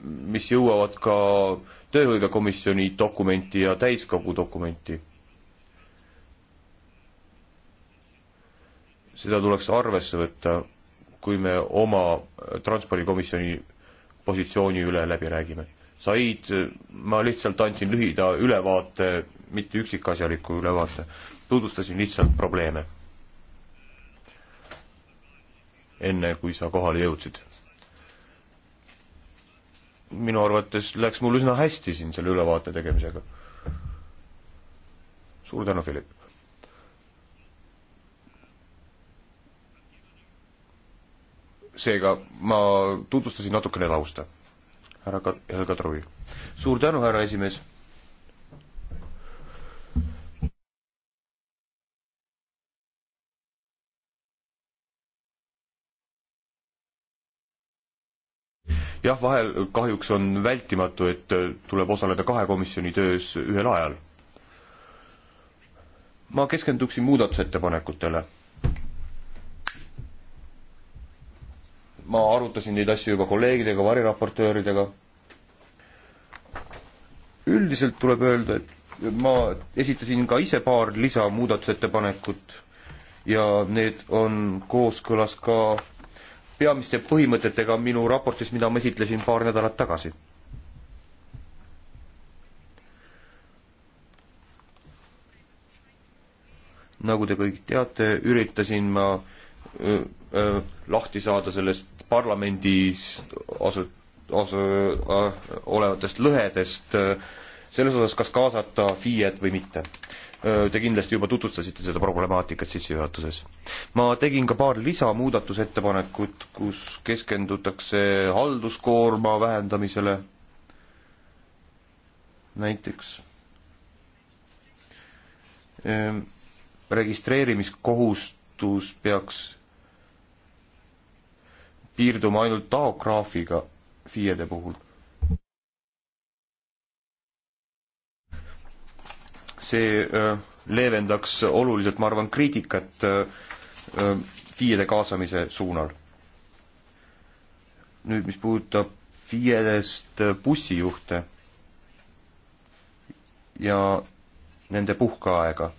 mis jõuavad ka tööhõivekomisjoni dokumenti ja täiskogu dokumenti. seda tuleks arvesse võtta, kui me oma transpordikomisjoni positsiooni üle läbi räägime. Said, ma lihtsalt andsin lühida ülevaate, mitte üksikasjaliku ülevaate, tutvustasin lihtsalt probleeme. enne, kui sa kohale jõudsid minu arvates läks mul üsna hästi siin selle ülevaate tegemisega. suur tänu, Philip. seega ma tutvustasin natukene tausta. härra Kat-, härra Kadrovi. suur tänu, härra esimees jah, vahel kahjuks on vältimatu, et äh, tuleb osaleda kahe komisjoni töös ühel ajal. ma keskenduksin muudatusettepanekutele. ma arutasin neid asju juba kolleegidega, variraportööridega. üldiselt tuleb öelda, et ma esitasin ka ise paar lisamuudatusettepanekut ja need on kooskõlas ka peamiste põhimõtetega minu raportis, mida ma esitlesin paar nädalat tagasi. nagu te kõik teate, üritasin ma öö, öö, lahti saada sellest parlamendis asu-, asu- öö, olevatest lõhedest öö, selles osas, kas kaasata FIE-d või mitte. Te kindlasti juba tutvustasite seda problemaatikat sissejuhatuses. ma tegin ka paar lisamuudatusettepanekut, kus keskendutakse halduskoorma vähendamisele näiteks registreerimiskohustus peaks piirduma ainult tahograafiga FIE-de puhul see äh, leevendaks oluliselt, ma arvan, kriitikat äh, äh, FIE-de kaasamise suunal. nüüd, mis puudutab FIE-dest bussijuhte ja nende puhkeaega.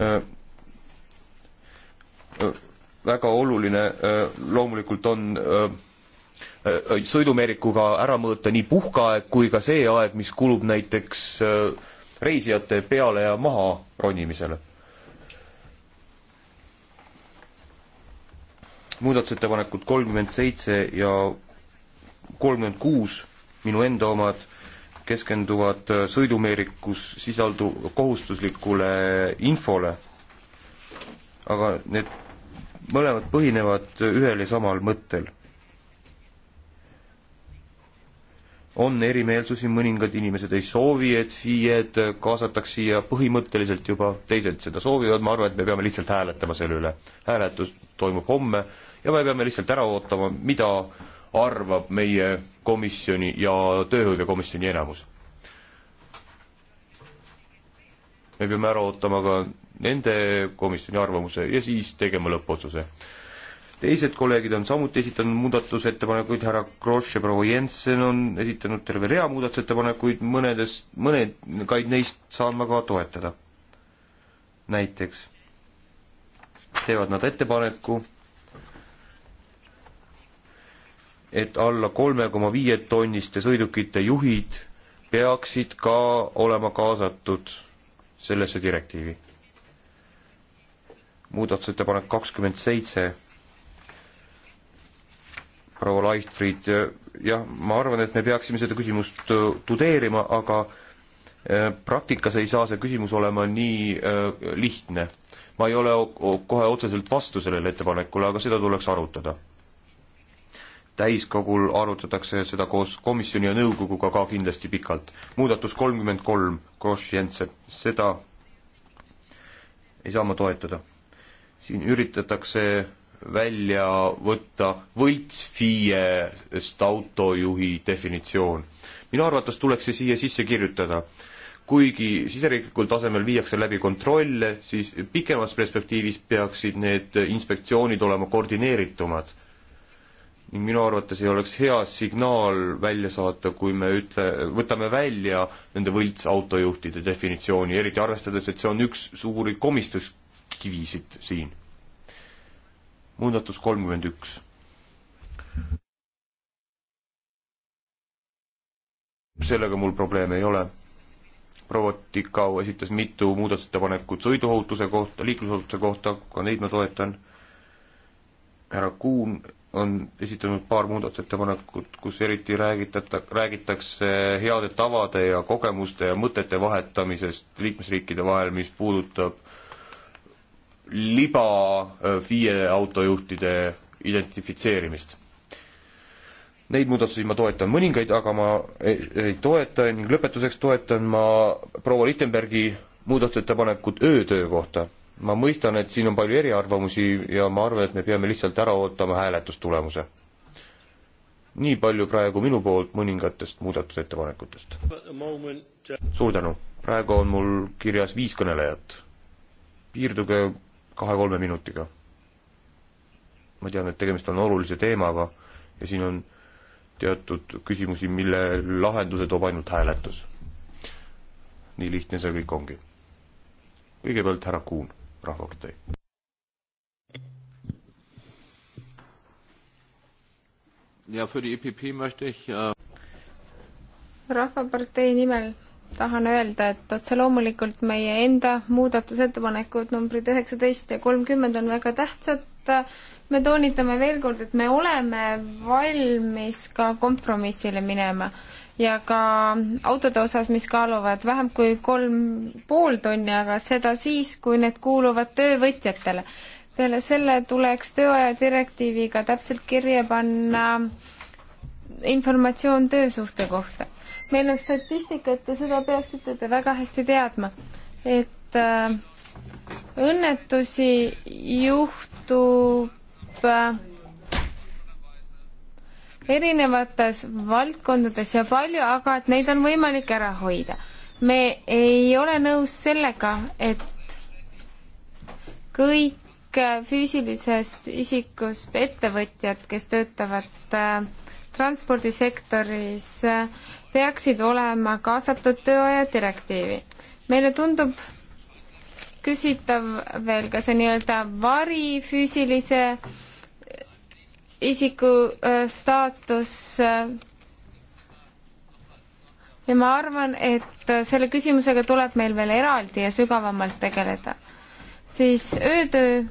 Uh, Äh, väga oluline äh, loomulikult on äh, sõidumeerikuga ära mõõta nii puhkaaeg kui ka see aeg, mis kulub näiteks reisijate peale ja maha ronimisele. muudatusettepanekud kolmkümmend seitse ja kolmkümmend kuus, minu enda omad, keskenduvad sõidumeerikus sisaldu- kohustuslikule infole, aga need mõlemad põhinevad ühel ja samal mõttel. on erimeelsusi, mõningad inimesed ei soovi, et FIE-d kaasataks siia, põhimõtteliselt juba teised seda soovivad, ma arvan, et me peame lihtsalt hääletama selle üle. hääletus toimub homme ja me peame lihtsalt ära ootama, mida arvab meie komisjoni ja tööhõivekomisjoni enamus me peame ära ootama ka nende komisjoni arvamuse ja siis tegema lõppotsuse. teised kolleegid on samuti esitanud muudatusettepanekuid, härra Kross ja proua Jensen on esitanud terve rea muudatusettepanekuid, mõnedes, mõnedaid neist saan ma ka toetada. näiteks teevad nad ettepaneku et alla kolme koma viie tonniste sõidukite juhid peaksid ka olema kaasatud sellesse direktiivi. muudatusettepanek kakskümmend seitse, proua Leichtfried, jah, ma arvan, et me peaksime seda küsimust äh, tudeerima, aga äh, praktikas ei saa see küsimus olema nii äh, lihtne. ma ei ole kohe otseselt vastu sellele ettepanekule, aga seda tuleks arutada täiskogul arutatakse seda koos komisjoni ja nõukoguga ka kindlasti pikalt. muudatus kolmkümmend kolm, Košjentsev, seda ei saa ma toetada. siin üritatakse välja võtta võltsfiiest autojuhi definitsioon. minu arvates tuleks see siia sisse kirjutada. kuigi siseriiklikul tasemel viiakse läbi kontrolle, siis pikemas perspektiivis peaksid need inspektsioonid olema koordineeritumad ning minu arvates ei oleks hea signaal välja saata, kui me ütle, võtame välja nende võltsautojuhtide definitsiooni, eriti arvestades, et see on üks suuri komistuskivisid siin. muudatus kolmkümmend üks. sellega mul probleeme ei ole proua Tikau esitas mitu muudatusettepanekut sõiduohutuse kohta, liiklusohutuse kohta, ka neid ma toetan. härra Kuun on esitanud paar muudatusettepanekut, kus eriti räägitata, räägitakse heade tavade ja kogemuste ja mõtete vahetamisest liikmesriikide vahel, mis puudutab liba äh, FIE autojuhtide identifitseerimist. Neid muudatusi ma toetan mõningaid, aga ma ei, ei toeta ning lõpetuseks toetan ma proua Littenbergi muudatusettepanekut öötöö kohta ma mõistan, et siin on palju eriarvamusi ja ma arvan, et me peame lihtsalt ära ootama hääletustulemuse. nii palju praegu minu poolt mõningatest muudatusettepanekutest. suur tänu, praegu on mul kirjas viis kõnelejat. piirduge kahe-kolme minutiga. ma tean, et tegemist on olulise teemaga ja siin on teatud küsimusi, mille lahenduse toob ainult hääletus. nii lihtne see kõik ongi. kõigepealt härra Kuhn raportööri. ja für die EPP möchte ich äh... rahvapartei nimel tahan öelda, et otse loomulikult meie enda muudatusettepanekud numbrid üheksateist ja kolmkümmend on väga tähtsad. me toonitame veel kord, et me oleme valmis ka kompromissile minema ja ka autode osas, mis kaaluvad vähem kui kolm pool tonni, aga seda siis, kui need kuuluvad töövõtjatele. peale selle tuleks tööaja direktiiviga täpselt kirja panna informatsioon töösuhte kohta. meil on statistikat ja seda peaksite te väga hästi teadma, et äh, õnnetusi juhtub äh, erinevates valdkondades ja palju, aga et neid on võimalik ära hoida. me ei ole nõus sellega, et kõik füüsilisest isikust ettevõtjad, kes töötavad äh, transpordisektoris äh,, peaksid olema kaasatud tööaja direktiivi. meile tundub küsitav veel ka see nii-öelda varifüüsilise isiku äh, staatus äh, ja ma arvan, et äh, selle küsimusega tuleb meil veel eraldi ja sügavamalt tegeleda. siis öötöö,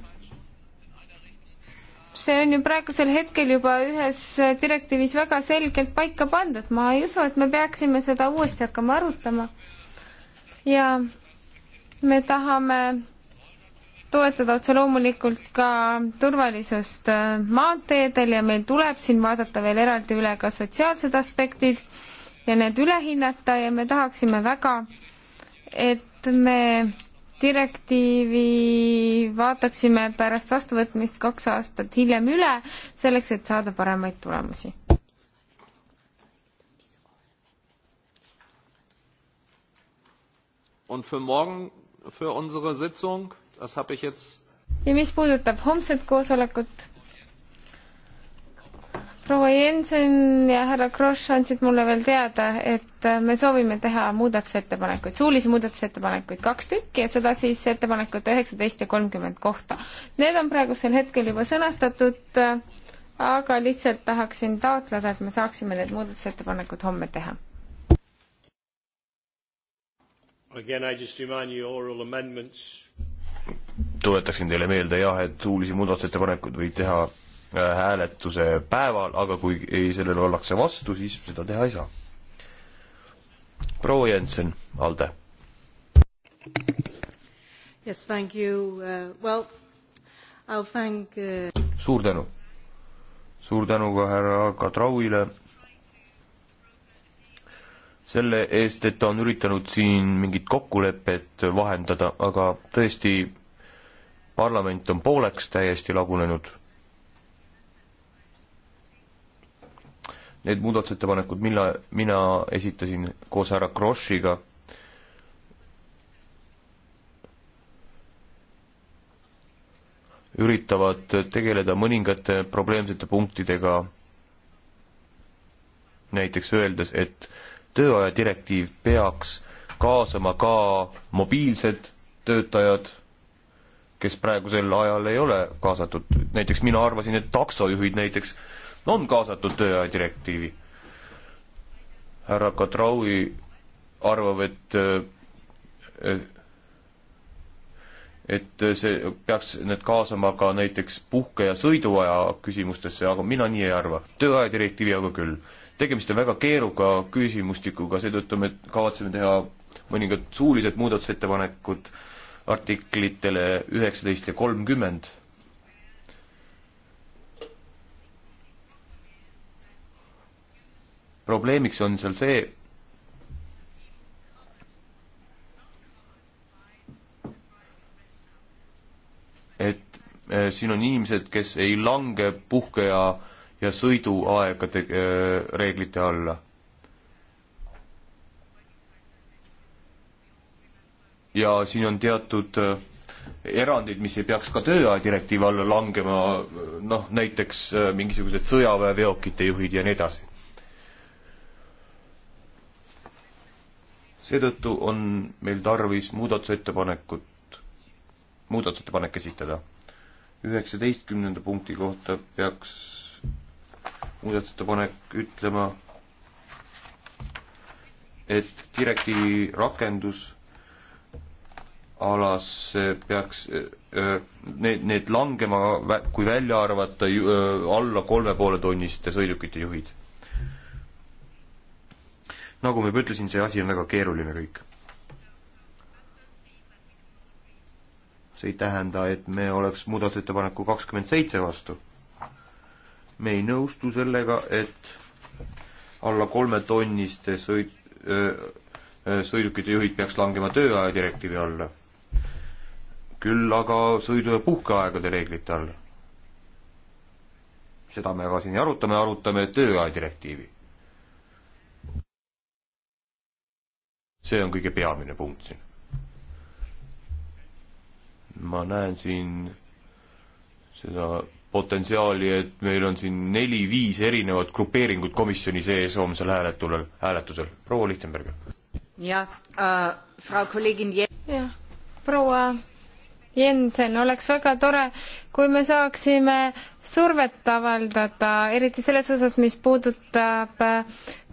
see on ju praegusel hetkel juba ühes direktiivis väga selgelt paika pandud, ma ei usu, et me peaksime seda uuesti hakkama arutama. ja me tahame toetada otse loomulikult ka turvalisust äh, maanteedel ja meil tuleb siin vaadata veel eraldi üle ka sotsiaalsed aspektid ja need üle hinnata ja me tahaksime väga, et me direktiivi vaataksime pärast vastuvõtmist kaks aastat hiljem üle, selleks et saada paremaid tulemusi. Und für morgen, für unsere Sitzung? ja mis puudutab homset koosolekut, proua Jensen ja härra Kross andsid mulle veel teada, et me soovime teha muudatusettepanekuid, suulisi muudatusettepanekuid, kaks tükki ja seda siis ettepanekute üheksateist ja kolmkümmend kohta. Need on praegusel hetkel juba sõnastatud, aga lihtsalt tahaksin taotleda, et me saaksime need muudatusettepanekud homme teha. Again, I just remind you oral amendments tuletaksin teile meelde jah, et suulisi muudatusettepanekuid võib teha äh, hääletuse päeval, aga kui ei, sellele ollakse vastu, siis seda teha ei saa. proua Jensen, ALDE. Yes, thank you uh,, well I'll thank uh... suur tänu. suur tänu ka härra Kadrauile selle eest, et ta on üritanud siin mingit kokkulepet vahendada, aga tõesti, parlament on pooleks täiesti lagunenud. Need muudatusettepanekud, mille mina esitasin koos härra Krossiga, üritavad tegeleda mõningate probleemsete punktidega, näiteks öeldes, et äh, tööaja direktiiv peaks kaasama ka mobiilsed töötajad, kes praegusel ajal ei ole kaasatud, näiteks mina arvasin, et taksojuhid näiteks on kaasatud tööaja direktiivi. härra Katraui arvab, et et see peaks need kaasama ka näiteks puhke- ja sõiduaja küsimustesse, aga mina nii ei arva. tööaja direktiivi aga küll tegemist on väga keeruka küsimustikuga, seetõttu me kavatseme teha mõningad suulised muudatusettepanekud artiklitele üheksateist ja kolmkümmend. probleemiks on seal see, et eh, siin on inimesed, kes ei lange puhkeja ja sõiduaegade äh, reeglite alla. ja siin on teatud äh, erandid, mis ei peaks ka tööaja direktiivi alla langema, noh näiteks äh, mingisugused sõjaväeveokite juhid ja nii edasi. seetõttu on meil tarvis muudatusettepanekut, muudatusettepanek esitada. üheksateistkümnenda punkti kohta peaks muudatusettepanek ütlema, et direktiivi rakendus alas peaks need, need langema, kui välja arvata alla kolme poole tonniste sõidukite juhid. nagu ma juba ütlesin, see asi on väga keeruline kõik. see ei tähenda, et me oleks muudatusettepaneku kakskümmend seitse vastu me ei nõustu sellega, et alla kolme tonniste sõit, sõidukite juhid peaks langema tööaja direktiivi alla. küll aga sõidu- ja puhkeaegade reeglite alla. seda me ka siin ei aruta, me arutame tööaja direktiivi. see on kõige peamine punkt siin. ma näen siin seda potentsiaali, et meil on siin neli-viis erinevat grupeeringut komisjoni sees homsel hääletusel, hääletusel. proua Lichtenberger. jah äh,, Frau Kollegin Je-. jah, proua Jensen, oleks väga tore, kui me saaksime survet avaldada, eriti selles osas, mis puudutab äh,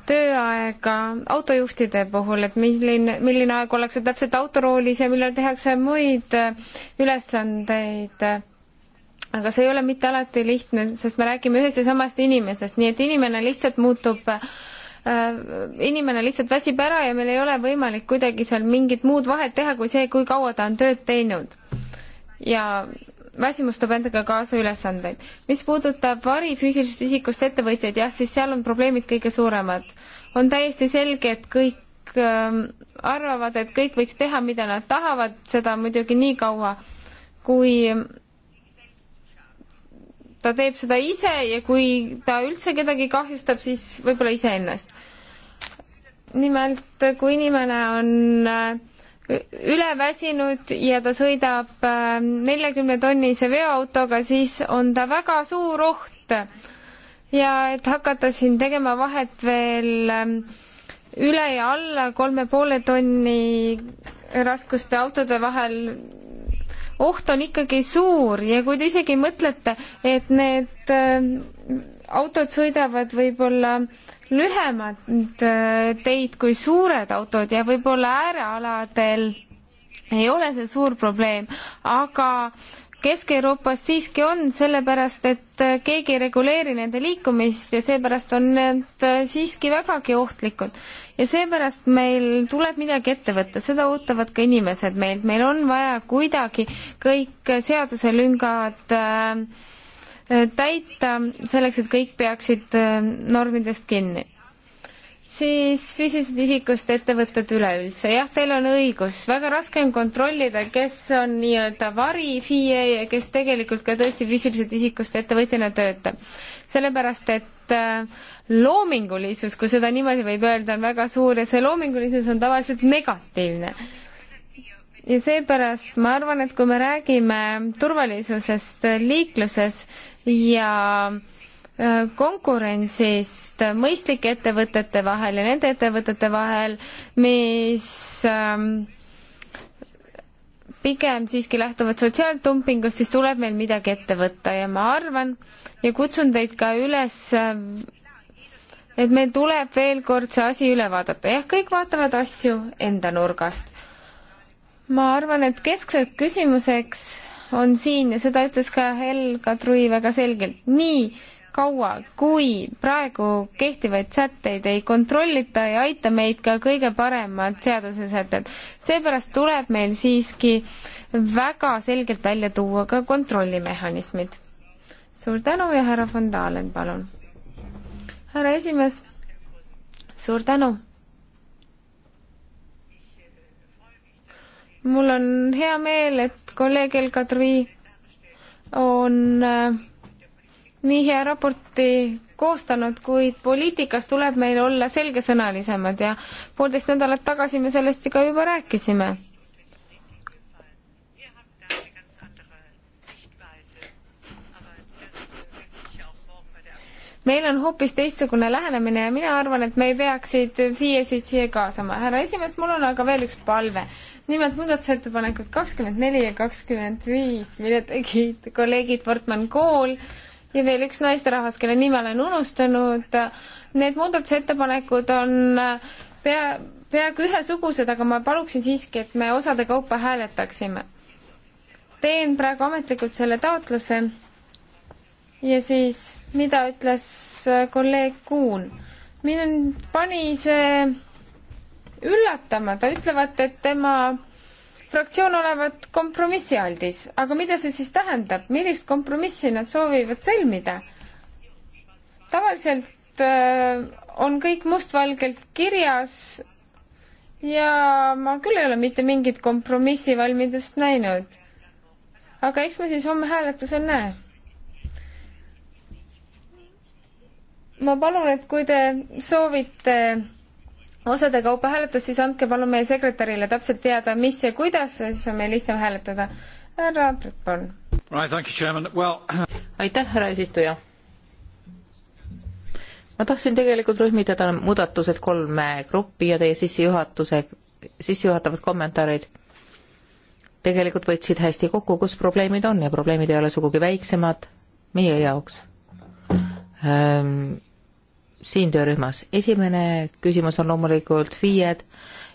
tööaega autojuhtide puhul, et milline, milline aeg ollakse täpselt autoroolis ja millal tehakse muid äh, ülesandeid aga see ei ole mitte alati lihtne, sest me räägime ühest ja samast inimesest, nii et inimene lihtsalt muutub äh, inimene lihtsalt väsib ära ja meil ei ole võimalik kuidagi seal mingit muud vahet teha kui see, kui kaua ta on tööd teinud. ja väsimus toob endaga kaasa ülesandeid. mis puudutab varifüüsilisest isikust ettevõtjaid, jah, siis seal on probleemid kõige suuremad. on täiesti selge, et kõik äh, arvavad, et kõik võiks teha, mida nad tahavad, seda muidugi nii kaua, kui ta teeb seda ise ja kui ta üldse kedagi kahjustab, siis võib-olla iseennast. nimelt, kui inimene on äh, üleväsinud ja ta sõidab äh, neljakümne tonnise veoautoga, siis on ta väga suur oht. ja et hakata siin tegema vahet veel ähm, üle ja alla kolme poole tonni raskuste autode vahel, oht on ikkagi suur ja kui te isegi mõtlete, et need äh, autod sõidavad võib-olla lühemat äh, teid kui suured autod ja võib-olla äärealadel ei ole see suur probleem, aga Kesk-Euroopas siiski on, sellepärast et äh, keegi ei reguleeri nende liikumist ja seepärast on need äh, siiski vägagi ohtlikud. ja seepärast meil tuleb midagi ette võtta, seda ootavad ka inimesed meilt, meil on vaja kuidagi kõik seaduselüngad äh, täita selleks, et kõik peaksid normidest kinni siis füüsilisest isikust ettevõtted üleüldse, jah, teil on õigus, väga raske on kontrollida, kes on nii-öelda varifie ja kes tegelikult ka tõesti füüsilisest isikust ettevõtjana töötab. sellepärast, et äh, loomingulisus, kui seda niimoodi võib öelda, on väga suur ja see loomingulisus on tavaliselt negatiivne. ja seepärast ma arvan, et kui me räägime turvalisusest liikluses ja äh, Äh, konkurentsist mõistlike ettevõtete vahel ja nende ettevõtete vahel, mis ähm, pigem siiski lähtuvad sotsiaaltumpingust, siis tuleb meil midagi ette võtta ja ma arvan ja kutsun teid ka üles, ähm, et meil tuleb veel kord see asi üle vaadata. jah, kõik vaatavad asju enda nurgast. ma arvan, et keskseks küsimuseks on siin ja seda ütles ka Helga Trui väga selgelt. nii kaua, kui praegu kehtivaid sätteid ei kontrollita, ei aita meid ka kõige paremad seadusesätted. seepärast tuleb meil siiski väga selgelt välja tuua ka kontrollimehhanismid. suur tänu ja härra von Dahlen, palun. härra esimees, suur tänu. mul on hea meel, et kolleeg El Kadri on äh, nii hea raporti koostanud, kuid poliitikas tuleb meil olla selgesõnalisemad ja poolteist nädalat tagasi me sellest ju ka juba rääkisime. meil on hoopis teistsugune lähenemine ja mina arvan, et me ei peaksid FIE-sid siia kaasama. härra esimees, mul on aga veel üks palve. nimelt muudatusettepanekud kakskümmend neli ja kakskümmend viis, mille tegid kolleegid Wortmann Kool äh, ja veel üks naisterahvas, kelle nime olen unustanud. Need muudatusettepanekud on äh, pea, peaaegu ühesugused, aga ma paluksin siiski, et me osade kaupa hääletaksime. teen praegu ametlikult selle taotluse. ja siis, mida ütles äh, kolleeg Kuun? mind pani see üllatama, ta ütlevat, et tema fraktsioon olevat kompromissialdis, aga mida see siis tähendab, millist kompromissi nad soovivad sõlmida? tavaliselt äh, on kõik mustvalgelt kirjas ja ma küll ei ole mitte mingit kompromissivalmidust näinud. aga eks me siis homme hääletusel näe. ma palun, et kui te soovite osade kaupa hääletus, siis andke palun meie sekretärile täpselt teada, mis ja kuidas, siis on meil lihtsam hääletada. härra Bretton. [clears throat] aitäh, härra eesistuja. ma tahtsin tegelikult rühmitada muudatused kolme gruppi ja teie sissejuhatuse, sissejuhatavad kommentaarid tegelikult võtsid hästi kokku, kus probleemid on ja probleemid ei ole sugugi väiksemad meie jaoks ähm, siin töörühmas. esimene küsimus on loomulikult FIE-d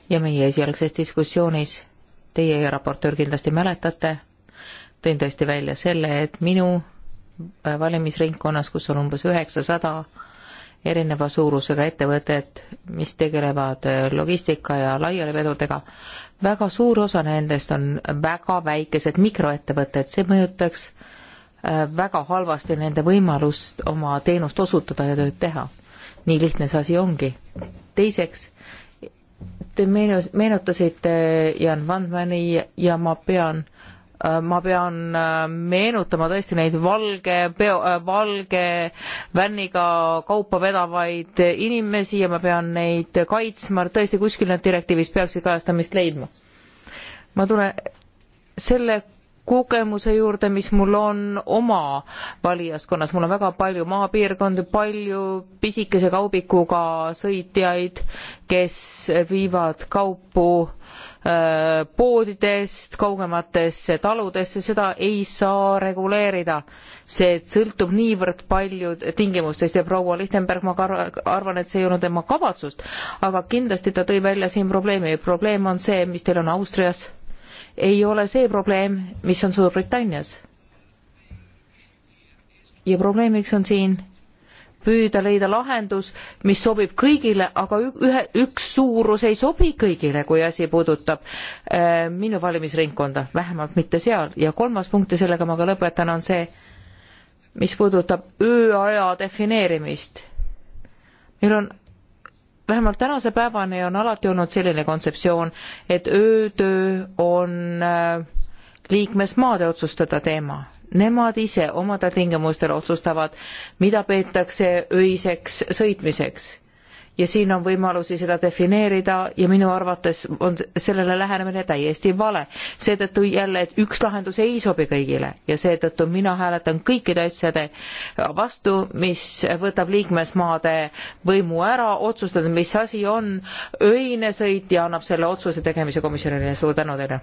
ja meie esialgses diskussioonis, teie ja raportöör kindlasti mäletate, tõin tõesti välja selle, et minu äh, valimisringkonnas, kus on umbes üheksasada erineva suurusega ettevõtet, mis tegelevad äh, logistika ja laialivedudega, väga suur osa nendest on väga väikesed mikroettevõtted, see mõjutaks äh, väga halvasti nende võimalust oma teenust osutada ja tööd teha nii lihtne see asi ongi. teiseks, te meenus, meenutasite Jan Vandmani ja ma pean äh, ma pean äh, meenutama tõesti neid valge peo, äh, valge vänniga kaupa vedavaid inimesi ja ma pean neid kaitsma, tõesti kuskil need direktiivis peaksid kajastamist leidma. ma tulen selle kogemuse juurde, mis mul on oma valijaskonnas, mul on väga palju maapiirkondi, palju pisikese kaubikuga sõitjaid, kes viivad kaupu öö, äh, poodidest kaugematesse taludesse, seda ei saa reguleerida. see sõltub niivõrd palju tingimustest ja proua Lichtenberg, ma arvan, et see ei olnud tema kavatsust, aga kindlasti ta tõi välja siin probleemi. probleem on see, mis teil on Austrias ei ole see probleem, mis on Suurbritannias. ja probleemiks on siin püüda leida lahendus, mis sobib kõigile, aga ühe, üks suurus ei sobi kõigile, kui asi puudutab äh, minu valimisringkonda, vähemalt mitte seal. ja kolmas punkt ja sellega ma ka lõpetan, on see, mis puudutab ööaja defineerimist. meil on vähemalt tänase päevani on alati olnud selline kontseptsioon, et öötöö on äh, liikmesmaade otsustada teema. Nemad ise omadel tingimustel otsustavad, mida peetakse öiseks sõitmiseks ja siin on võimalusi seda defineerida ja minu arvates on sellele lähenemine täiesti vale. seetõttu jälle, et üks lahendus ei sobi kõigile ja seetõttu mina hääletan kõikide asjade vastu, mis võtab liikmesmaade võimu ära, otsustada, mis asi on öine sõit ja annab selle otsuse tegemise komisjonile. suur tänu teile!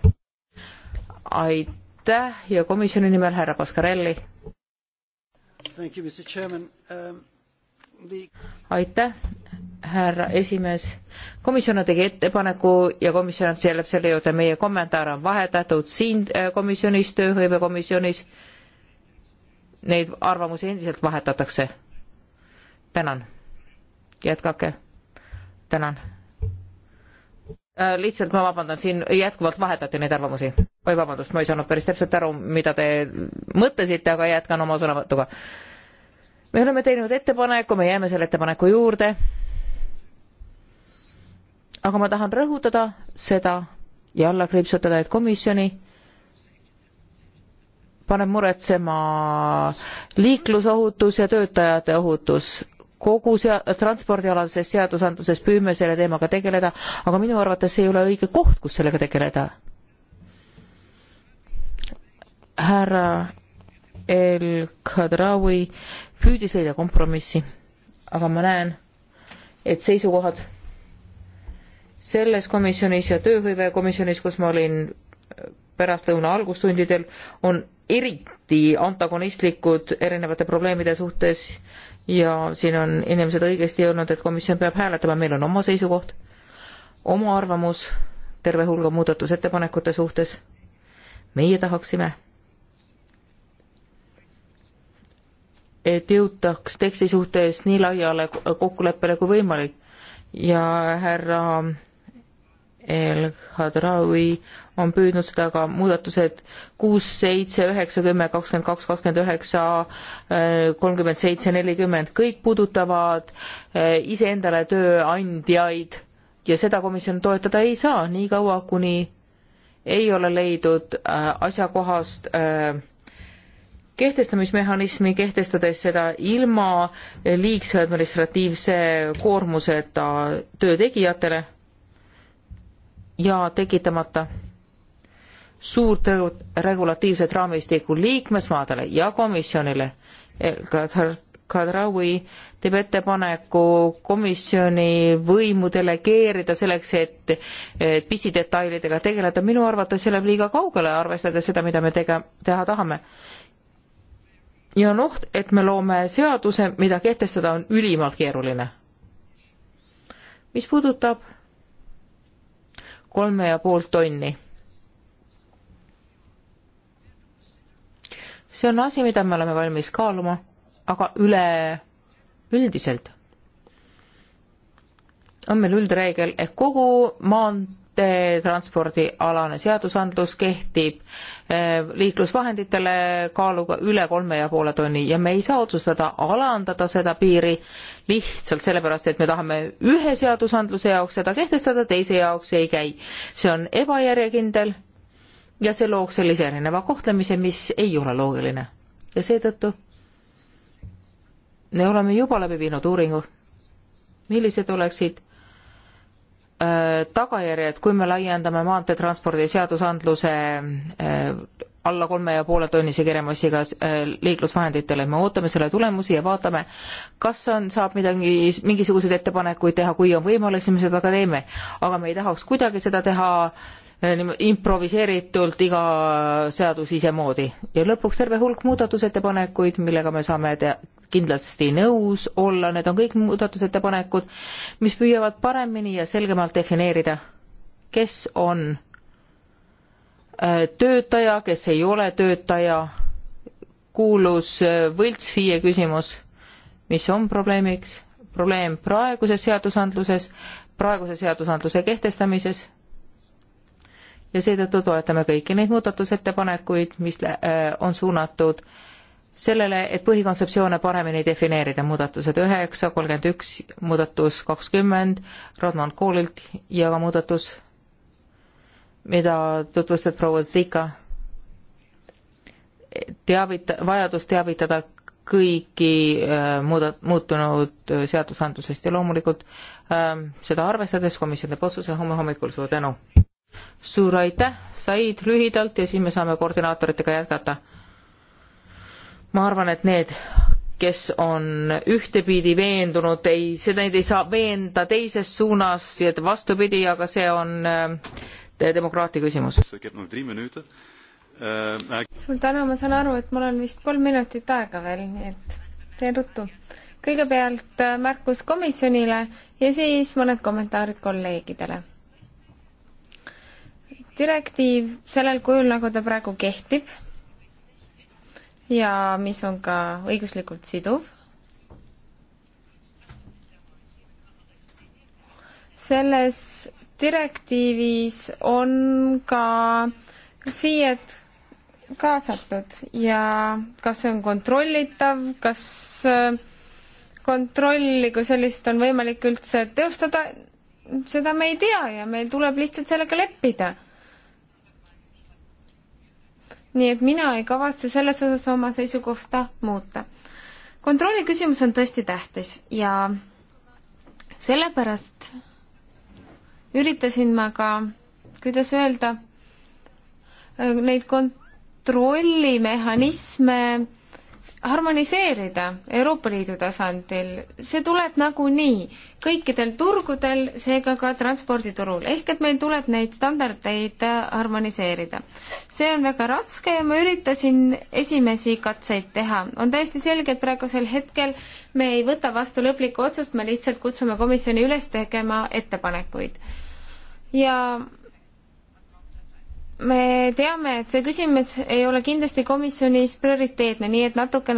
aitäh ja komisjoni nimel härra Pascarelli. Um, aitäh, härra esimees. komisjon tegi ettepaneku ja komisjon jääb selle juurde, meie kommentaar on vahetatud siin äh, komisjonis, tööhõivekomisjonis. Neid arvamusi endiselt vahetatakse. tänan. jätkake. tänan äh, lihtsalt ma vabandan, siin jätkuvalt vahetati neid arvamusi. oi vabandust, ma ei saanud päris täpselt aru, mida te mõtlesite, aga jätkan oma sõnavõtuga. me oleme teinud ettepaneku, me jääme selle ettepaneku juurde aga ma tahan rõhutada seda ja alla kriipsutada, et komisjoni paneb muretsema liiklusohutus ja töötajate ohutus. kogu sea-, transpordialases seadusandluses püüame selle teemaga tegeleda, aga minu arvates see ei ole õige koht, kus sellega tegeleda. härra El Khadraoui püüdis leida kompromissi, aga ma näen, et seisukohad selles komisjonis ja tööhõivekomisjonis, kus ma olin äh, pärastlõuna algustundidel, on eriti antagonistlikud erinevate probleemide suhtes ja siin on inimesed õigesti öelnud, et komisjon peab hääletama, meil on oma seisukoht, oma arvamus terve hulga muudatusettepanekute suhtes. meie tahaksime, et jõutaks teksti suhtes nii laiale kokkuleppele kui võimalik ja härra El Hadraoui on püüdnud seda ka muudatused kuus, seitse, üheksa, kümme, kakskümmend kaks, kakskümmend üheksa, kolmkümmend seitse, nelikümmend, kõik puudutavad eh, iseendale tööandjaid ja seda komisjon toetada ei saa, niikaua kuni ei ole leidnud eh, asjakohast eh, kehtestamismehhanismi, kehtestades seda ilma liigse administratiivse koormuseta töö tegijatele ja tekitamata suurt regulatiivset raamistikku liikmesmaadele ja komisjonile. Kadraui teeb ettepaneku komisjoni võimu delegeerida selleks, et pisidetailidega tegeleda. minu arvates see läheb liiga kaugele, arvestades seda, mida me tege-, teha tahame. ja on oht, et me loome seaduse, mida kehtestada on ülimalt keeruline. mis puudutab kolme ja poolt tonni. see on asi, mida me oleme valmis kaaluma, aga üle, üldiselt on meil üldreegel ehk kogu maantee transpordialane seadusandlus kehtib liiklusvahenditele kaaluga üle kolme ja poole tonni ja me ei saa otsustada alandada seda piiri lihtsalt sellepärast, et me tahame ühe seadusandluse jaoks seda kehtestada, teise jaoks ei käi. see on ebajärjekindel ja see looks sellise erineva kohtlemise, mis ei ole loogiline. ja seetõttu me oleme juba läbi viinud uuringu, millised oleksid Äh, tagajärjed, kui me laiendame maanteetranspordi seadusandluse äh, alla kolme ja poole tonnise keremassiga äh, liiklusvahenditele, me ootame selle tulemusi ja vaatame, kas on, saab midagi, mingisuguseid ettepanekuid teha, kui on võimalik, siis me seda ka teeme. aga me ei tahaks kuidagi seda teha äh, Eh, improviseeritult iga seadus isemoodi ja lõpuks terve hulk muudatusettepanekuid, millega me saame te-, kindlasti nõus olla, need on kõik muudatusettepanekud, mis püüavad paremini ja selgemalt defineerida, kes on eh, töötaja, kes ei ole töötaja, kuulus eh, võltsfie küsimus, mis on probleemiks, probleem praeguses seadusandluses, praeguse seadusandluse kehtestamises ja seetõttu toetame kõiki neid muudatusettepanekuid, mis äh, on suunatud sellele, et põhikontseptsioone paremini defineerida, muudatused üheksa, kolmkümmend üks, muudatus kakskümmend Rodman koolilt ja ka muudatus, mida tutvustab proua Zika, teavita-, vajadus teavitada kõiki äh, muuda-, muutunud seadusandlusest ja loomulikult ähm, seda arvestades komisjon teeb otsuse homme hommikul, suur tänu! suur aitäh, Said, lühidalt ja siis me saame koordinaatoritega jätkata. ma arvan, et need, kes on ühtepidi veendunud, ei, seda neid ei saa veenda teises suunas ja vastupidi, aga see on äh, demokraatia küsimus. suur tänu, ma saan aru, et mul on vist kolm minutit aega veel, nii et teen ruttu kõigepealt äh, märkus komisjonile ja siis mõned kommentaarid kolleegidele direktiiv sellel kujul, nagu ta praegu kehtib ja mis on ka õiguslikult siduv, selles direktiivis on ka FIE-d kaasatud ja kas see on kontrollitav, kas äh, kontrolli kui sellist on võimalik üldse teostada, seda me ei tea ja meil tuleb lihtsalt sellega leppida nii et mina ei kavatse selles osas oma seisukohta muuta. kontrolli küsimus on tõesti tähtis ja sellepärast üritasin ma ka, kuidas öelda, neid kontrollimehhanisme harmoniseerida Euroopa Liidu tasandil, see tuleb nagunii kõikidel turgudel, seega ka transporditurul, ehk et meil tuleb neid standardeid harmoniseerida. see on väga raske ja ma üritasin esimesi katseid teha. on täiesti selge, et praegusel hetkel me ei võta vastu lõplikku otsust, me lihtsalt kutsume komisjoni üles tegema ettepanekuid. ja me teame, et see küsimus ei ole kindlasti komisjonis prioriteetne, nii et natukene